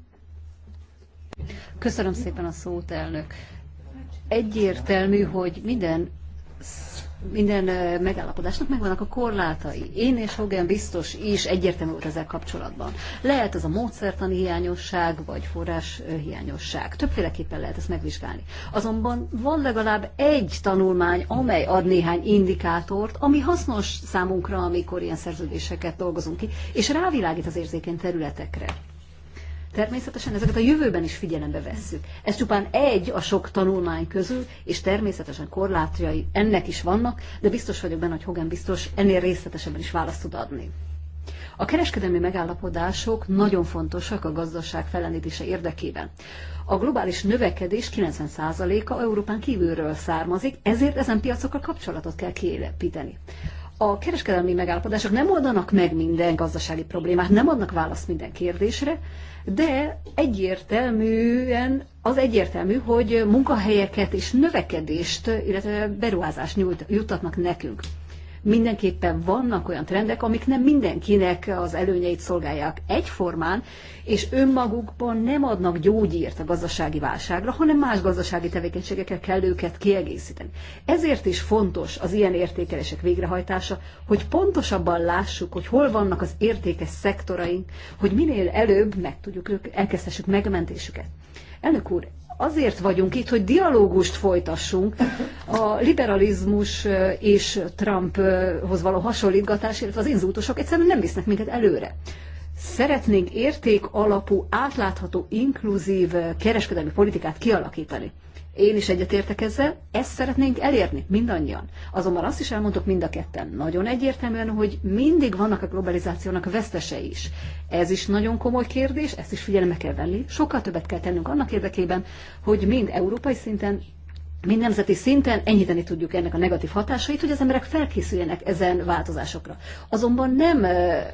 Köszönöm szépen a szót, elnök. Egyértelmű, hogy minden minden megállapodásnak megvannak a korlátai. Én és Hogan biztos is egyértelmű volt ezzel kapcsolatban. Lehet ez a módszertani hiányosság, vagy forrás hiányosság. Többféleképpen lehet ezt megvizsgálni. Azonban van legalább egy tanulmány, amely ad néhány indikátort, ami hasznos számunkra, amikor ilyen szerződéseket dolgozunk ki, és rávilágít az érzékeny területekre. Természetesen ezeket a jövőben is figyelembe vesszük. Ez csupán egy a sok tanulmány közül, és természetesen korlátjai ennek is vannak, de biztos vagyok benne, hogy Hogan biztos ennél részletesebben is választ tud adni. A kereskedelmi megállapodások nagyon fontosak a gazdaság felenítése érdekében. A globális növekedés 90%-a Európán kívülről származik, ezért ezen piacokkal kapcsolatot kell kiépíteni a kereskedelmi megállapodások nem oldanak meg minden gazdasági problémát, nem adnak választ minden kérdésre, de egyértelműen az egyértelmű, hogy munkahelyeket és növekedést, illetve beruházást nyújt, juttatnak nekünk mindenképpen vannak olyan trendek, amik nem mindenkinek az előnyeit szolgálják egyformán, és önmagukban nem adnak gyógyírt a gazdasági válságra, hanem más gazdasági tevékenységekkel kell őket kiegészíteni. Ezért is fontos az ilyen értékelések végrehajtása, hogy pontosabban lássuk, hogy hol vannak az értékes szektoraink, hogy minél előbb meg tudjuk ők, elkezdhessük megmentésüket. Elnök úr, azért vagyunk itt, hogy dialógust folytassunk. A liberalizmus és Trumphoz való hasonlítgatás, illetve az inzultusok egyszerűen nem visznek minket előre. Szeretnénk érték alapú, átlátható, inkluzív kereskedelmi politikát kialakítani. Én is egyetértek ezzel, ezt szeretnénk elérni, mindannyian. Azonban azt is elmondtuk mind a ketten nagyon egyértelműen, hogy mindig vannak a globalizációnak vesztesei is. Ez is nagyon komoly kérdés, ezt is figyelembe kell venni. Sokkal többet kell tennünk annak érdekében, hogy mind európai szinten, mind nemzeti szinten enyhíteni tudjuk ennek a negatív hatásait, hogy az emberek felkészüljenek ezen változásokra. Azonban nem eh,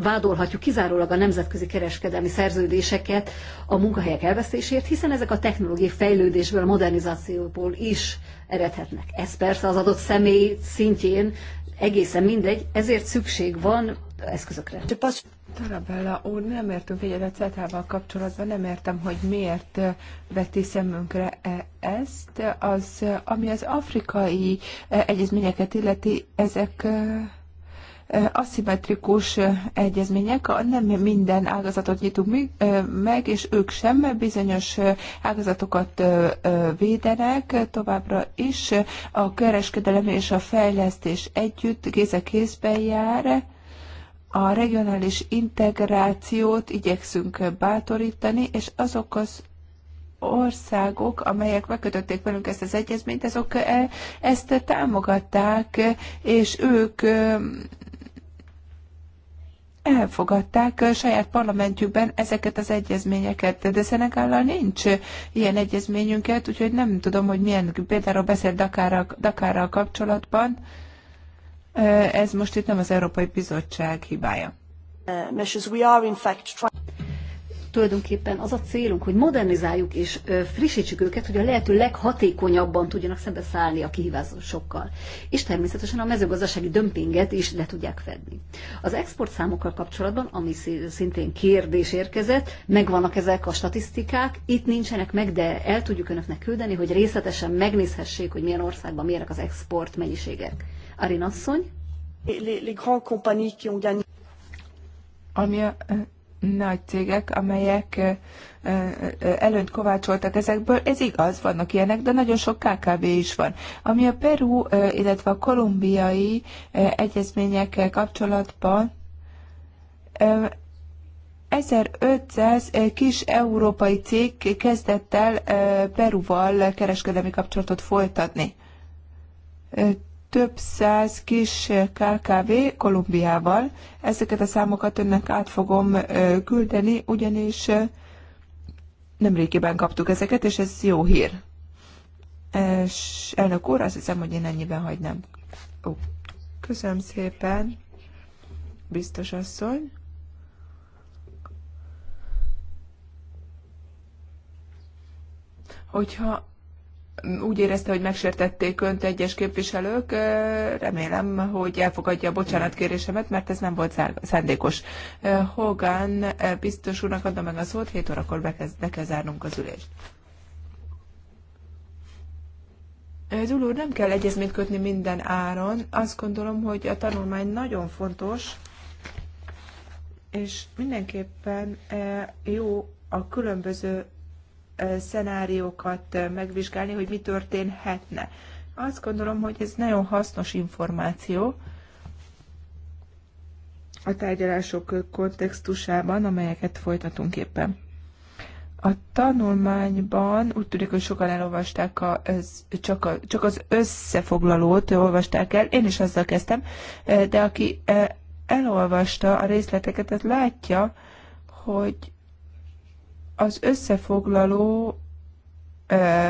vádolhatjuk kizárólag a nemzetközi kereskedelmi szerződéseket a munkahelyek elvesztésért, hiszen ezek a technológiai fejlődésből, a modernizációból is eredhetnek. Ez persze az adott személy szintjén egészen mindegy, ezért szükség van eszközökre. Tarabella úr, nem értünk egyet a CETA-val kapcsolatban, nem értem, hogy miért veti szemünkre e- ezt. Az, ami az afrikai e- egyezményeket illeti, ezek e- aszimmetrikus egyezmények, nem minden ágazatot nyitunk meg, és ők sem bizonyos ágazatokat védenek továbbra is. A kereskedelem és a fejlesztés együtt kéz a kézben jár. A regionális integrációt igyekszünk bátorítani, és azok az országok, amelyek megkötötték velünk ezt az egyezményt, azok ezt támogatták, és ők elfogadták saját parlamentjükben ezeket az egyezményeket, de Szenegállal nincs ilyen egyezményünket, úgyhogy nem tudom, hogy milyen például beszél Dakárral, Dakárral kapcsolatban. Ez most itt nem az Európai Bizottság hibája. Uh, tulajdonképpen az a célunk, hogy modernizáljuk és frissítsük őket, hogy a lehető leghatékonyabban tudjanak szembeszállni a kihívásokkal. És természetesen a mezőgazdasági dömpinget is le tudják fedni. Az export számokkal kapcsolatban, ami szintén kérdés érkezett, megvannak ezek a statisztikák, itt nincsenek meg, de el tudjuk önöknek küldeni, hogy részletesen megnézhessék, hogy milyen országban milyenek az export mennyiségek. Arin asszony? Ami a nagy cégek, amelyek előnyt kovácsoltak ezekből. Ez igaz, vannak ilyenek, de nagyon sok KKV is van. Ami a Peru, illetve a kolumbiai egyezményekkel kapcsolatban 1500 kis európai cég kezdett el Peruval kereskedelmi kapcsolatot folytatni több száz kis eh, KKV Kolumbiával. Ezeket a számokat önnek át fogom eh, küldeni, ugyanis eh, nemrégiben kaptuk ezeket, és ez jó hír. És elnök úr, azt hiszem, hogy én ennyiben hagynám. Ó, köszönöm szépen, biztos asszony. Hogyha úgy érezte, hogy megsértették önt egyes képviselők. Remélem, hogy elfogadja a bocsánatkérésemet, mert ez nem volt szándékos. Hogan biztos úrnak adom meg a szót, 7 órakor be kell, be kell zárnunk az ülést. Zul úr, nem kell egyezményt kötni minden áron. Azt gondolom, hogy a tanulmány nagyon fontos, és mindenképpen jó a különböző szenáriókat megvizsgálni, hogy mi történhetne. Azt gondolom, hogy ez nagyon hasznos információ a tárgyalások kontextusában, amelyeket folytatunk éppen. A tanulmányban úgy tűnik, hogy sokan elolvasták a, ez, csak, a, csak az összefoglalót, olvasták el, én is azzal kezdtem, de aki elolvasta a részleteket, az látja, hogy az összefoglaló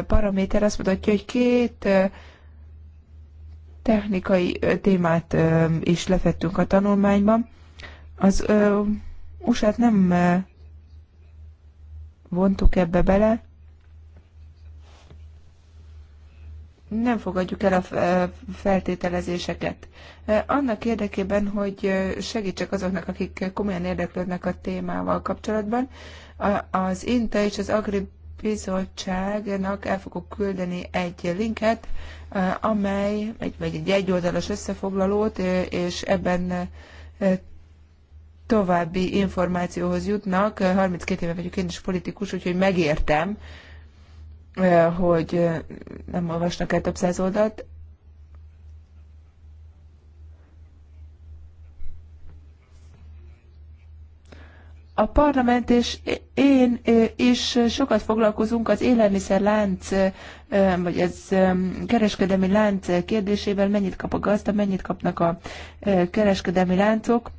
paraméter azt mutatja, hogy két technikai témát is lefettünk a tanulmányban. Az usa nem vontuk ebbe bele, nem fogadjuk el a feltételezéseket. Annak érdekében, hogy segítsek azoknak, akik komolyan érdeklődnek a témával kapcsolatban, az INTA és az Agri bizottságnak el fogok küldeni egy linket, amely, egy, vagy egy egyoldalas összefoglalót, és ebben további információhoz jutnak. 32 éve vagyok én is politikus, úgyhogy megértem, hogy nem olvasnak el több száz oldalt, a parlament és én is sokat foglalkozunk az élelmiszerlánc, vagy ez kereskedelmi lánc kérdésével, mennyit kap a gazda, mennyit kapnak a kereskedelmi láncok.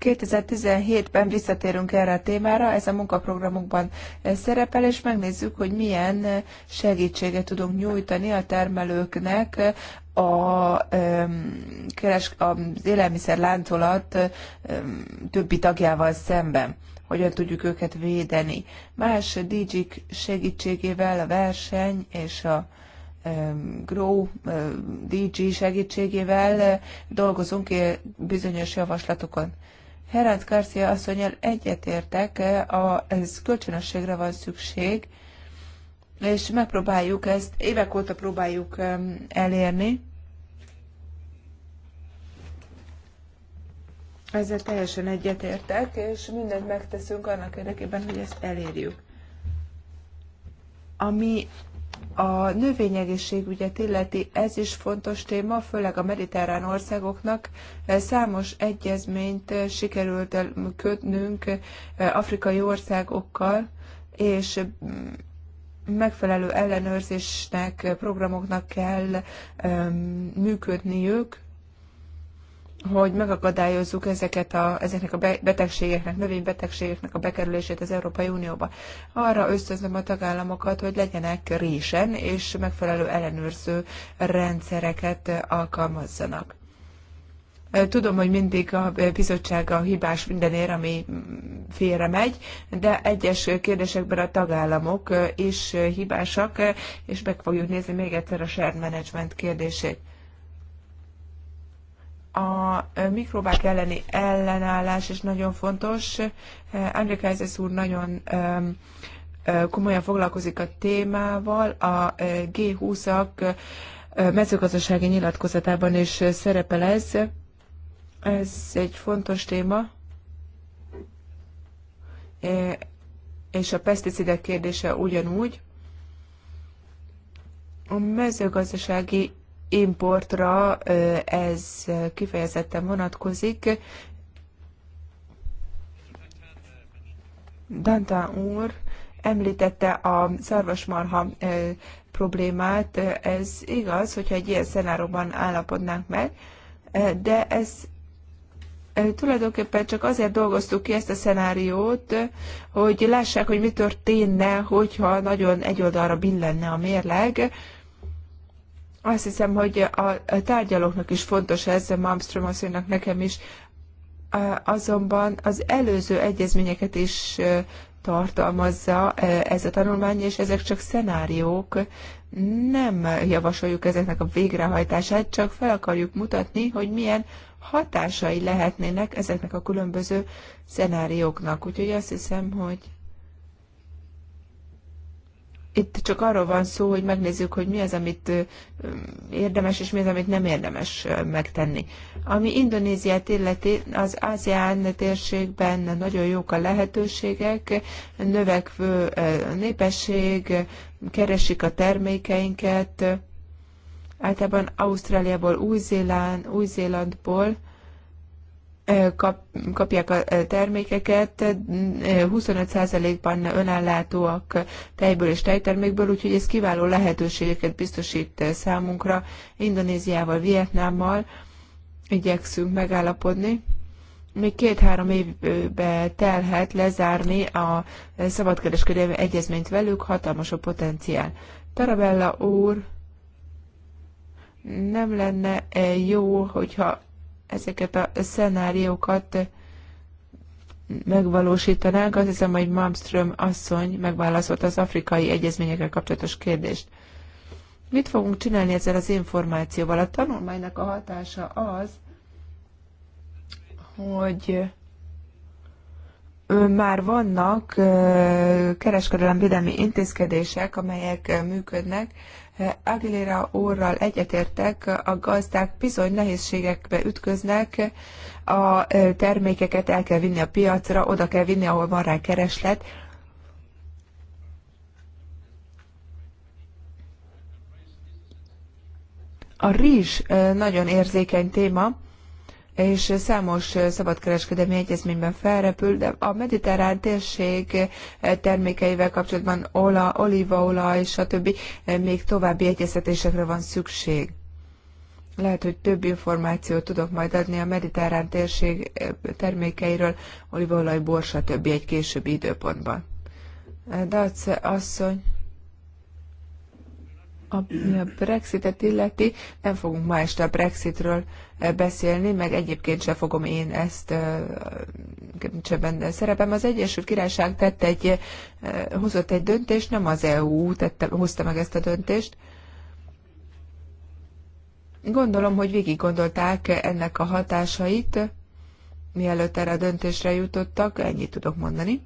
2017-ben visszatérünk erre a témára, ez a munkaprogramunkban szerepel, és megnézzük, hogy milyen segítséget tudunk nyújtani a termelőknek a, keres, az élelmiszer láncolat többi tagjával szemben, hogyan tudjuk őket védeni. Más dj segítségével a verseny és a Grow DG segítségével dolgozunk bizonyos javaslatokon. Herant Garcia asszonyjal egyetértek, a, ez kölcsönösségre van szükség, és megpróbáljuk ezt, évek óta próbáljuk elérni. Ezzel teljesen egyetértek, és mindent megteszünk annak érdekében, hogy ezt elérjük. Ami a növényegészségügyet illeti, ez is fontos téma, főleg a mediterrán országoknak. Számos egyezményt eh, sikerült kötnünk eh, afrikai országokkal, és mm, megfelelő ellenőrzésnek, programoknak kell működniük, hogy megakadályozzuk ezeket a, ezeknek a betegségeknek, növénybetegségeknek a bekerülését az Európai Unióba. Arra ösztönzöm a tagállamokat, hogy legyenek résen, és megfelelő ellenőrző rendszereket alkalmazzanak. Tudom, hogy mindig a bizottság a hibás mindenért, ami mm, félre megy, de egyes kérdésekben a tagállamok is hibásak, és meg fogjuk nézni még egyszer a shared management kérdését a mikrobák elleni ellenállás is nagyon fontos. André Kajzes úr nagyon komolyan foglalkozik a témával. A G20-ak mezőgazdasági nyilatkozatában is szerepel ez. Ez egy fontos téma, e, és a peszticidek kérdése ugyanúgy. A mezőgazdasági importra e, ez kifejezetten vonatkozik. Danta úr említette a szarvasmarha e, problémát. Ez igaz, hogyha egy ilyen szenáróban állapodnánk meg, de ez tulajdonképpen csak azért dolgoztuk ki ezt a szenáriót, hogy lássák, hogy mi történne, hogyha nagyon egyoldalra billenne a mérleg. Azt hiszem, hogy a tárgyalóknak is fontos ez, Malmström asszonynak nekem is, azonban az előző egyezményeket is tartalmazza ez a tanulmány, és ezek csak szenáriók, nem javasoljuk ezeknek a végrehajtását, csak fel akarjuk mutatni, hogy milyen hatásai lehetnének ezeknek a különböző szenárióknak. Úgyhogy azt hiszem, hogy itt csak arról van szó, hogy megnézzük, hogy mi az, amit érdemes, és mi az, amit nem érdemes megtenni. Ami Indonéziát illeti, az ázián térségben nagyon jók a lehetőségek, növekvő népesség, keresik a termékeinket, általában Ausztráliából, Új-Zélán, Új-Zélandból kap, kapják a termékeket, 25%-ban önállátóak tejből és tejtermékből, úgyhogy ez kiváló lehetőségeket biztosít számunkra. Indonéziával, Vietnámmal igyekszünk megállapodni. Még két-három évbe telhet lezárni a szabadkereskedelmi egyezményt velük, hatalmas a potenciál. Tarabella úr nem lenne eh, jó, hogyha ezeket a szenáriókat megvalósítanánk. Azt hiszem, hogy Malmström asszony megválaszolta az afrikai egyezményekkel kapcsolatos kérdést. Mit fogunk csinálni ezzel az információval? A tanulmánynak a hatása az, hogy már vannak kereskedelemvédelmi intézkedések, amelyek működnek, Aguilera úrral egyetértek, a gazdák bizony nehézségekbe ütköznek, a termékeket el kell vinni a piacra, oda kell vinni, ahol van rá kereslet, A rizs nagyon érzékeny téma, és számos szabadkereskedelmi egyezményben felrepül, de a mediterrán térség termékeivel kapcsolatban ola, olívaolaj, stb. még további egyeztetésekre van szükség. Lehet, hogy több információt tudok majd adni a mediterrán térség eh, termékeiről, olívaolaj, borsa, többi egy későbbi időpontban. Eh, Dac asszony, a Brexitet illeti, nem fogunk ma este a Brexitről eh, beszélni, meg egyébként se fogom én ezt eh, sebben szerepem. Az Egyesült Királyság tett egy, eh, hozott egy döntést, nem az EU tette, hozta meg ezt a döntést. Gondolom, hogy végig gondolták ennek a hatásait, mielőtt erre a döntésre jutottak, ennyit tudok mondani.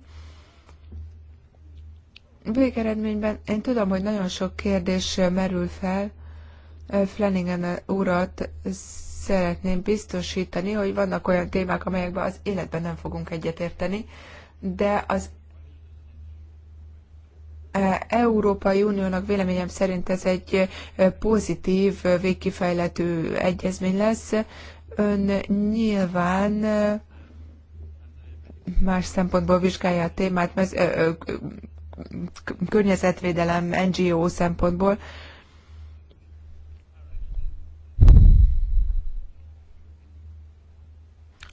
Végeredményben én tudom, hogy nagyon sok kérdés merül fel. Flanagan urat szeretném biztosítani, hogy vannak olyan témák, amelyekben az életben nem fogunk egyetérteni, de az Európai Uniónak véleményem szerint ez egy pozitív, végkifejletű egyezmény lesz. Ön nyilván más szempontból vizsgálja a témát, mert környezetvédelem NGO szempontból.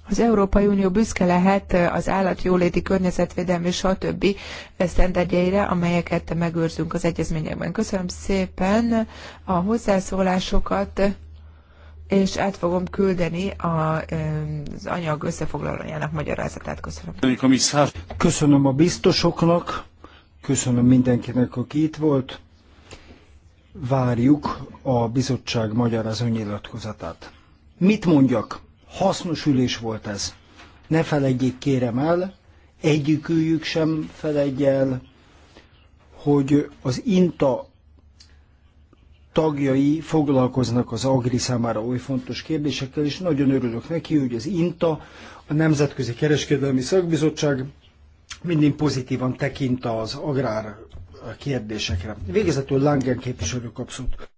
Az Európai Unió büszke lehet az állatjóléti környezetvédelmi, és a többi sztenderdjeire, amelyeket megőrzünk az egyezményekben. Köszönöm szépen a hozzászólásokat, és át fogom küldeni a, az anyag összefoglalójának magyarázatát. Köszönöm. Köszönöm a biztosoknak. Köszönöm mindenkinek, aki itt volt. Várjuk a bizottság magyar az önnyilatkozatát. Mit mondjak? Hasznos ülés volt ez. Ne felejtjék, kérem el, egyikőjük sem felejtje el, hogy az INTA tagjai foglalkoznak az Agri számára oly fontos kérdésekkel, és nagyon örülök neki, hogy az INTA, a Nemzetközi Kereskedelmi Szakbizottság mindig pozitívan tekint az agrár kérdésekre. Végezetül Langen képviselő kapszott.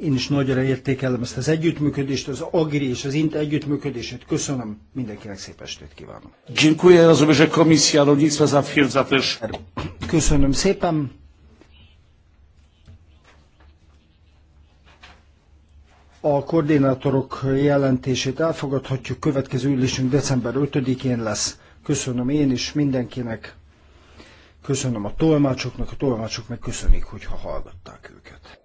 Én is nagyra értékelem ezt az együttműködést, az Agri és az Int együttműködését. Köszönöm, mindenkinek szép estét kívánok. Köszönöm szépen. A koordinátorok jelentését elfogadhatjuk, következő ülésünk december 5-én lesz. Köszönöm én is mindenkinek, köszönöm a tolmácsoknak, a tolmácsok meg köszönik, hogyha hallgatták őket.